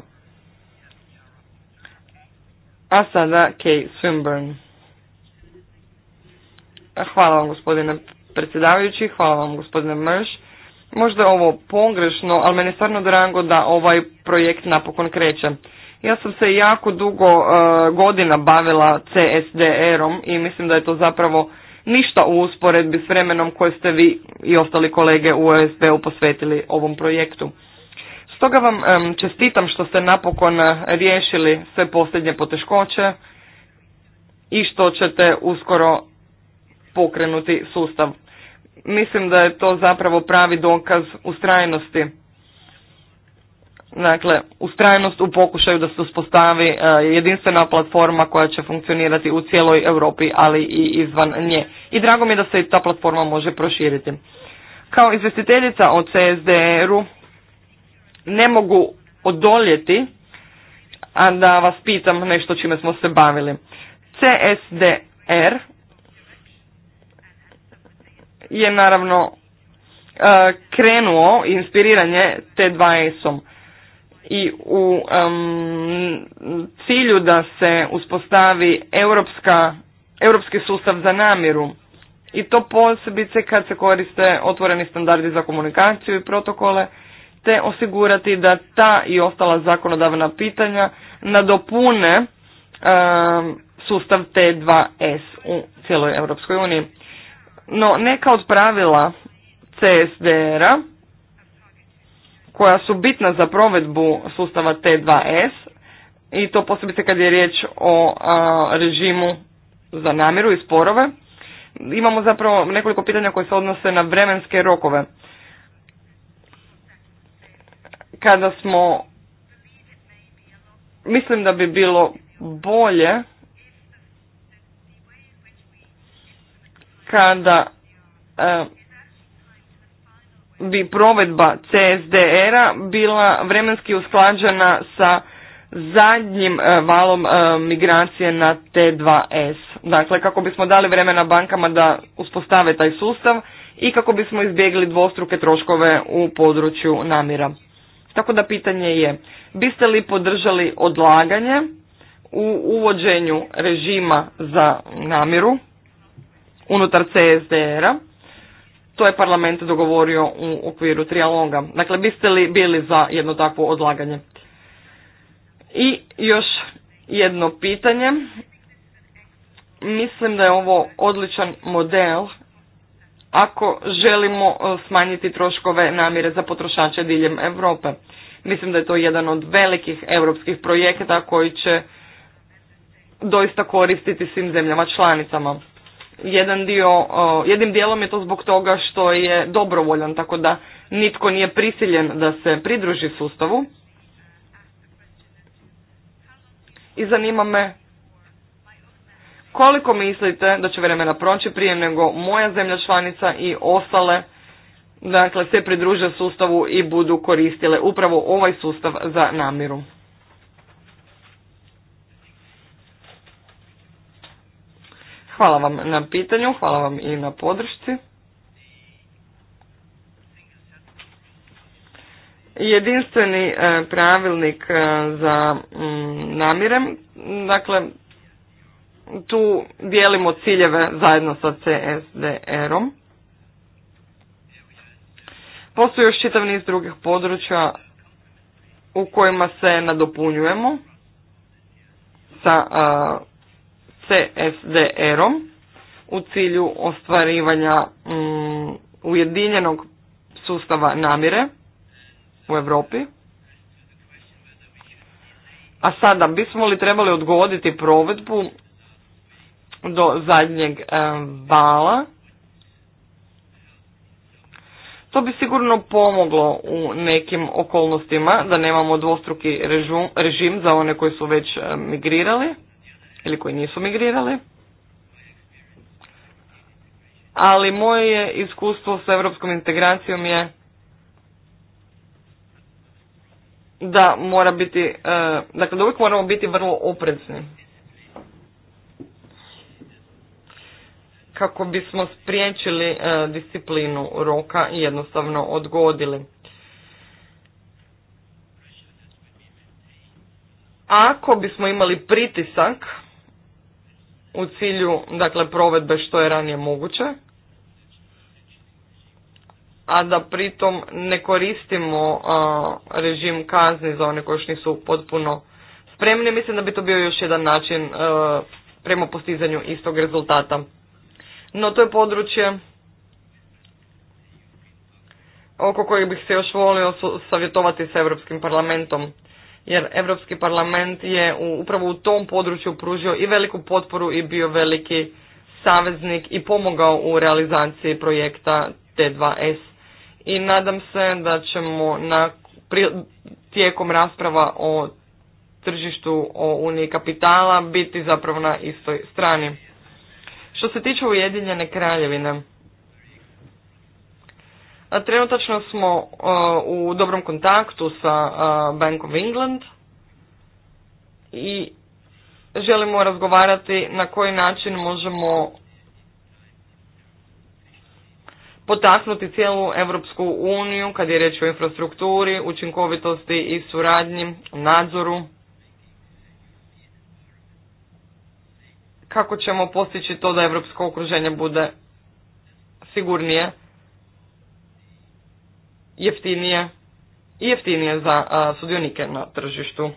A sada Kay Swinburne. Hvala vam gospodine predsjedavajući, hvala vam gospodine Mrš. Možda je ovo pogrešno, ali meni je stvarno drago da ovaj projekt napokon kreće. Ja sam se jako dugo e, godina bavila CSDR-om i mislim da je to zapravo ništa u usporedbi s vremenom koje ste vi i ostali kolege u OSB-u posvetili ovom projektu. Stoga vam čestitam što ste napokon riješili sve posljednje poteškoće i što ćete uskoro pokrenuti sustav. Mislim da je to zapravo pravi dokaz ustrajnosti Dakle, ustrajnost u pokušaju da se uspostavi e, jedinstvena platforma koja će funkcionirati u cijeloj Europi, ali i izvan nje. I drago mi je da se i ta platforma može proširiti. Kao izvestiteljica o CSDR-u ne mogu odoljeti, a da vas pitam nešto čime smo se bavili. CSDR je naravno e, krenuo inspiriranje T2S-om i u cilju da se uspostavi europska, europski sustav za namjeru i to posebice kad se koriste otvoreni standardi za komunikaciju i protokole te osigurati da ta i ostala zakonodavna pitanja nadopune sustav T2S u cijeloj Europskoj uniji. No neka od pravila CSDR-a koja su bitna za provedbu sustava T2S i to posebice kad je riječ o režimu za namjeru i sporove. Imamo zapravo nekoliko pitanja koje se odnose na vremenske rokove. Kada smo, mislim da bi bilo bolje kada bi provedba CSDR-a bila vremenski usklađena sa zadnjim e, valom e, migracije na T2S. Dakle, kako bismo dali vremena bankama da uspostave taj sustav i kako bismo izbjegli dvostruke troškove u području namira. Tako da pitanje je, biste li podržali odlaganje u uvođenju režima za namiru unutar CSDR-a? to je parlament dogovorio u okviru trijalonga. Dakle, biste li bili za jedno takvo odlaganje? I još jedno pitanje. Mislim da je ovo odličan model ako želimo e, smanjiti troškove namire za potrošače diljem Europe. Mislim da je to jedan od velikih europskih projekata koji će doista koristiti svim zemljama članicama jedan dio, jednim dijelom je to zbog toga što je dobrovoljan, tako da nitko nije prisiljen da se pridruži sustavu. I zanima me koliko mislite da će vremena proći prije nego moja zemlja članica i ostale dakle se pridruže sustavu i budu koristile upravo ovaj sustav za namiru. Hvala vam na pitanju, hvala vam i na podršci. Jedinstveni e, pravilnik e, za mm, namire, dakle, tu dijelimo ciljeve zajedno sa CSDR-om. Postoji još čitav niz drugih područja u kojima se nadopunjujemo sa e, CSDR-om u cilju ostvarivanja mm, ujedinjenog sustava namire u Europi. A sada bismo li trebali odgoditi provedbu do zadnjeg bala? E, to bi sigurno pomoglo u nekim okolnostima da nemamo dvostruki režim za one koji su već e, migrirali ili koji nisu migrirali. Ali moje iskustvo s europskom integracijom je da mora biti, e, dakle da uvijek moramo biti vrlo oprezni. kako bismo spriječili e, disciplinu roka i jednostavno odgodili. Ako bismo imali pritisak u cilju dakle provedbe što je ranije moguće, a da pritom ne koristimo režim kazni za one koji još nisu potpuno spremni, mislim da bi to bio još jedan način prema postizanju istog rezultata. No to je područje oko kojeg bih se još volio savjetovati sa Europskim parlamentom jer Europski parlament je upravo u tom području pružio i veliku potporu i bio veliki saveznik i pomogao u realizaciji projekta T2S. I nadam se da ćemo na, tijekom rasprava o tržištu o Uniji kapitala biti zapravo na istoj strani. Što se tiče Ujedinjene kraljevine, Trenutačno smo uh, u dobrom kontaktu sa uh, Bank of England i želimo razgovarati na koji način možemo potaknuti cijelu Europsku uniju kad je reč o infrastrukturi, učinkovitosti i suradnji, nadzoru. Kako ćemo postići to da europsko okruženje bude sigurnije jeftinije i jeftinije za sudionike na tržištu.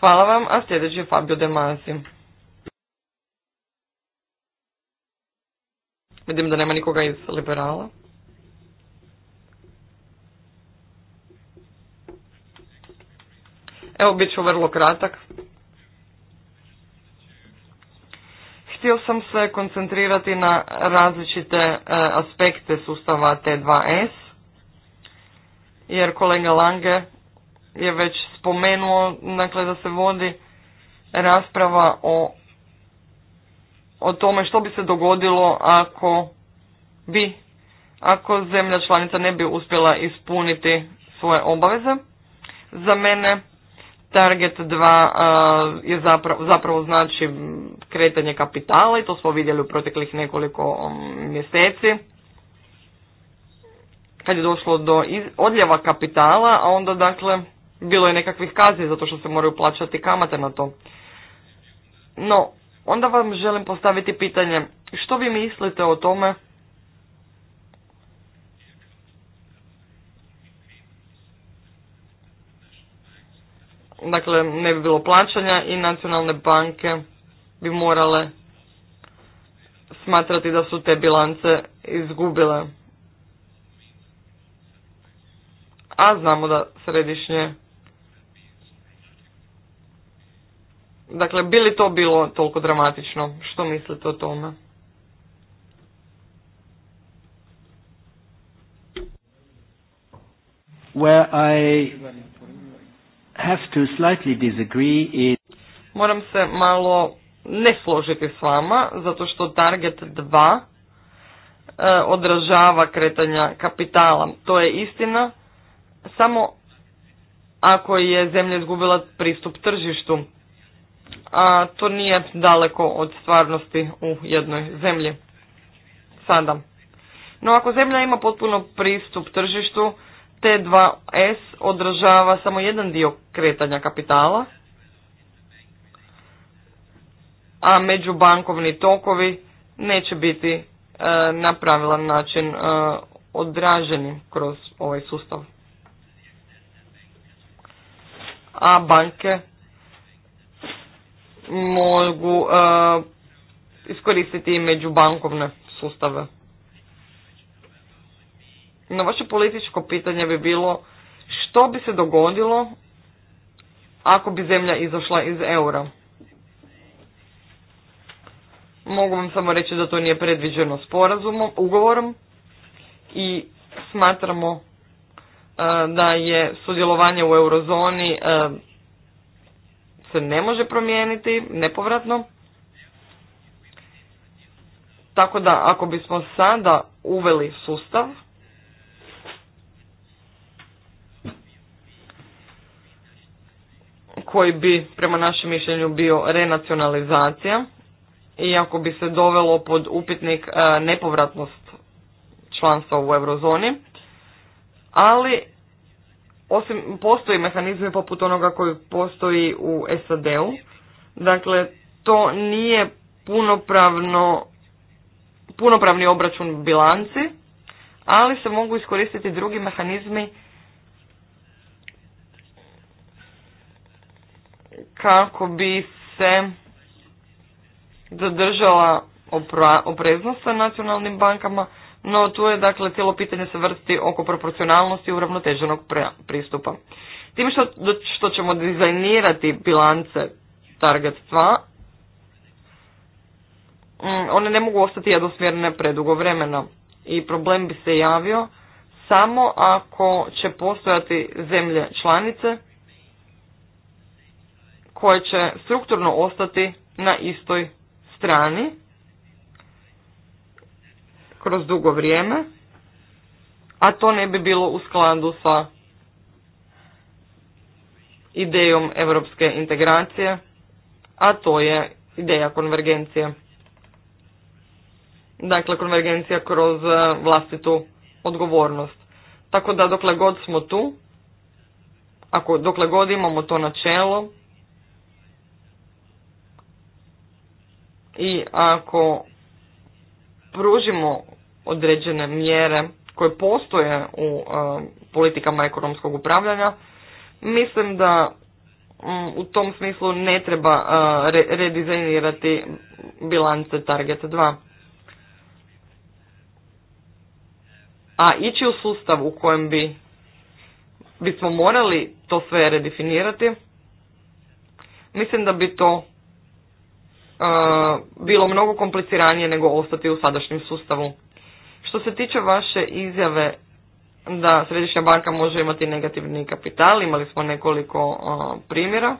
Hvala vam, a sljedeći je Fabio De Masi. Vidim da nema nikoga iz liberala. Evo, bit ću vrlo kratak. htio sam se koncentrirati na različite e, aspekte sustava T2S, jer kolega Lange je već spomenuo dakle, da se vodi rasprava o, o tome što bi se dogodilo ako bi, ako zemlja članica ne bi uspjela ispuniti svoje obaveze. Za mene Target 2 e, je zapravo, zapravo znači kretanje kapitala i to smo vidjeli u proteklih nekoliko um, mjeseci. Kad je došlo do odljeva kapitala, a onda dakle bilo je nekakvih kazni zato što se moraju plaćati kamate na to. No, onda vam želim postaviti pitanje, što vi mislite o tome dakle ne bi bilo plaćanja i nacionalne banke bi morale smatrati da su te bilance izgubile. A znamo da središnje Dakle, bi li to bilo toliko dramatično? Što mislite o tome? Where I have to slightly disagree Moram se malo ne složiti s vama, zato što Target 2 e, odražava kretanja kapitala. To je istina samo ako je zemlja izgubila pristup tržištu, a to nije daleko od stvarnosti u jednoj zemlji sada. No ako zemlja ima potpuno pristup tržištu, T2S odražava samo jedan dio kretanja kapitala, a međubankovni tokovi neće biti e, na pravilan način e, odraženi kroz ovaj sustav. A banke mogu e, iskoristiti i međubankovne sustave. Na vaše političko pitanje bi bilo što bi se dogodilo ako bi zemlja izašla iz eura. Mogu vam samo reći da to nije predviđeno sporazumom, ugovorom i smatramo e, da je sudjelovanje u eurozoni e, se ne može promijeniti nepovratno. Tako da ako bismo sada uveli sustav koji bi prema našem mišljenju bio renacionalizacija i ako bi se dovelo pod upitnik e, nepovratnost članstva u eurozoni, ali osim postoji mehanizmi poput onoga koji postoji u SAD-u, dakle to nije punopravno, punopravni obračun bilanci, ali se mogu iskoristiti drugi mehanizmi kako bi se zadržala opreznost sa nacionalnim bankama, no tu je dakle cijelo pitanje se vrsti oko proporcionalnosti uravnoteženog pristupa. Tim što, što ćemo dizajnirati bilance targetstva, mm, one ne mogu ostati jednosmjerne predugo vremena i problem bi se javio samo ako će postojati zemlje članice koje će strukturno ostati na istoj strani kroz dugo vrijeme, a to ne bi bilo u skladu sa idejom europske integracije, a to je ideja konvergencije. Dakle, konvergencija kroz e, vlastitu odgovornost. Tako da dokle god smo tu, ako dokle god imamo to načelo, i ako pružimo određene mjere koje postoje u e, politikama ekonomskog upravljanja, mislim da mm, u tom smislu ne treba e, redizajnirati bilance Target 2. A ići u sustav u kojem bi bismo morali to sve redefinirati, mislim da bi to bilo mnogo kompliciranije nego ostati u sadašnjem sustavu. Što se tiče vaše izjave da Središnja banka može imati negativni kapital, imali smo nekoliko primjera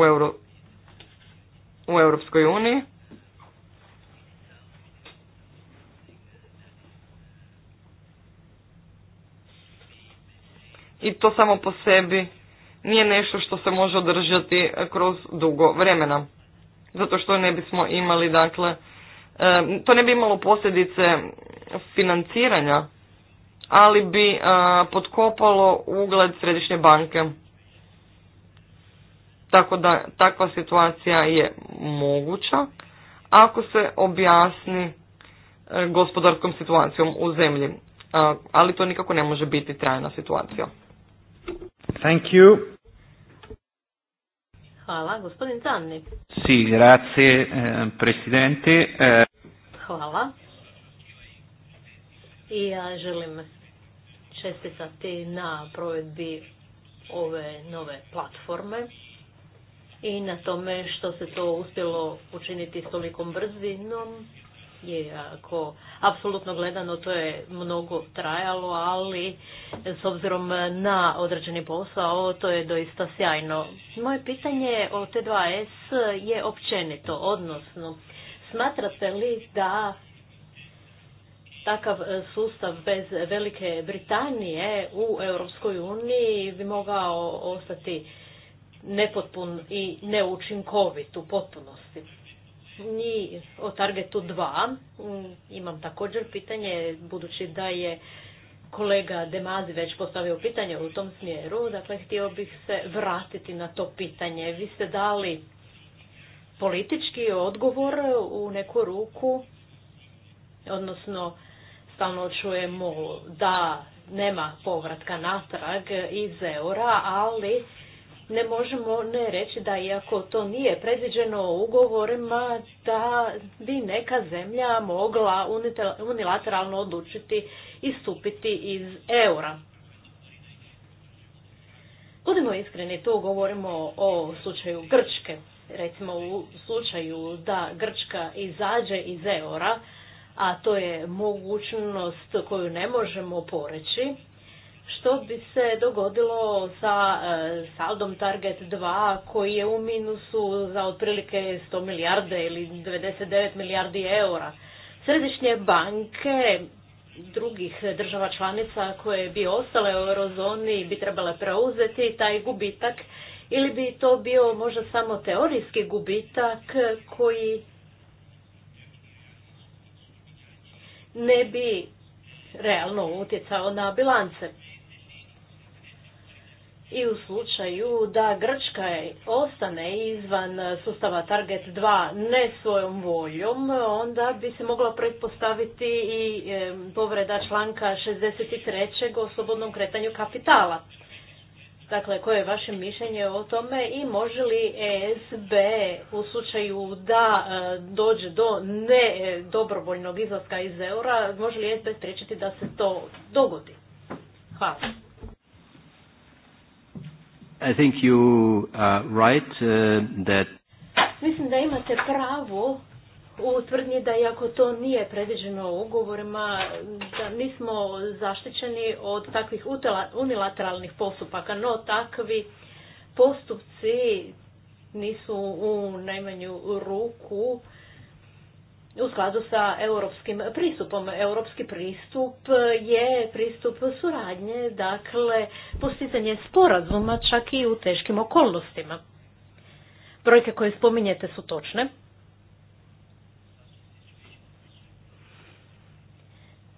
u, Euro, u Europskoj uniji. I to samo po sebi nije nešto što se može održati kroz dugo vremena zato što ne bismo imali dakle to ne bi imalo posljedice financiranja ali bi eh, potkopalo ugled središnje banke tako da takva situacija je moguća ako se objasni eh, gospodarskom situacijom u zemlji eh, ali to nikako ne može biti trajna situacija Thank you. Hvala. Gospodin Zanni. Si, grazie, eh, presidente. Eh, Hvala. I ja želim čestitati na provedbi ove nove platforme i na tome što se to uspjelo učiniti s tolikom brzinom iako apsolutno gledano to je mnogo trajalo, ali s obzirom na određeni posao to je doista sjajno. Moje pitanje o T2S je općenito, odnosno smatrate li da takav sustav bez Velike Britanije u Europskoj uniji bi mogao ostati nepotpun i neučinkovit u potpunosti ni o targetu 2. Mm, imam također pitanje, budući da je kolega Demazi već postavio pitanje u tom smjeru, dakle htio bih se vratiti na to pitanje. Vi ste dali politički odgovor u neku ruku, odnosno stalno čujemo da nema povratka natrag iz eura, ali ne možemo ne reći da iako to nije predviđeno u ugovorima, da bi neka zemlja mogla unilateralno odlučiti i stupiti iz eura. Budimo iskreni, tu govorimo o slučaju Grčke. Recimo u slučaju da Grčka izađe iz eura, a to je mogućnost koju ne možemo poreći, što bi se dogodilo sa e, saldom Target 2 koji je u minusu za otprilike 100 milijarde ili 99 milijardi eura. Središnje banke drugih država članica koje bi ostale u eurozoni bi trebale preuzeti taj gubitak ili bi to bio možda samo teorijski gubitak koji ne bi realno utjecao na bilance i u slučaju da Grčka ostane izvan sustava Target 2 ne svojom voljom, onda bi se mogla pretpostaviti i povreda članka 63. o slobodnom kretanju kapitala. Dakle, koje je vaše mišljenje o tome i može li ESB u slučaju da e, dođe do ne e, dobrovoljnog izlaska iz eura, može li ESB spriječiti da se to dogodi? Hvala. I think you are uh, right uh, that Mislim da imate pravo u tvrdnji da iako to nije predviđeno ugovorima, da nismo zaštićeni od takvih unilateralnih postupaka, no takvi postupci nisu u najmanju ruku u skladu sa europskim pristupom. Europski pristup je pristup suradnje, dakle postizanje sporazuma čak i u teškim okolnostima. Brojke koje spominjete su točne.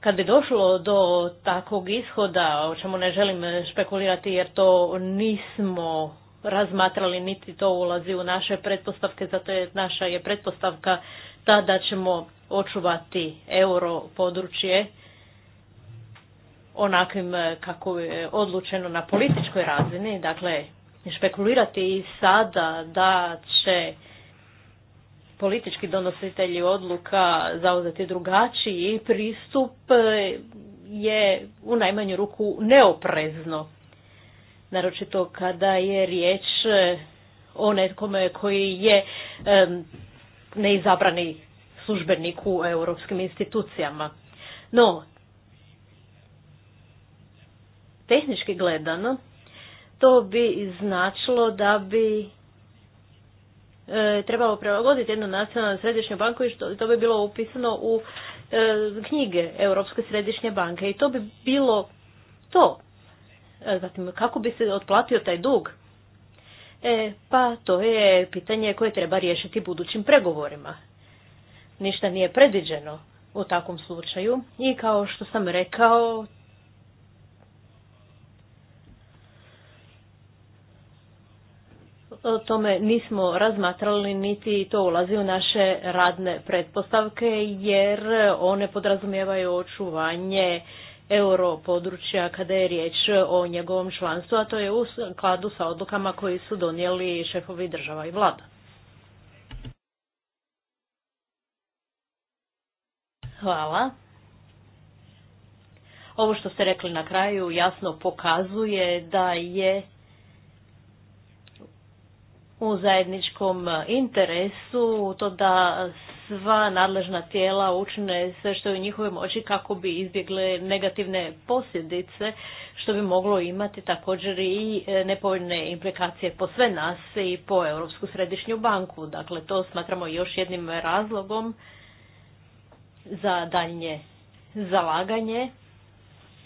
Kad bi došlo do takvog ishoda, o čemu ne želim špekulirati jer to nismo razmatrali niti to ulazi u naše pretpostavke, zato je naša je pretpostavka tada ćemo očuvati euro područje onakvim e, kako je odlučeno na političkoj razini, dakle špekulirati i sada da će politički donositelji odluka zauzeti drugačiji pristup e, je u najmanju ruku neoprezno. Naročito kada je riječ e, o nekome koji je neizabrani službenik u europskim institucijama. No, tehnički gledano, to bi značilo da bi e, trebalo prilagoditi jednu nacionalnu središnju banku i to bi bilo upisano u e, knjige Europske središnje banke i to bi bilo to. E, zatim, kako bi se otplatio taj dug? E, pa to je pitanje koje treba riješiti budućim pregovorima. Ništa nije predviđeno u takvom slučaju i kao što sam rekao, o tome nismo razmatrali niti to ulazi u naše radne pretpostavke jer one podrazumijevaju očuvanje područja kada je riječ o njegovom članstvu, a to je u skladu sa odlukama koji su donijeli šefovi država i vlada. Hvala. Ovo što ste rekli na kraju jasno pokazuje da je u zajedničkom interesu to da sva nadležna tijela učine sve što je u njihovoj moći kako bi izbjegle negativne posljedice što bi moglo imati također i e, nepovoljne implikacije po sve nas i po Europsku središnju banku. Dakle, to smatramo još jednim razlogom za daljnje zalaganje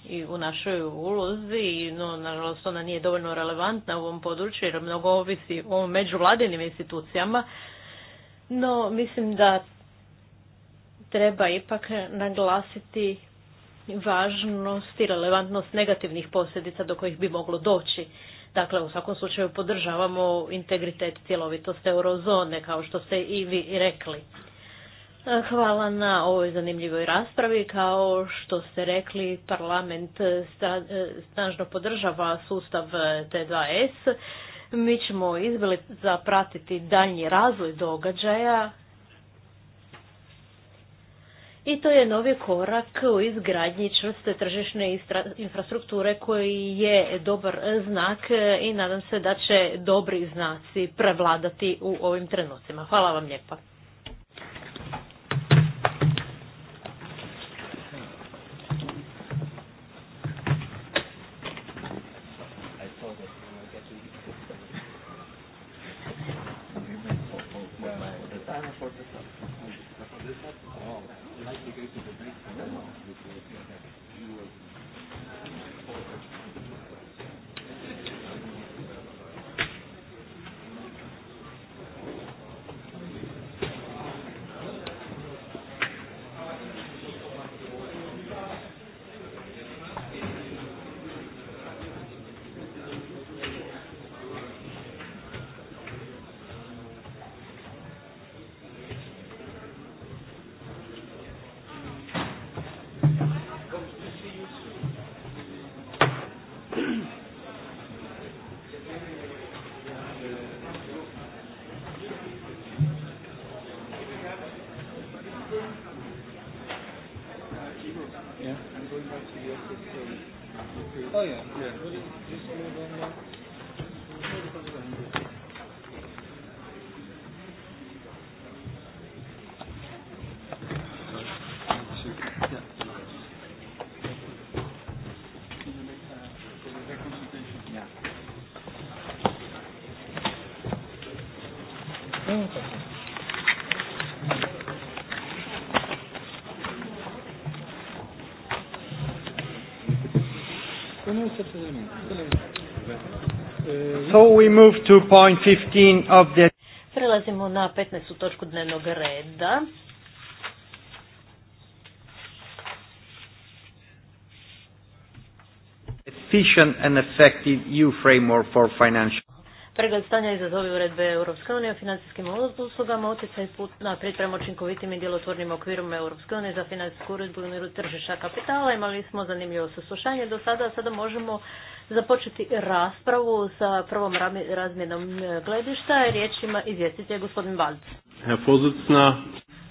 i u našoj ulozi, no nažalost ona nije dovoljno relevantna u ovom području jer mnogo ovisi o međuvladinim institucijama, no mislim da treba ipak naglasiti važnost i relevantnost negativnih posljedica do kojih bi moglo doći. Dakle, u svakom slučaju podržavamo integritet cjelovitost eurozone, kao što ste i vi rekli. Hvala na ovoj zanimljivoj raspravi. Kao što ste rekli, parlament snažno podržava sustav T2S. Mi ćemo izbili zapratiti daljnji razvoj događaja i to je novi korak u izgradnji čvrste tržišne infrastrukture koji je dobar znak e, i nadam se da će dobri znaci prevladati u ovim trenucima. Hvala vam lijepa. I So we move to point 15 of the... Prelazimo na 15. točku dnevnog reda. Efficient and effective EU framework for financial pregled stanja izazovi uredbe Europske unije o financijskim uslugama, utjecaj na pripremu učinkovitim i djelotvornim okvirom Europske unije za financijsku uredbu i tržišta kapitala. Imali smo zanimljivo saslušanje do sada, sada možemo započeti raspravu sa prvom razmjenom e, gledišta. Riječ ima izvjestitelj gospodin Balc.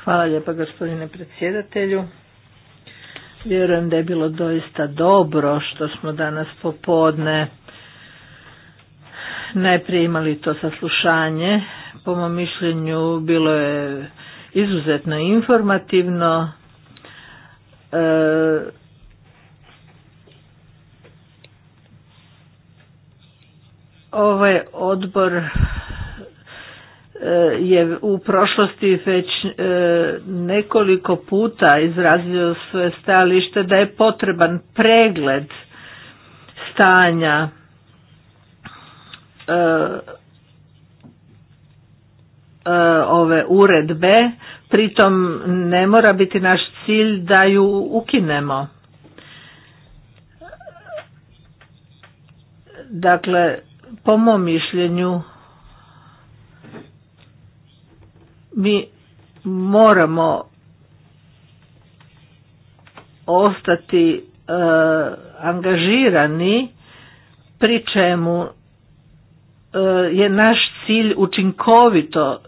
Hvala lijepa gospodine predsjedatelju. Vjerujem da je bilo doista dobro što smo danas popodne najprije imali to saslušanje. Po mom mišljenju bilo je izuzetno informativno. E, ovaj odbor e, je u prošlosti već e, nekoliko puta izrazio svoje stajalište da je potreban pregled stanja E, e, ove uredbe, pritom ne mora biti naš cilj da ju ukinemo. Dakle, po mom mišljenju mi moramo ostati e, angažirani pri čemu Eh, je naš cilj učinkovito,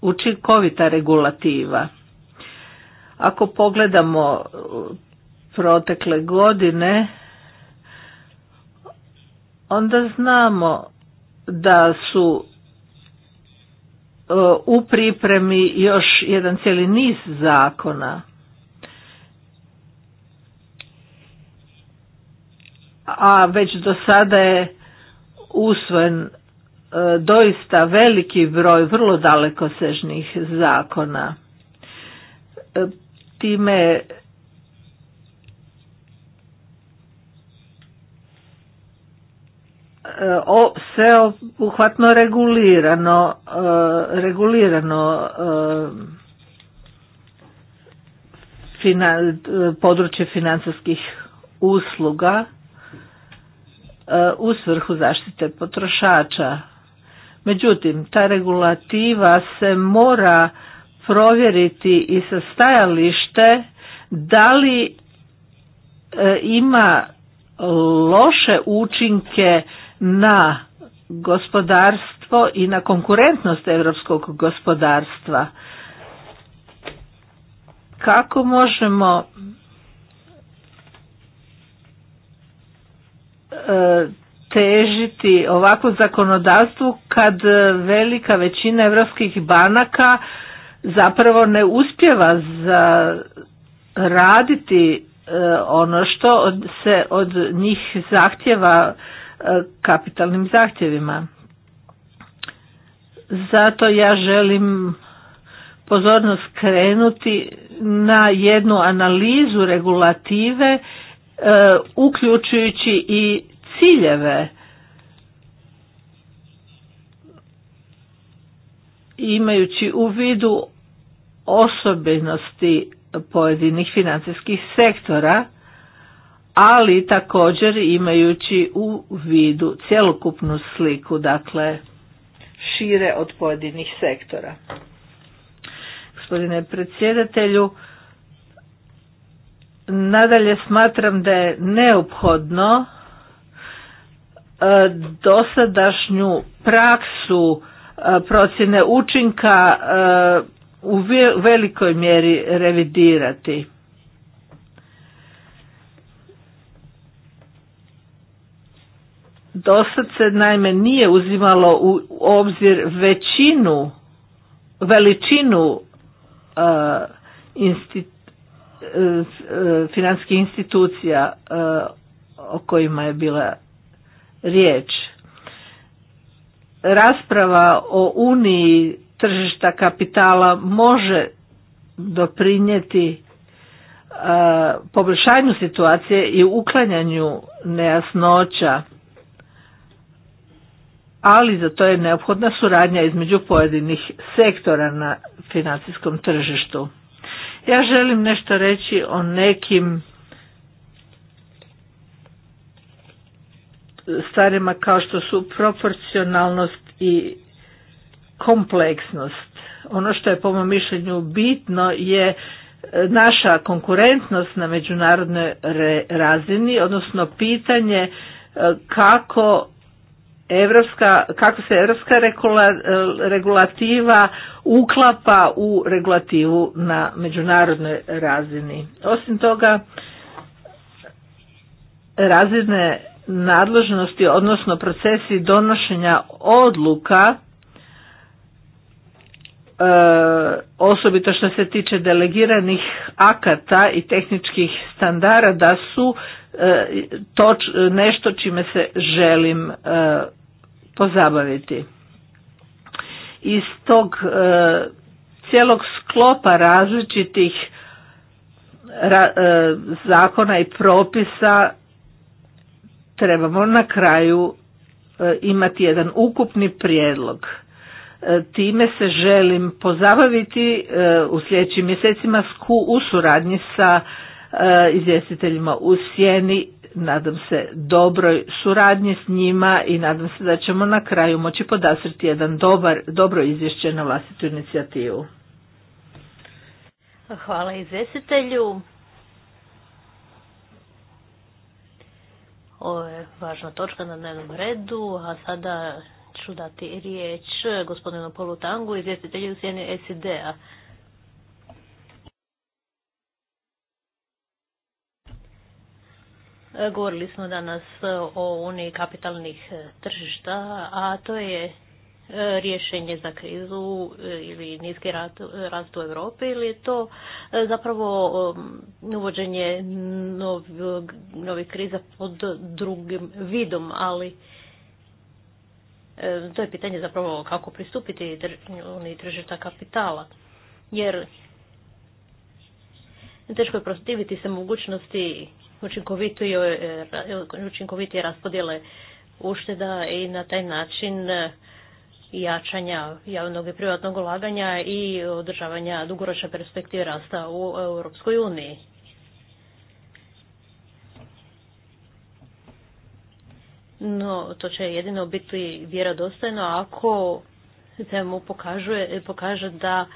učinkovita regulativa. Ako pogledamo eh, protekle godine, onda znamo da su eh, u pripremi još jedan cijeli niz zakona. A već do sada je usvojen E, doista veliki broj vrlo dalekosežnih zakona. E, time se uhvatno regulirano e, regulirano područje financijskih usluga u svrhu zaštite potrošača Međutim, ta regulativa se mora provjeriti i sa stajalište da li e, ima loše učinke na gospodarstvo i na konkurentnost europskog gospodarstva. Kako možemo e, težiti ovakvu zakonodavstvu kad e, velika većina europskih banaka zapravo ne uspjeva za raditi e, ono što se od njih zahtjeva e, kapitalnim zahtjevima. Zato ja želim pozornost krenuti na jednu analizu regulative uključujući i ciljeve. Imajući u vidu osobenosti pojedinih financijskih sektora, ali također imajući u vidu cjelokupnu sliku, dakle šire od pojedinih sektora. Gospodine predsjedatelju, nadalje smatram da je neophodno E, dosadašnju praksu e, procjene učinka e, u velikoj mjeri revidirati. Dosad se naime nije uzimalo u obzir većinu, veličinu financijskih institucija o kojima je bila riječ. Rasprava o uniji tržišta kapitala može doprinijeti e, poboljšanju situacije i uklanjanju nejasnoća, ali za to je neophodna suradnja između pojedinih sektora na financijskom tržištu. Ja želim nešto reći o nekim stvarima kao što su proporcionalnost i kompleksnost. Ono što je po mom mišljenju bitno je e, naša konkurentnost na međunarodnoj razini, odnosno pitanje e, kako Evropska, kako se evropska e, regulativa uklapa u regulativu na međunarodnoj razini. Osim toga, razine nadležnosti, odnosno procesi donošenja odluka, e, osobito što se tiče delegiranih akata i tehničkih standarda su e, to nešto čime se želim e, pozabaviti. Iz tog cijelog sklopa različitih zakona i propisa trebamo na kraju e, imati jedan ukupni prijedlog. E, time se želim pozabaviti e, u sljedećim mjesecima u suradnji sa izvjestiteljima u sjeni nadam se dobroj suradnji s njima i nadam se da ćemo na kraju moći podasriti jedan dobar, dobro izvješće na vlastitu inicijativu. Hvala izvjestitelju. Ovo je važna točka na dnevnom redu, a sada ću dati riječ gospodinu Polutangu, izvjestitelju u sjeni SID-a. Govorili smo danas o Uniji kapitalnih tržišta, a to je E, rješenje za krizu e, ili niski rast u Europi ili je to e, zapravo uvođenje novih kriza pod drugim vidom, ali to je pitanje zapravo kako pristupiti i tržišta kapitala. Jer teško je protiviti se mogućnosti učinkovitije raspodjele ušteda i na taj način jačanja javnog i privatnog ulaganja i održavanja dugoročne perspektive rasta u Europskoj uniji. No, to će jedino biti vjerodostojno ako se mu pokaže, da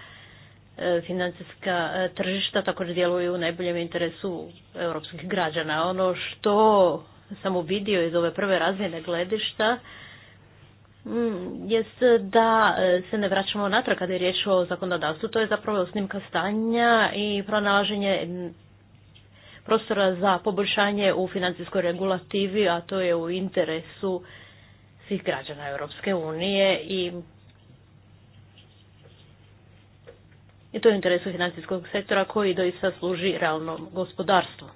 e, financijska tržišta također djeluju u najboljem interesu europskih građana. Ono što sam uvidio iz ove prve razine gledišta Mm, jest da e, se ne vraćamo natrag kada je riječ o zakonodavstvu. To je zapravo snimka stanja i pronalaženje mm, prostora za poboljšanje u financijskoj regulativi, a to je u interesu svih građana Europske unije i i to je u interesu financijskog sektora koji doista služi realnom gospodarstvu.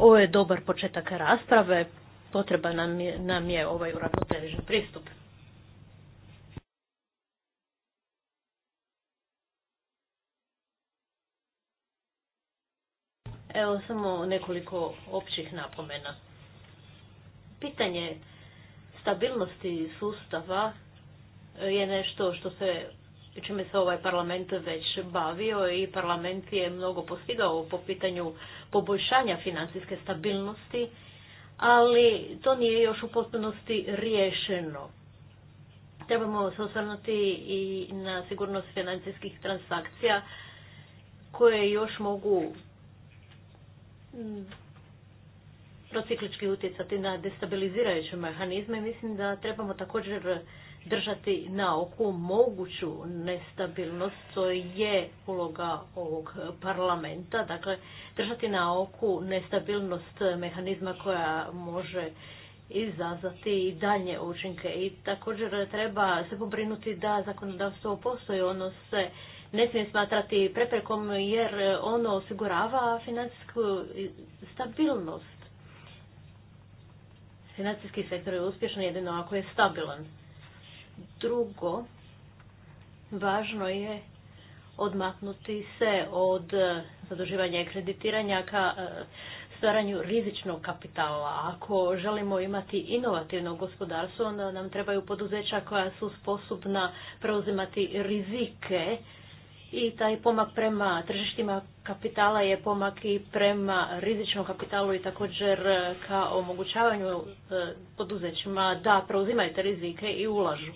Ovo je dobar početak rasprave potreba nam je, nam je ovaj uravnotežen pristup. Evo samo nekoliko općih napomena. Pitanje stabilnosti sustava e, je nešto što se čime se ovaj parlament već bavio i parlament je mnogo postigao po pitanju poboljšanja financijske stabilnosti ali to nije još u potpunosti riješeno. Trebamo se osvrnuti i na sigurnost financijskih transakcija koje još mogu mm, prociklički utjecati na destabilizirajuće mehanizme. Mislim da trebamo također držati na oku moguću nestabilnost, to je uloga ovog parlamenta, dakle držati na oku nestabilnost mehanizma koja može izazvati i dalje učinke i također treba se pobrinuti da zakonodavstvo postoji, ono se ne smije smatrati preprekom jer ono osigurava financijsku stabilnost. Financijski sektor je uspješan jedino ako je stabilan. Drugo, važno je odmaknuti se od eh, zaduživanja i kreditiranja ka eh, stvaranju rizičnog kapitala. Ako želimo imati inovativno gospodarstvo, onda nam trebaju poduzeća koja su sposobna preuzimati rizike i taj pomak prema tržištima kapitala je pomak i prema rizičnom kapitalu i također eh, ka omogućavanju poduzećima da preuzimaju rizike i ulažu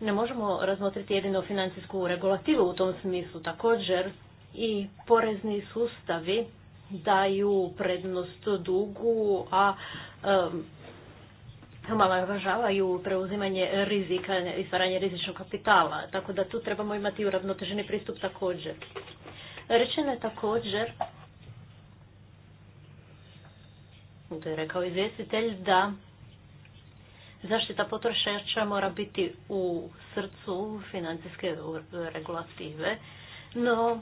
ne možemo razmotriti jedino financijsku regulativu u tom smislu. Također i porezni sustavi daju prednost dugu, a um, važavaju preuzimanje rizika i stvaranje rizičnog kapitala. Tako da tu trebamo imati uravnoteženi pristup također. Rečeno je također to je rekao izvjestitelj da Zaštita potrošača mora biti u srcu financijske regulative, no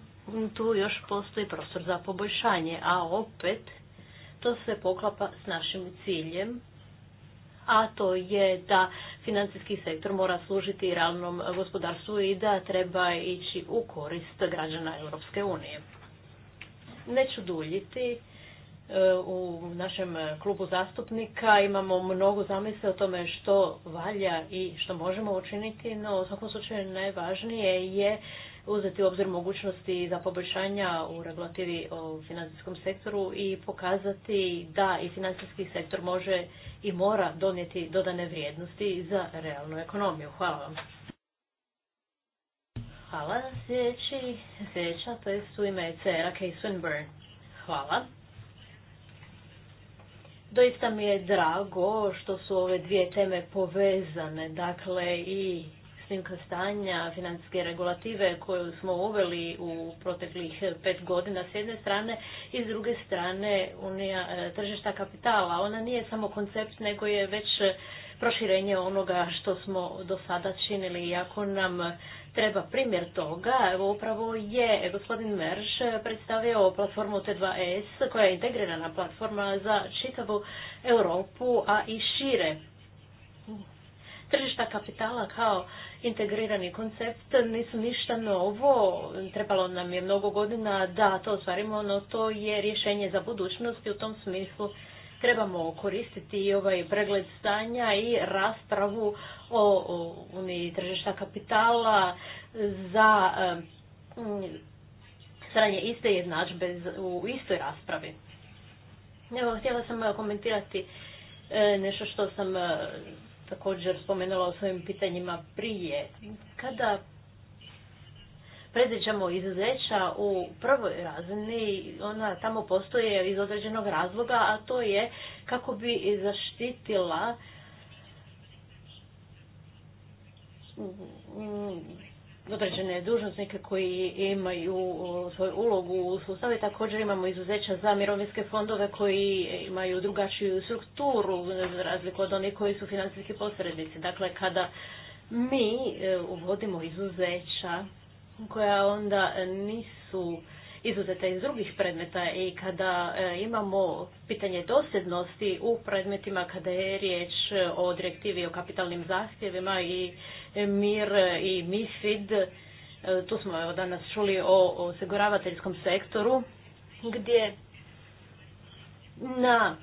tu još postoji prostor za poboljšanje, a opet to se poklapa s našim ciljem, a to je da financijski sektor mora služiti realnom gospodarstvu i da treba ići u korist građana Europske unije. Neću duljiti, E, u našem e, klubu zastupnika imamo mnogo zamisli o tome što valja i što možemo učiniti, no u svakom slučaju najvažnije je uzeti u obzir mogućnosti za poboljšanja u regulativi o financijskom sektoru i pokazati da i financijski sektor može i mora donijeti dodane vrijednosti za realnu ekonomiju. Hvala vam. Hvala. Sljedeći, sljedeća, to je u ime ECR-a Hvala. Doista mi je drago što su ove dvije teme povezane, dakle i snimka stanja, financijske regulative koju smo uveli u proteklih pet godina s jedne strane i s druge strane unija e, tržišta kapitala. Ona nije samo koncept nego je već proširenje onoga što smo do sada činili. Iako nam treba primjer toga. Evo upravo je gospodin Merš predstavio platformu T2S koja je integrirana platforma za čitavu Europu, a i šire. Tržišta kapitala kao integrirani koncept nisu ništa novo. Trebalo nam je mnogo godina da to ostvarimo, no to je rješenje za budućnost i u tom smislu trebamo koristiti i ovaj pregled stanja i raspravu o, uniji tržišta kapitala za stranje iste jednadžbe u istoj raspravi. Evo, htjela sam komentirati e, nešto što sam e, također spomenula u svojim pitanjima prije. Kada predviđamo izuzeća u prvoj razini, ona tamo postoje iz određenog razloga, a to je kako bi zaštitila mm, određene dužnostnike koji imaju svoju ulogu u sustavu i također imamo izuzeća za mirovinske fondove koji imaju drugačiju strukturu za razliku od onih koji su financijski posrednici. Dakle, kada mi e, uvodimo izuzeća koja onda nisu izuzeta iz drugih predmeta i kada e, imamo pitanje dosljednosti u predmetima kada je riječ o direktivi o kapitalnim zahtjevima i MIR i MIFID, e, tu smo evo danas čuli o osiguravateljskom sektoru, gdje na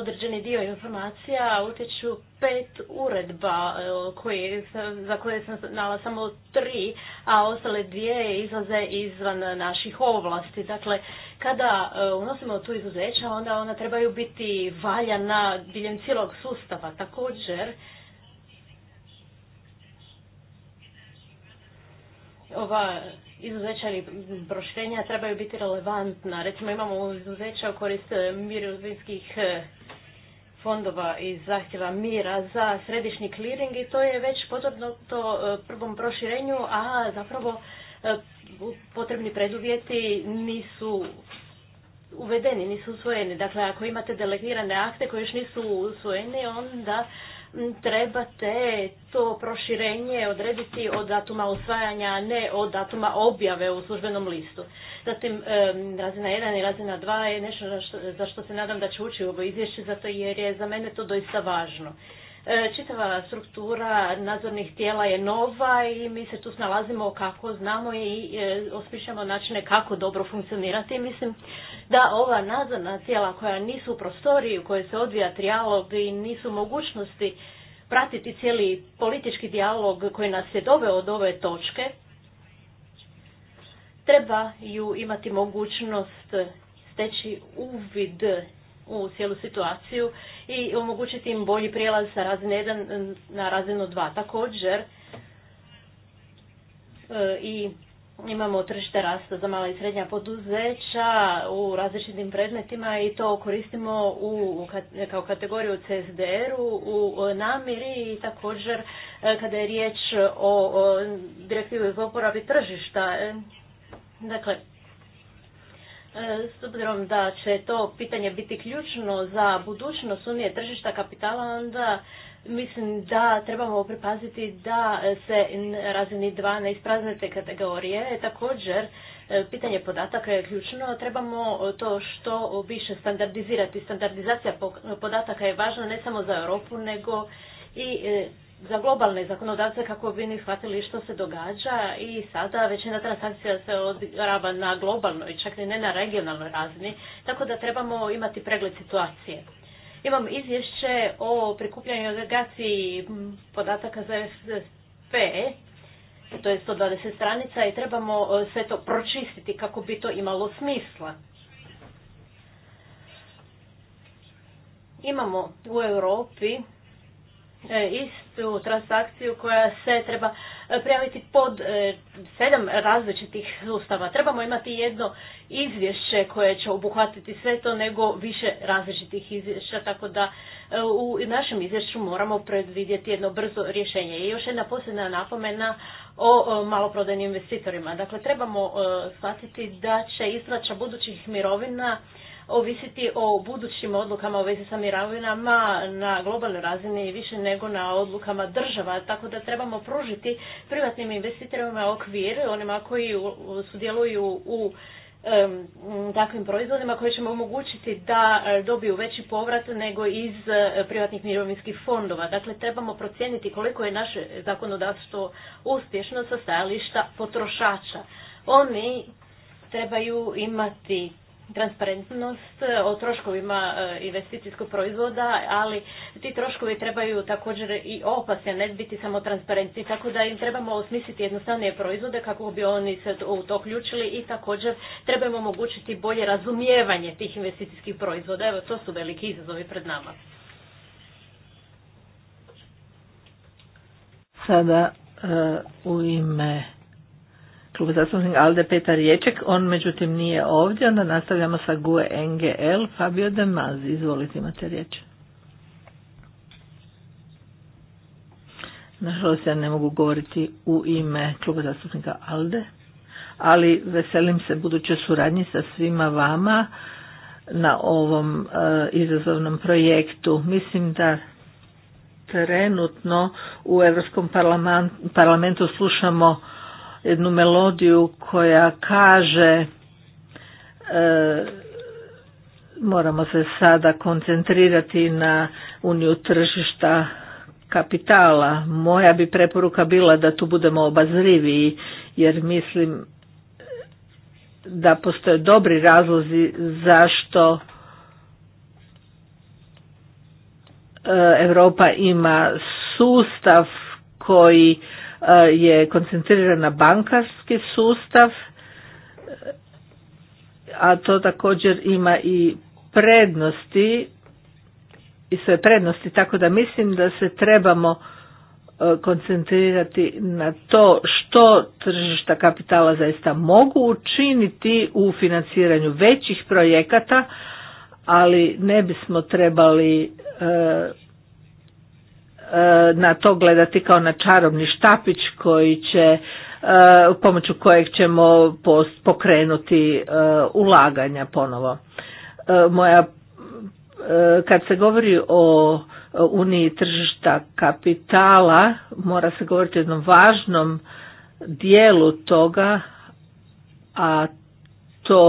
određeni dio informacija utječu pet uredba e, koje, za koje sam znala samo tri, a ostale dvije izlaze izvan naših ovlasti. Dakle, kada e, unosimo tu izuzeća, onda ona trebaju biti valjana diljem cijelog sustava. Također, ova izuzeća ili proširenja trebaju biti relevantna. Recimo imamo izuzeća u korist eh, mirovinskih eh, fondova i zahtjeva mira za središnji clearing i to je već potrebno to eh, prvom proširenju, a zapravo potrebni preduvjeti nisu uvedeni, nisu usvojeni. Dakle, ako imate delegirane akte koji još nisu usvojeni, onda trebate to proširenje odrediti od datuma usvajanja, ne od datuma objave u službenom listu. Zatim, razina 1 i razina 2 je nešto za što se nadam da će ući u ovo izvješće, zato jer je za mene to doista važno. E, čitava struktura nadzornih tijela je nova i mi se tu snalazimo kako znamo i e, osmišljamo načine kako dobro funkcionirati. Mislim da ova nadzorna tijela koja nisu u prostoriji u kojoj se odvija trijalog i nisu mogućnosti pratiti cijeli politički dijalog koji nas je doveo od ove točke, treba ju imati mogućnost steći uvid u cijelu situaciju i omogućiti im bolji prijelaz sa razine 1 na razinu 2. Također e, i imamo tržište rasta za mala i srednja poduzeća u različitim predmetima i to koristimo u, kao kategoriju CSDR-u u namiri i također e, kada je riječ o direktivi uporabi tržišta. E, dakle, E, s obzirom da će to pitanje biti ključno za budućnost unije tržišta kapitala, onda mislim da trebamo pripaziti da se razini dva ne kategorije. Također, e, pitanje podataka je ključno. Trebamo to što više standardizirati. Standardizacija podataka je važna ne samo za Europu, nego i e, za globalne zakonodavce kako bi ni shvatili što se događa i sada većina transakcija se odigrava na globalnoj, čak i ne na regionalnoj razini, tako da trebamo imati pregled situacije. Imam izvješće o prikupljanju i agregaciji podataka za SSP, to je 120 stranica i trebamo e, sve to pročistiti kako bi to imalo smisla. Imamo u Europi e, isto transakciju, transakciju koja se treba e, prijaviti pod e, sedam različitih sustava. Trebamo imati jedno izvješće koje će obuhvatiti sve to nego više različitih izvješća, tako da e, u našem izvješću moramo predvidjeti jedno brzo rješenje. I još jedna posljedna napomena o maloprodajnim investitorima. Dakle, trebamo shvatiti da će isplaća budućih mirovina ovisiti o budućim odlukama u vezi sa mirovinama na globalnoj razini više nego na odlukama država, tako da trebamo pružiti privatnim investitorima okvir, onima koji sudjeluju u takvim proizvodima koji ćemo omogućiti da e, dobiju veći povrat nego iz e, privatnih mirovinskih fondova. Dakle, trebamo procijeniti koliko je naše zakonodavstvo uspješno sa stajališta potrošača. Oni trebaju imati transparentnost e, o troškovima e, investicijskog proizvoda, ali ti troškovi trebaju također i opasne ne biti samo transparentni, tako da im trebamo osmisliti jednostavnije proizvode kako bi oni se u to uključili i također trebamo omogućiti bolje razumijevanje tih investicijskih proizvoda. Evo, to su veliki izazovi pred nama. Sada e, u ime Kluba zastupnika Alde Petar Ječek. On međutim nije ovdje, onda nastavljamo sa GUE NGL. Fabio Demazi, izvolite imate riječ. Nažalost ja ne mogu govoriti u ime kluba zastupnika Alde, ali veselim se buduće suradnji sa svima vama na ovom e, izazovnom projektu. Mislim da trenutno u Europskom parlamentu slušamo jednu melodiju koja kaže e, moramo se sada koncentrirati na uniju tržišta kapitala. Moja bi preporuka bila da tu budemo obazriviji jer mislim da postoje dobri razlozi zašto e, Europa ima sustav koji Eh, je koncentrirana bankarski sustav, a to također ima i prednosti i sve prednosti, tako da mislim da se trebamo eh, koncentrirati na to što tržišta kapitala zaista mogu učiniti u financiranju većih projekata, ali ne bismo trebali eh, na to gledati kao na čarobni štapić koji će e, pomoću kojeg ćemo pokrenuti e, ulaganja ponovo. E, moja kad se govori o uniji tržišta kapitala mora se govoriti o jednom važnom dijelu toga a to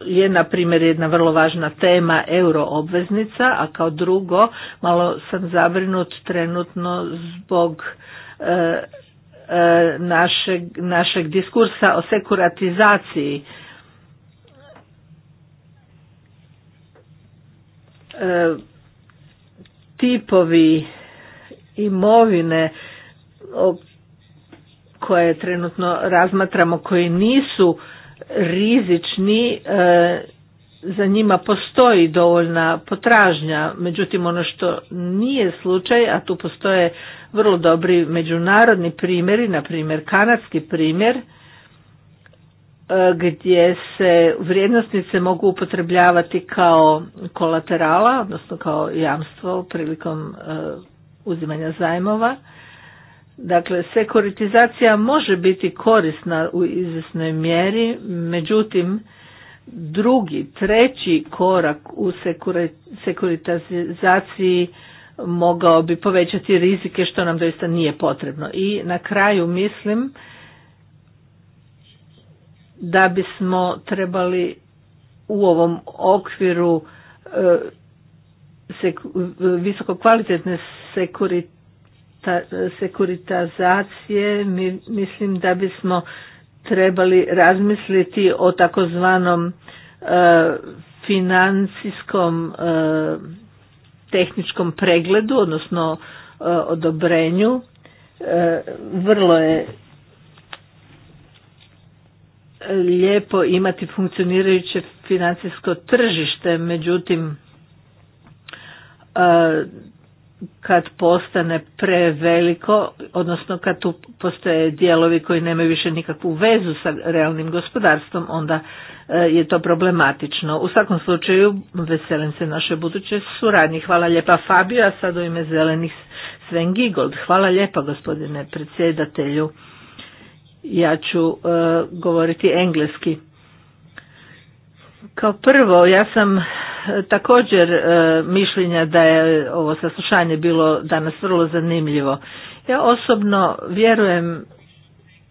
e, je na primjer jedna vrlo važna tema euroobveznica, a kao drugo malo sam zabrinut trenutno zbog e, e, našeg, našeg diskursa o sekuratizaciji. tipovi imovine koje trenutno razmatramo koji nisu rizični, e, za njima postoji dovoljna potražnja, međutim ono što nije slučaj, a tu postoje vrlo dobri međunarodni primjeri, na primjer kanadski primjer, e, gdje se vrijednosnice mogu upotrebljavati kao kolaterala, odnosno kao jamstvo prilikom e, uzimanja zajmova. Dakle, sekuritizacija može biti korisna u izvjesnoj mjeri, međutim, drugi, treći korak u sekuritizaciji mogao bi povećati rizike što nam doista nije potrebno. I na kraju mislim da bismo trebali u ovom okviru e, visokokvalitetne sekuritizacije sekuritizacije, mislim da bismo trebali razmisliti o takozvanom e, financijskom e, tehničkom pregledu, odnosno e, odobrenju. Vrlo je lijepo imati funkcionirajuće financijsko tržište, međutim kad postane preveliko, odnosno kad tu postoje dijelovi koji nemaju više nikakvu vezu sa realnim gospodarstvom, onda e, je to problematično. U svakom slučaju, veselim se naše buduće suradnji. Hvala lijepa Fabio, a sad u ime zelenih Sven Gigold. Hvala lijepa gospodine predsjedatelju. Ja ću e, govoriti engleski. Kao prvo, ja sam e, također e, mišljenja da je ovo saslušanje bilo danas vrlo zanimljivo. Ja osobno vjerujem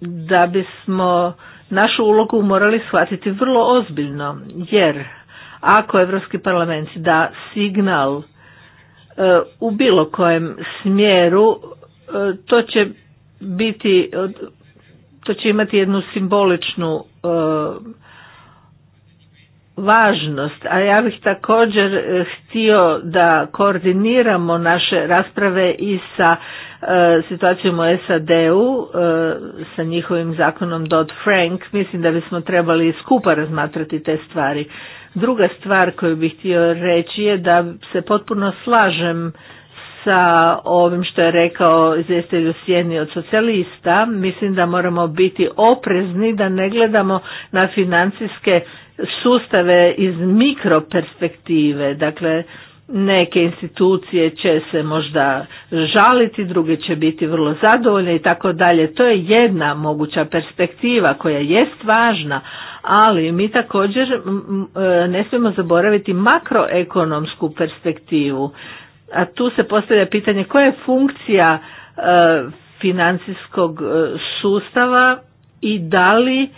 da bismo našu ulogu morali shvatiti vrlo ozbiljno, jer ako Europski parlament da signal e, u bilo kojem smjeru, to će biti, to će imati jednu simboličnu važnost, a ja bih također e, htio da koordiniramo naše rasprave i sa e, situacijom u SAD-u, e, sa njihovim zakonom Dodd-Frank, mislim da bismo trebali skupa razmatrati te stvari. Druga stvar koju bih htio reći je da se potpuno slažem sa ovim što je rekao izvjestitelj u sjeni od socijalista, mislim da moramo biti oprezni da ne gledamo na financijske sustave iz mikroperspektive, dakle neke institucije će se možda žaliti, druge će biti vrlo zadovoljne i tako dalje. To je jedna moguća perspektiva koja jest važna, ali mi također e, ne smijemo zaboraviti makroekonomsku perspektivu. A tu se postavlja pitanje koja je funkcija e, financijskog e, sustava i da li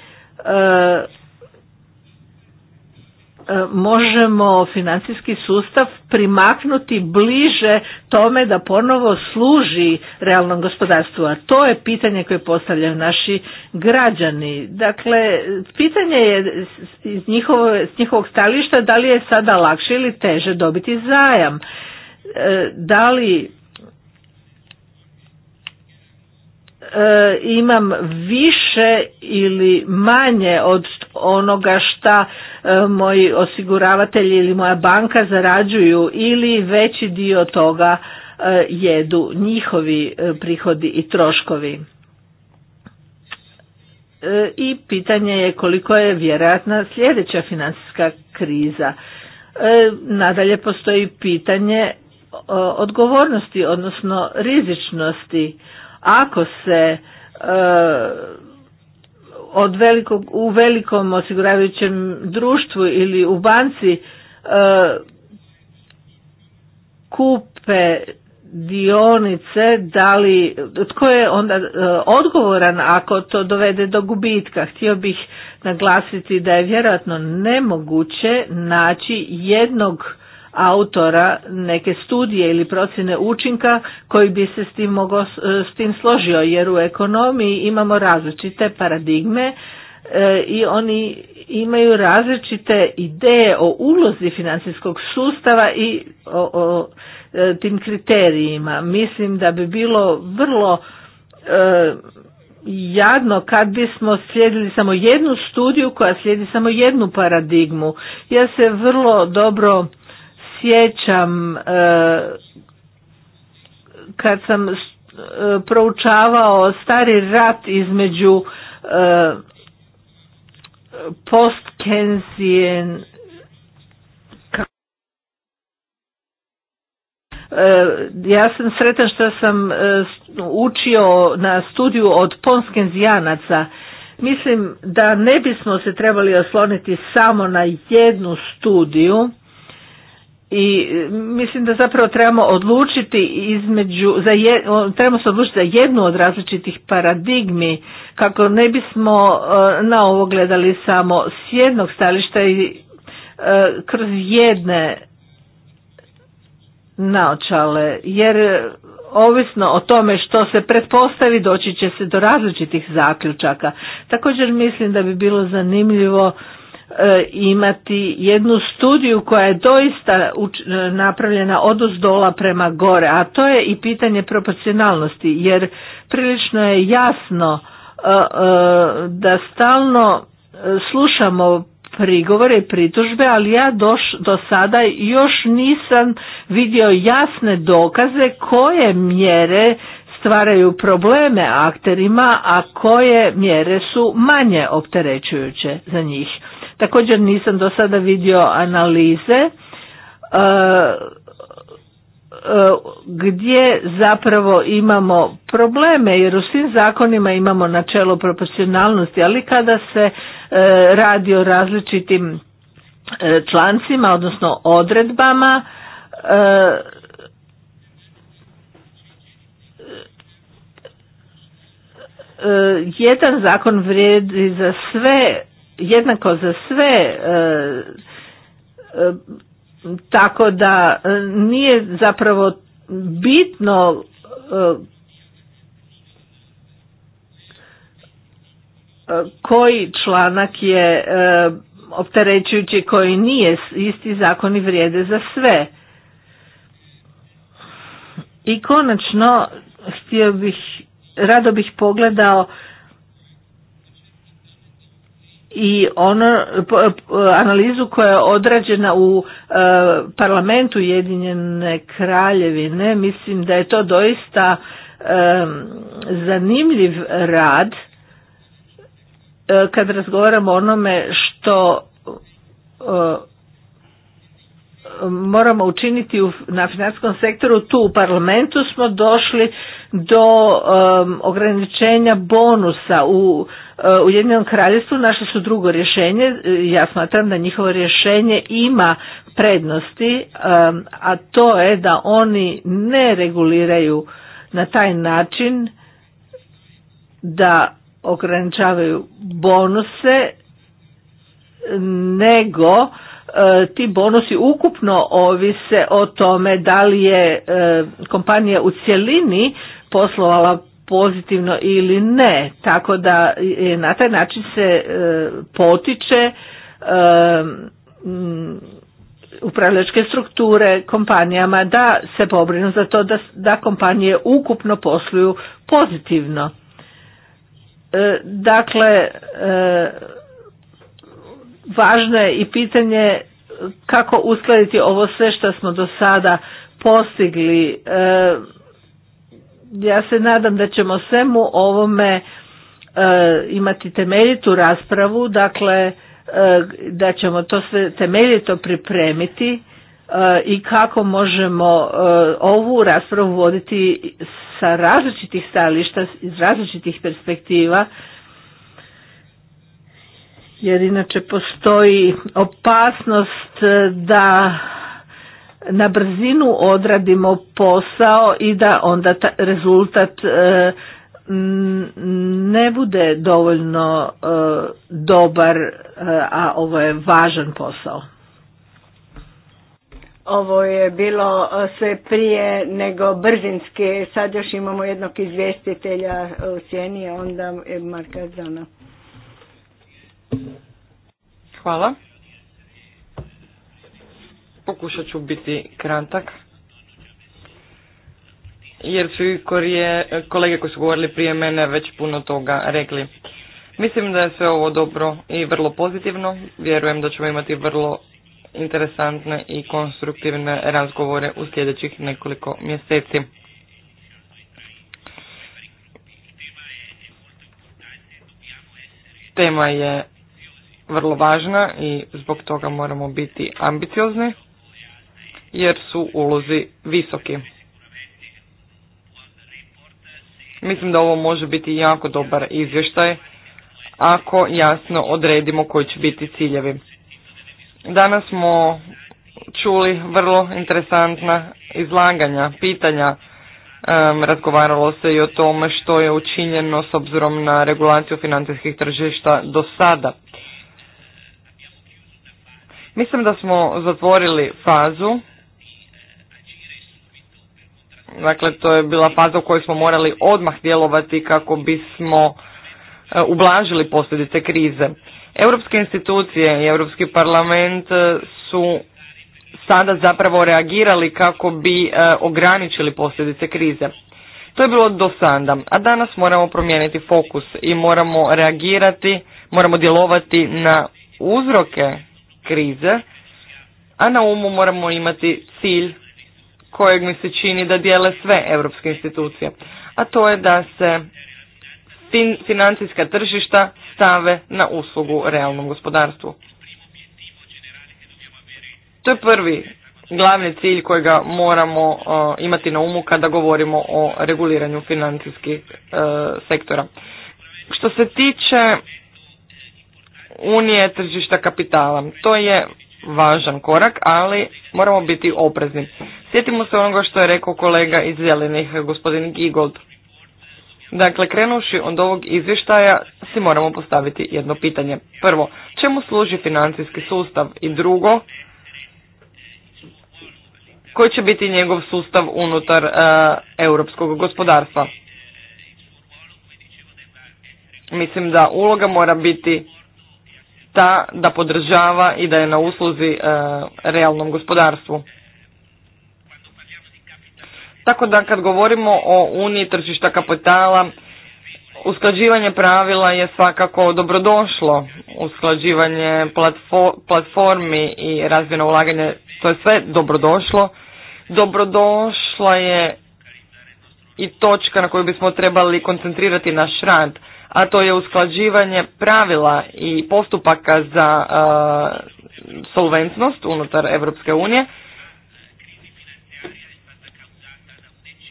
E, možemo financijski sustav primaknuti bliže tome da ponovo služi realnom gospodarstvu, a to je pitanje koje postavljaju naši građani. Dakle, pitanje je iz njihovo, s njihovog stališta da li je sada lakše ili teže dobiti zajam. E, da li e, imam više ili manje od onoga šta E, moji osiguravatelji ili moja banka zarađuju ili veći dio toga e, jedu njihovi e, prihodi i troškovi. I pitanje je koliko je vjerojatna sljedeća financijska kriza. Nadalje postoji pitanje odgovornosti, odnosno rizičnosti. Ako se od velikog, u velikom osiguravajućem društvu ili u banci e, kupe dionice, da li, tko je onda e, odgovoran ako to dovede do gubitka? Htio bih naglasiti da je vjerojatno nemoguće naći jednog autora neke studije ili procjene učinka koji bi se s tim, mogo, e, s tim složio jer u ekonomiji imamo različite paradigme e, i oni imaju različite ideje o ulozi financijskog sustava i o, e, tim kriterijima. Mislim da bi bilo vrlo e, jadno kad bismo slijedili samo jednu studiju koja slijedi samo jednu paradigmu. Ja se vrlo dobro sjećam e, kad sam e, proučavao stari rat između e, postkenzijen ja sam sretan što sam učio na studiju od ponskenzijanaca. Mislim da ne bismo se trebali osloniti samo na jednu studiju i e, mislim da zapravo trebamo odlučiti između za je, trebamo se odlučiti za jednu od različitih paradigmi kako ne bismo e, na ovo gledali samo s jednog stališta i e, kroz jedne naočale jer ovisno o tome što se pretpostavi doći će se do različitih zaključaka također mislim da bi bilo zanimljivo E, imati jednu studiju koja je doista e, napravljena od dola prema gore, a to je i pitanje proporcionalnosti, jer prilično je jasno e, da stalno slušamo prigovore i pritužbe, ali ja doš, do sada još nisam vidio jasne dokaze koje mjere stvaraju probleme akterima, a koje mjere su manje opterećujuće za njih. Također nisam do sada vidio analize e, e, gdje zapravo imamo probleme jer u svim zakonima imamo načelo proporcionalnosti, ali kada se e, radi o različitim člancima, odnosno odredbama jedan zakon vrijedi za sve jednako za sve e, e, tako da e, nije zapravo bitno koji članak je opterećujući koji nije isti zakoni vrijede za sve. I konačno htio bih rado bih pogledao i ono analizu koja je odrađena u e, parlamentu Jedinjene kraljevine mislim da je to doista e, zanimljiv rad e, kad razgovaramo o onome što moramo učiniti u, na financijskom sektoru tu u parlamentu smo došli do ograničenja bonusa u e, Ujedinjenom kraljestvu našli su drugo rješenje, e, ja smatram da njihovo rješenje ima prednosti, a to je da oni ne reguliraju na taj način da ograničavaju bonuse, nego e, ti bonusi ukupno ovise o tome da li je kompanija u cjelini poslovala pozitivno ili ne tako da na taj način se e, potiče e, upravljačke strukture kompanijama da se pobrinu za to da, da kompanije ukupno posluju pozitivno e, dakle važno je i pitanje kako uskladiti ovo sve što smo do sada postigli ja se nadam da ćemo svemu ovome e, imati temeljitu raspravu, dakle e, da ćemo to sve temeljito pripremiti e, i kako možemo ovu raspravu voditi sa različitih stajališta, iz različitih perspektiva, jer inače postoji opasnost da na brzinu odradimo posao i da onda ta rezultat e, ne bude dovoljno e, dobar, e, a ovo je važan posao. Ovo je bilo sve prije nego brzinski, sad još imamo jednog izvjestitelja u sjeni, onda Marka Zana. Hvala. Pokušat ću biti kratak. Jer su i kolege koji su govorili prije mene već puno toga rekli. Mislim da je sve ovo dobro i vrlo pozitivno. Vjerujem da ćemo imati vrlo interesantne i konstruktivne razgovore u sljedećih nekoliko mjeseci. Tema je vrlo važna i zbog toga moramo biti ambiciozni jer su ulozi visoki. Mislim da ovo može biti jako dobar izvještaj ako jasno odredimo koji će biti ciljevi. Danas smo čuli vrlo interesantna izlaganja, pitanja. razgovaralo se i o tome što je učinjeno s obzirom na regulaciju financijskih tržišta do sada. Mislim da smo zatvorili fazu Dakle, to je bila faza u kojoj smo morali odmah djelovati kako bismo e, ublažili posljedice krize. Europske institucije i Europski parlament e, su sada zapravo reagirali kako bi e, ograničili posljedice krize. To je bilo do sada, a danas moramo promijeniti fokus i moramo reagirati, moramo djelovati na uzroke krize, a na umu moramo imati cilj kojeg mi se čini da dijele sve europske institucije, a to je da se financijska tržišta stave na uslugu realnom gospodarstvu. To je prvi glavni cilj kojega moramo imati na umu kada govorimo o reguliranju financijskih e, sektora. Što se tiče unije tržišta kapitala, to je važan korak, ali moramo biti oprezni. Sjetimo se onoga što je rekao kolega iz Zelenih, gospodin Gigold. Dakle, krenuši od ovog izvještaja si moramo postaviti jedno pitanje. Prvo, čemu služi financijski sustav? I drugo, koji će biti njegov sustav unutar e, europskog gospodarstva? Mislim da uloga mora biti ta da podržava i da je na usluzi e, realnom gospodarstvu. Tako da kad govorimo o uniji tržišta kapitala, usklađivanje pravila je svakako dobrodošlo. Usklađivanje platformi i razvijeno ulaganje, to je sve dobrodošlo. Dobrodošla je i točka na koju bismo trebali koncentrirati naš rad a to je usklađivanje pravila i postupaka za solventnost unutar Europske unije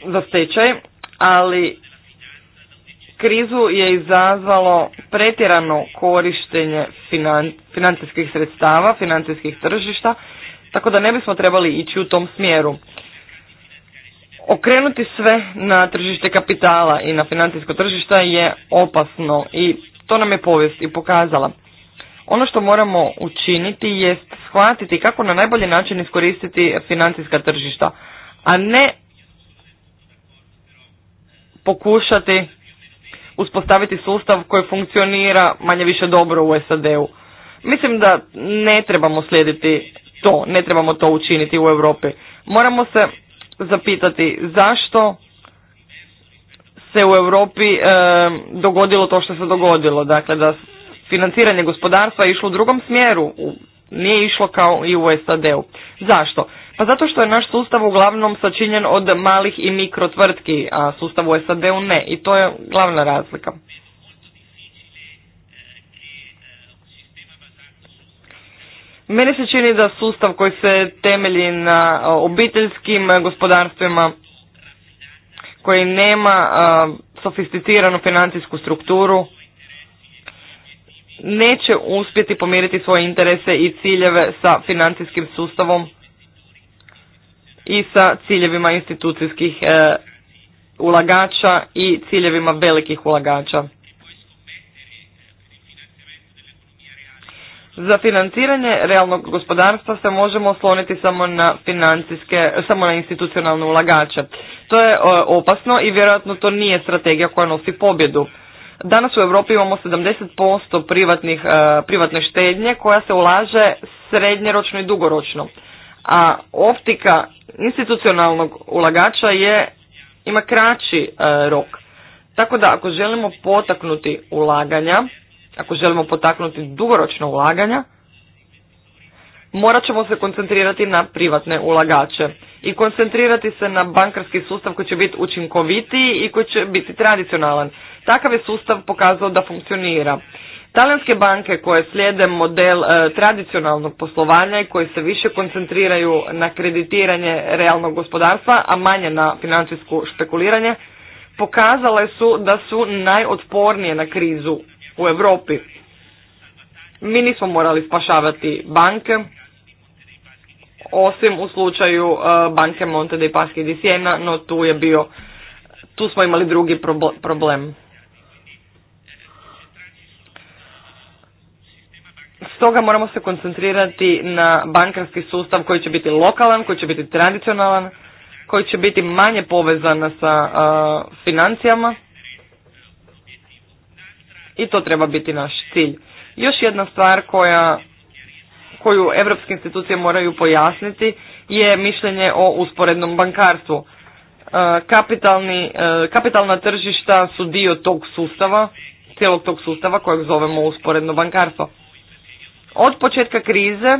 za stečaj, ali krizu je izazvalo pretjerano korištenje finan, financijskih sredstava, financijskih tržišta, tako da ne bismo trebali ići u tom smjeru. Okrenuti sve na tržište kapitala i na financijsko tržište je opasno i to nam je povijest i pokazala. Ono što moramo učiniti jest shvatiti kako na najbolji način iskoristiti financijska tržišta, a ne pokušati uspostaviti sustav koji funkcionira manje više dobro u SAD-u. Mislim da ne trebamo slijediti to, ne trebamo to učiniti u Europi. Moramo se zapitati zašto se u Europi e, dogodilo to što se dogodilo. Dakle, da financiranje gospodarstva je išlo u drugom smjeru, nije išlo kao i u SAD-u. Zašto? Pa zato što je naš sustav uglavnom sačinjen od malih i mikrotvrtki, tvrtki, a sustav u SAD-u ne. I to je glavna razlika. Meni se čini da sustav koji se temelji na obiteljskim e, gospodarstvima, koji nema e, sofisticiranu financijsku strukturu, neće uspjeti pomiriti svoje interese i ciljeve sa financijskim sustavom i sa ciljevima institucijskih e, ulagača i ciljevima velikih ulagača. Za financiranje realnog gospodarstva se možemo osloniti samo na financijske, samo na institucionalne ulagače. To je e, opasno i vjerojatno to nije strategija koja nosi pobjedu. Danas u Europi imamo 70% privatnih, e, privatne štednje koja se ulaže srednjeročno i dugoročno. A optika institucionalnog ulagača je, ima kraći e, rok. Tako da ako želimo potaknuti ulaganja, ako želimo potaknuti dugoročno ulaganja, morat ćemo se koncentrirati na privatne ulagače i koncentrirati se na bankarski sustav koji će biti učinkovitiji i koji će biti tradicionalan. Takav je sustav pokazao da funkcionira. Talijanske banke koje slijede model e, tradicionalnog poslovanja i koje se više koncentriraju na kreditiranje realnog gospodarstva, a manje na financijsko špekuliranje, pokazale su da su najotpornije na krizu u Europi. Mi nismo morali spašavati banke, osim u slučaju e, banke Monte dei Paschi di Siena, no tu je bio, tu smo imali drugi problem. Stoga moramo se koncentrirati na bankarski sustav koji će biti lokalan, koji će biti tradicionalan, koji će biti manje povezan sa e, financijama i to treba biti naš cilj. Još jedna stvar koja, koju europske institucije moraju pojasniti je mišljenje o usporednom bankarstvu. E, kapitalni, e, kapitalna tržišta su dio tog sustava, cijelog tog sustava kojeg zovemo usporedno bankarstvo. Od početka krize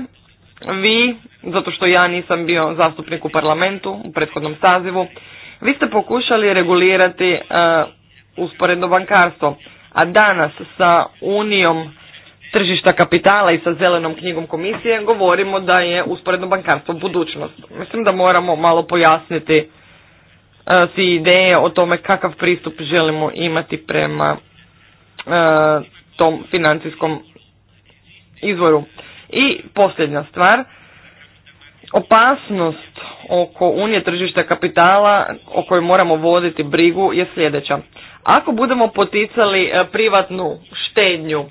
vi, zato što ja nisam bio zastupnik u parlamentu u prethodnom sazivu, vi ste pokušali regulirati e, usporedno bankarstvo. A danas sa unijom tržišta kapitala i sa zelenom knjigom komisije govorimo da je usporedno bankarstvo budućnost. Mislim da moramo malo pojasniti e, svi ideje o tome kakav pristup želimo imati prema e, tom financijskom izvoru. I posljednja stvar, opasnost oko unije tržišta kapitala o kojoj moramo voditi brigu je sljedeća. Ako budemo poticali e, privatnu štednju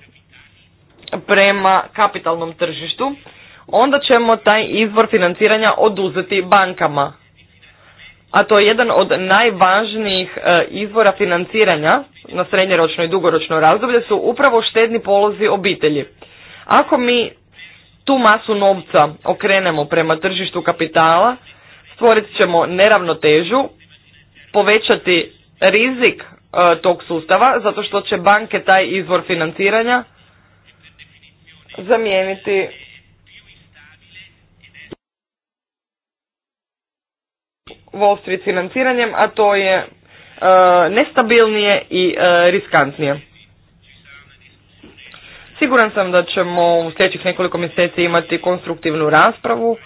prema kapitalnom tržištu, onda ćemo taj izvor financiranja oduzeti bankama. A to je jedan od najvažnijih e, izvora financiranja na srednjeročno i dugoročno razdoblje su upravo štedni polozi obitelji. Ako mi tu masu novca okrenemo prema tržištu kapitala, stvorit ćemo neravnotežu, povećati rizik E, tog sustava zato što će banke taj izvor financiranja zamijeniti Wall financiranjem, a to je e, nestabilnije i e, riskantnije. Siguran sam da ćemo u sljedećih nekoliko mjeseci imati konstruktivnu raspravu.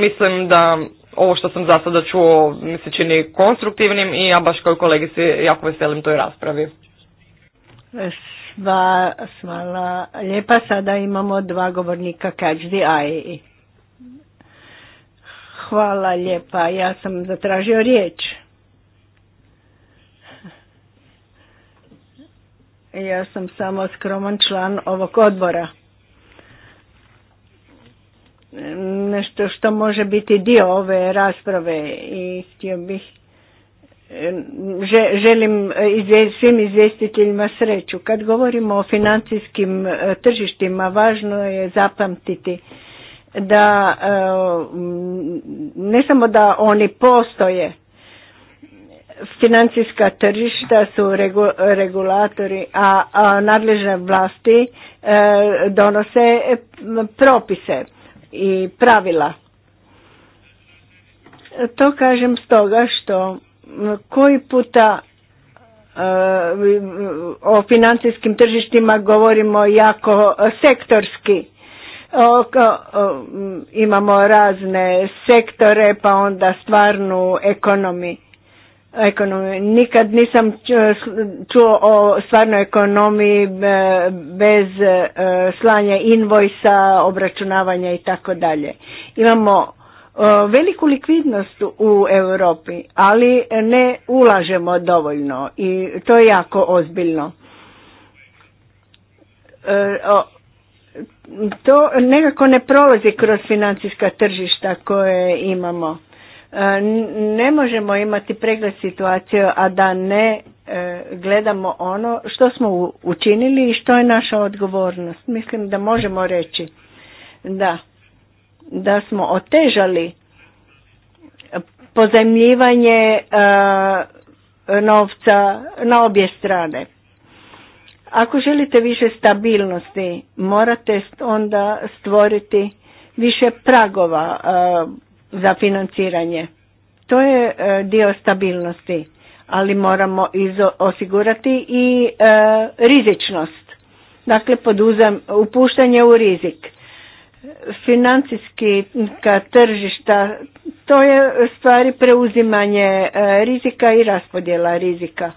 mislim da ovo što sam za sada čuo mi se čini konstruktivnim i ja baš kao se jako veselim toj raspravi. Sva, lijepa. Sada imamo dva govornika Catch the Eye. Hvala lijepa. Ja sam zatražio riječ. Ja sam samo skroman član ovog odbora nešto što može biti dio ove rasprave i htio bih želim svim izvjestiteljima sreću. Kad govorimo o financijskim e, tržištima, važno je zapamtiti da e, ne samo da oni postoje, financijska tržišta su regulatori, a, nadležne vlasti e, donose propise i pravila. To kažem stoga što koji puta e, o financijskim tržištima govorimo jako sektorski. Imamo razne sektore pa onda stvarnu ekonomiju ekonomije. Nikad nisam čuo o stvarnoj ekonomiji e, bez e, slanja invojsa, obračunavanja i tako dalje. Imamo e, veliku likvidnost u Europi, ali ne ulažemo dovoljno i to je jako ozbiljno. To nekako ne prolazi kroz financijska tržišta koje imamo ne možemo imati pregled situacije, a da ne e, gledamo ono što smo učinili i što je naša odgovornost. Mislim da možemo reći da, da smo otežali pozemljivanje e, novca na obje strane. Ako želite više stabilnosti, morate onda stvoriti više pragova e, za financiranje. To je e, dio stabilnosti, ali moramo osigurati i e, rizičnost. Dakle, poduzem upuštanje u rizik. Financijski tržišta, to je stvari preuzimanje e, rizika i raspodjela rizika.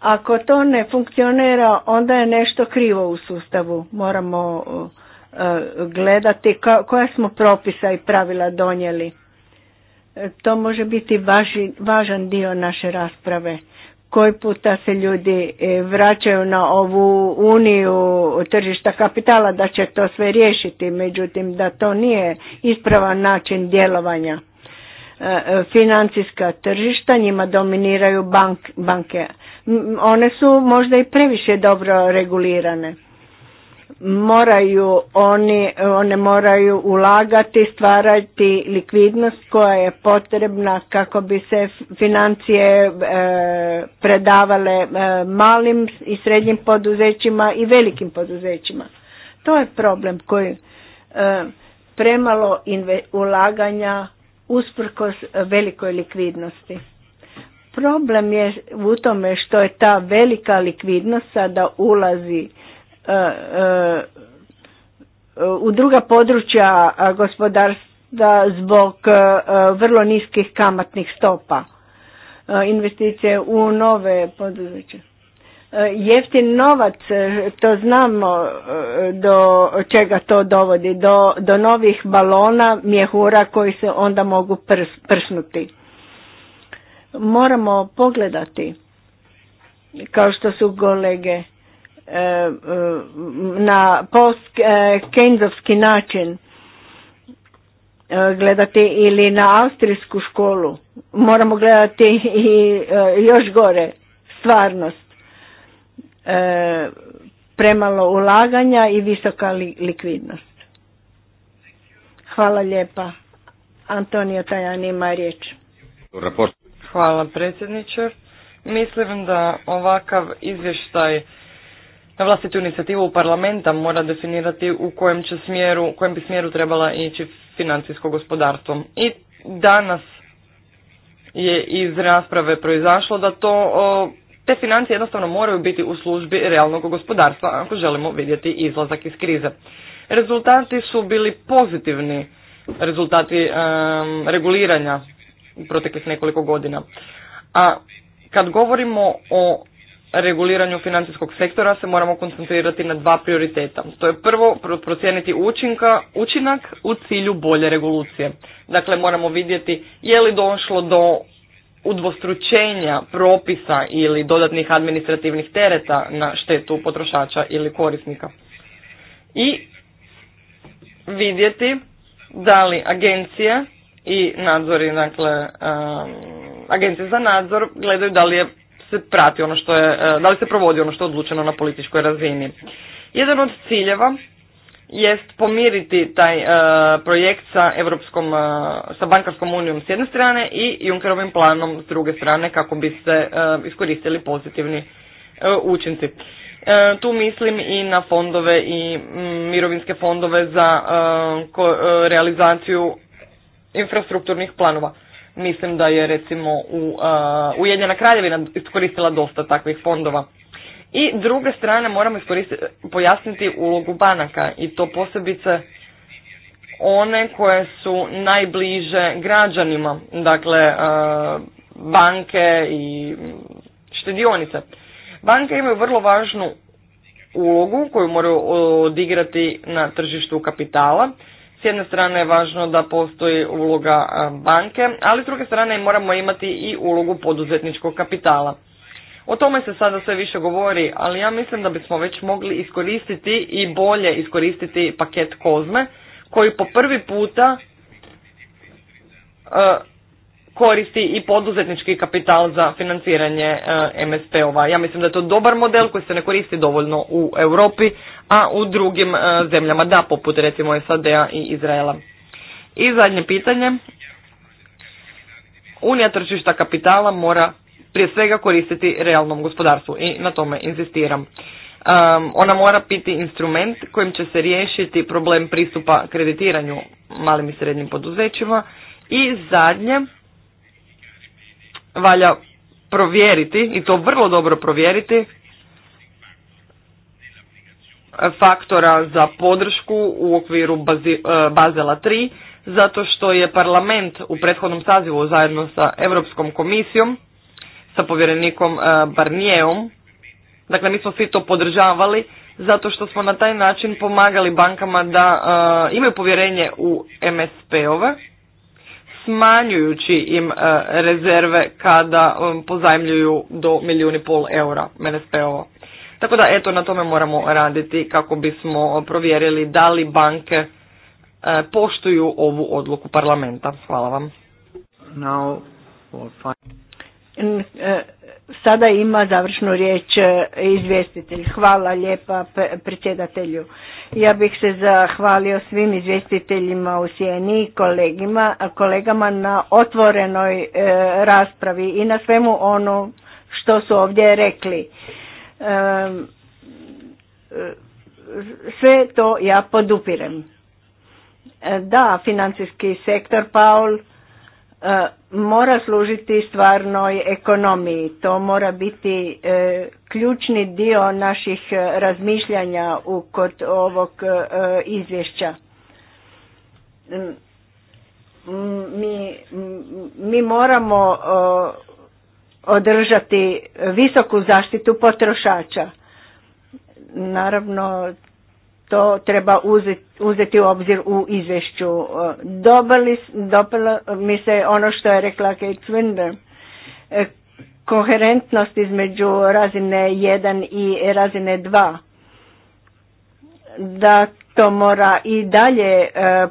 Ako to ne funkcionira, onda je nešto krivo u sustavu. Moramo Eh, gledati koja smo propisa i pravila donijeli. Eh, to može biti važan dio naše rasprave. Koji puta se ljudi eh, vraćaju na ovu uniju tržišta kapitala da će to sve riješiti, međutim da to nije ispravan način djelovanja. Financijska tržišta njima dominiraju bank, banke. One su možda i previše dobro regulirane moraju oni, one moraju ulagati, stvarati likvidnost koja je potrebna kako bi se financije e, predavale e, malim i srednjim poduzećima i velikim poduzećima. To je problem koji e, premalo ulaganja usprkos velikoj likvidnosti. Problem je u tome što je ta velika likvidnost sada ulazi E, e, u druga područja e, gospodarstva zbog vrlo niskih kamatnih stopa investicije u nove poduzeće. Jeftin novac, to znamo do čega to dovodi, do, do novih balona, mjehura koji se onda mogu prs, prsnuti. Moramo pogledati, kao što su kolege E, e, na post-kenzovski e, način gledati ili na austrijsku školu. Moramo gledati i još gore stvarnost. Premalo ulaganja i visoka likvidnost. Hvala lijepa. Antonio Tajan ima riječ. Hvala predsjedniče. Mislim da ovakav izvještaj na vlastitu inicijativu parlamenta mora definirati u kojem će smjeru, u kojem bi smjeru trebala ići financijsko gospodarstvo. I danas je iz rasprave proizašlo da to te financije jednostavno moraju biti u službi realnog gospodarstva ako želimo vidjeti izlazak iz krize. Rezultati su bili pozitivni, rezultati reguliranja u proteklih nekoliko godina. A kad govorimo o reguliranju financijskog sektora se moramo koncentrirati na dva prioriteta. To je prvo procijeniti učinka, učinak u cilju bolje regulacije. Dakle, moramo vidjeti je li došlo do udvostručenja propisa ili dodatnih administrativnih tereta na štetu potrošača ili korisnika. I vidjeti da li agencije i nadzori, dakle, um, agencije za nadzor gledaju da li je se prati ono što je, e, da li se provodi ono što je odlučeno na političkoj razini. Jedan od ciljeva jest pomiriti taj e, projekt sa e, sa bankarskom unijom s jedne strane i Junkerovim planom s druge strane kako bi se iskoristili pozitivni učinci. Tu mislim i na fondove i mirovinske fondove za realizaciju infrastrukturnih planova. Mislim da je recimo u, Ujedinjena kraljevina iskoristila dosta takvih fondova. I druge strane moramo pojasniti ulogu banaka i to posebice one koje su najbliže građanima, dakle banke i štedionice. Banke imaju vrlo važnu ulogu koju moraju odigrati na tržištu kapitala s jedne strane je važno da postoji uloga e, banke, ali s druge strane moramo imati i ulogu poduzetničkog kapitala. O tome se sada sve više govori, ali ja mislim da bismo već mogli iskoristiti i bolje iskoristiti paket kozme koji po prvi puta e, koristi i poduzetnički kapital za financiranje e, MSP-ova. Ja mislim da je to dobar model koji se ne koristi dovoljno u Europi, a u drugim e, zemljama da, poput recimo SAD-a i Izraela. I zadnje pitanje, Unija tržišta kapitala mora prije svega koristiti realnom gospodarstvu i na tome insistiram. ona mora biti instrument kojim će se riješiti problem pristupa kreditiranju malim i srednjim poduzećima i zadnje valja provjeriti i to vrlo dobro provjeriti faktora za podršku u okviru e, Bazela 3, zato što je parlament u prethodnom sazivu zajedno sa Europskom komisijom, sa povjerenikom e, Barnijevom, dakle mi smo svi to podržavali, zato što smo na taj način pomagali bankama da e, imaju povjerenje u MSP-ove, smanjujući im rezerve kada pozajmljuju do milijuni pol eura MSP-ova. Tako da eto na tome moramo raditi kako bismo provjerili da li banke e, poštuju ovu odluku parlamenta. Hvala vam. Now, e, Sada ima završnu riječ e, izvjestitelj. Hvala lijepa predsjedatelju. Ja bih se zahvalio svim izvjestiteljima u Sjeni i kolegama na otvorenoj raspravi i na svemu ono što su ovdje rekli. E, sve to ja podupirem. E, da, financijski sektor, Paul, e, mora služiti stvarnoj ekonomiji. To mora biti ključni dio naših razmišljanja u kod ovog izvješća. Mi, mi moramo održati visoku zaštitu potrošača. Naravno, to treba uzeti, u obzir u izvješću. E, dobili, dobilo mi se ono što je rekla Kate Swinburne. E, koherentnost između razine 1 i razine 2. Da to mora i dalje e,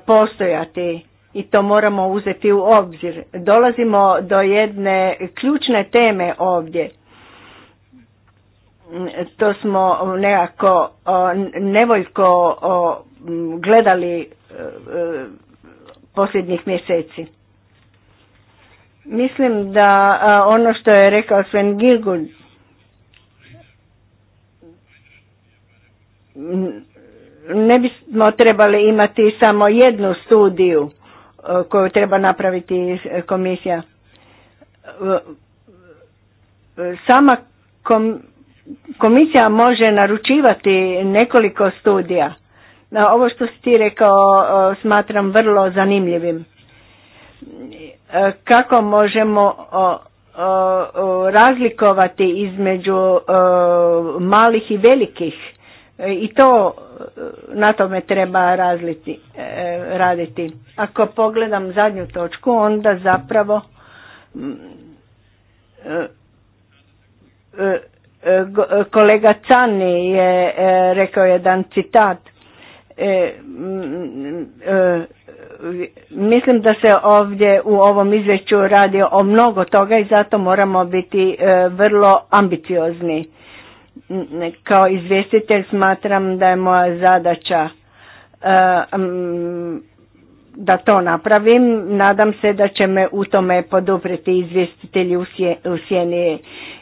postojati i to moramo uzeti u obzir. Dolazimo do jedne ključne teme ovdje. To smo nekako nevoljko gledali e, e, posljednjih mjeseci. Mislim da ono što je rekao Sven Gilgud ne bismo trebali imati samo jednu studiju koju treba napraviti komisija. Sama komisija može naručivati nekoliko studija. Ovo što si ti rekao e, smatram vrlo zanimljivim. Kako možemo razlikovati između e, malih i velikih i to e, na tome treba razliti, e, raditi. Ako pogledam zadnju točku, onda zapravo e, kolega Cani je rekao jedan citat. Mislim da se ovdje u ovom izvješću radi o mnogo toga i zato moramo biti vrlo ambiciozni kao izvjestitelj smatram da je moja zadaća e, da to napravim. Nadam se da će me u tome podupriti izvjestitelji u Sjeni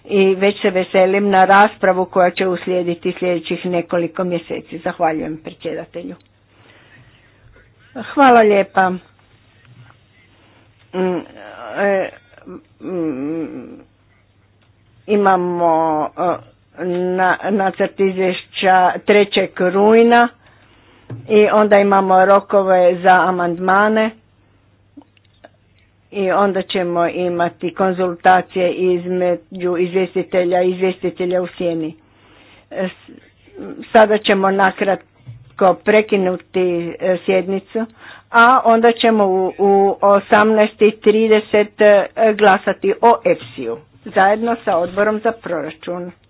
i već se veselim na raspravu koja će uslijediti sljedećih nekoliko mjeseci. Zahvaljujem predsjedatelju. Hvala lijepa. Mm, e, mm, imamo e, na nacrt izvješća 3. rujna i onda imamo rokove za amandmane i onda ćemo imati konzultacije između izvjestitelja i izvjestitelja u sjeni. Sada ćemo nakratko prekinuti e, sjednicu, a onda ćemo u, u 18.30 e, glasati o EFSI-u zajedno sa odborom za proračun.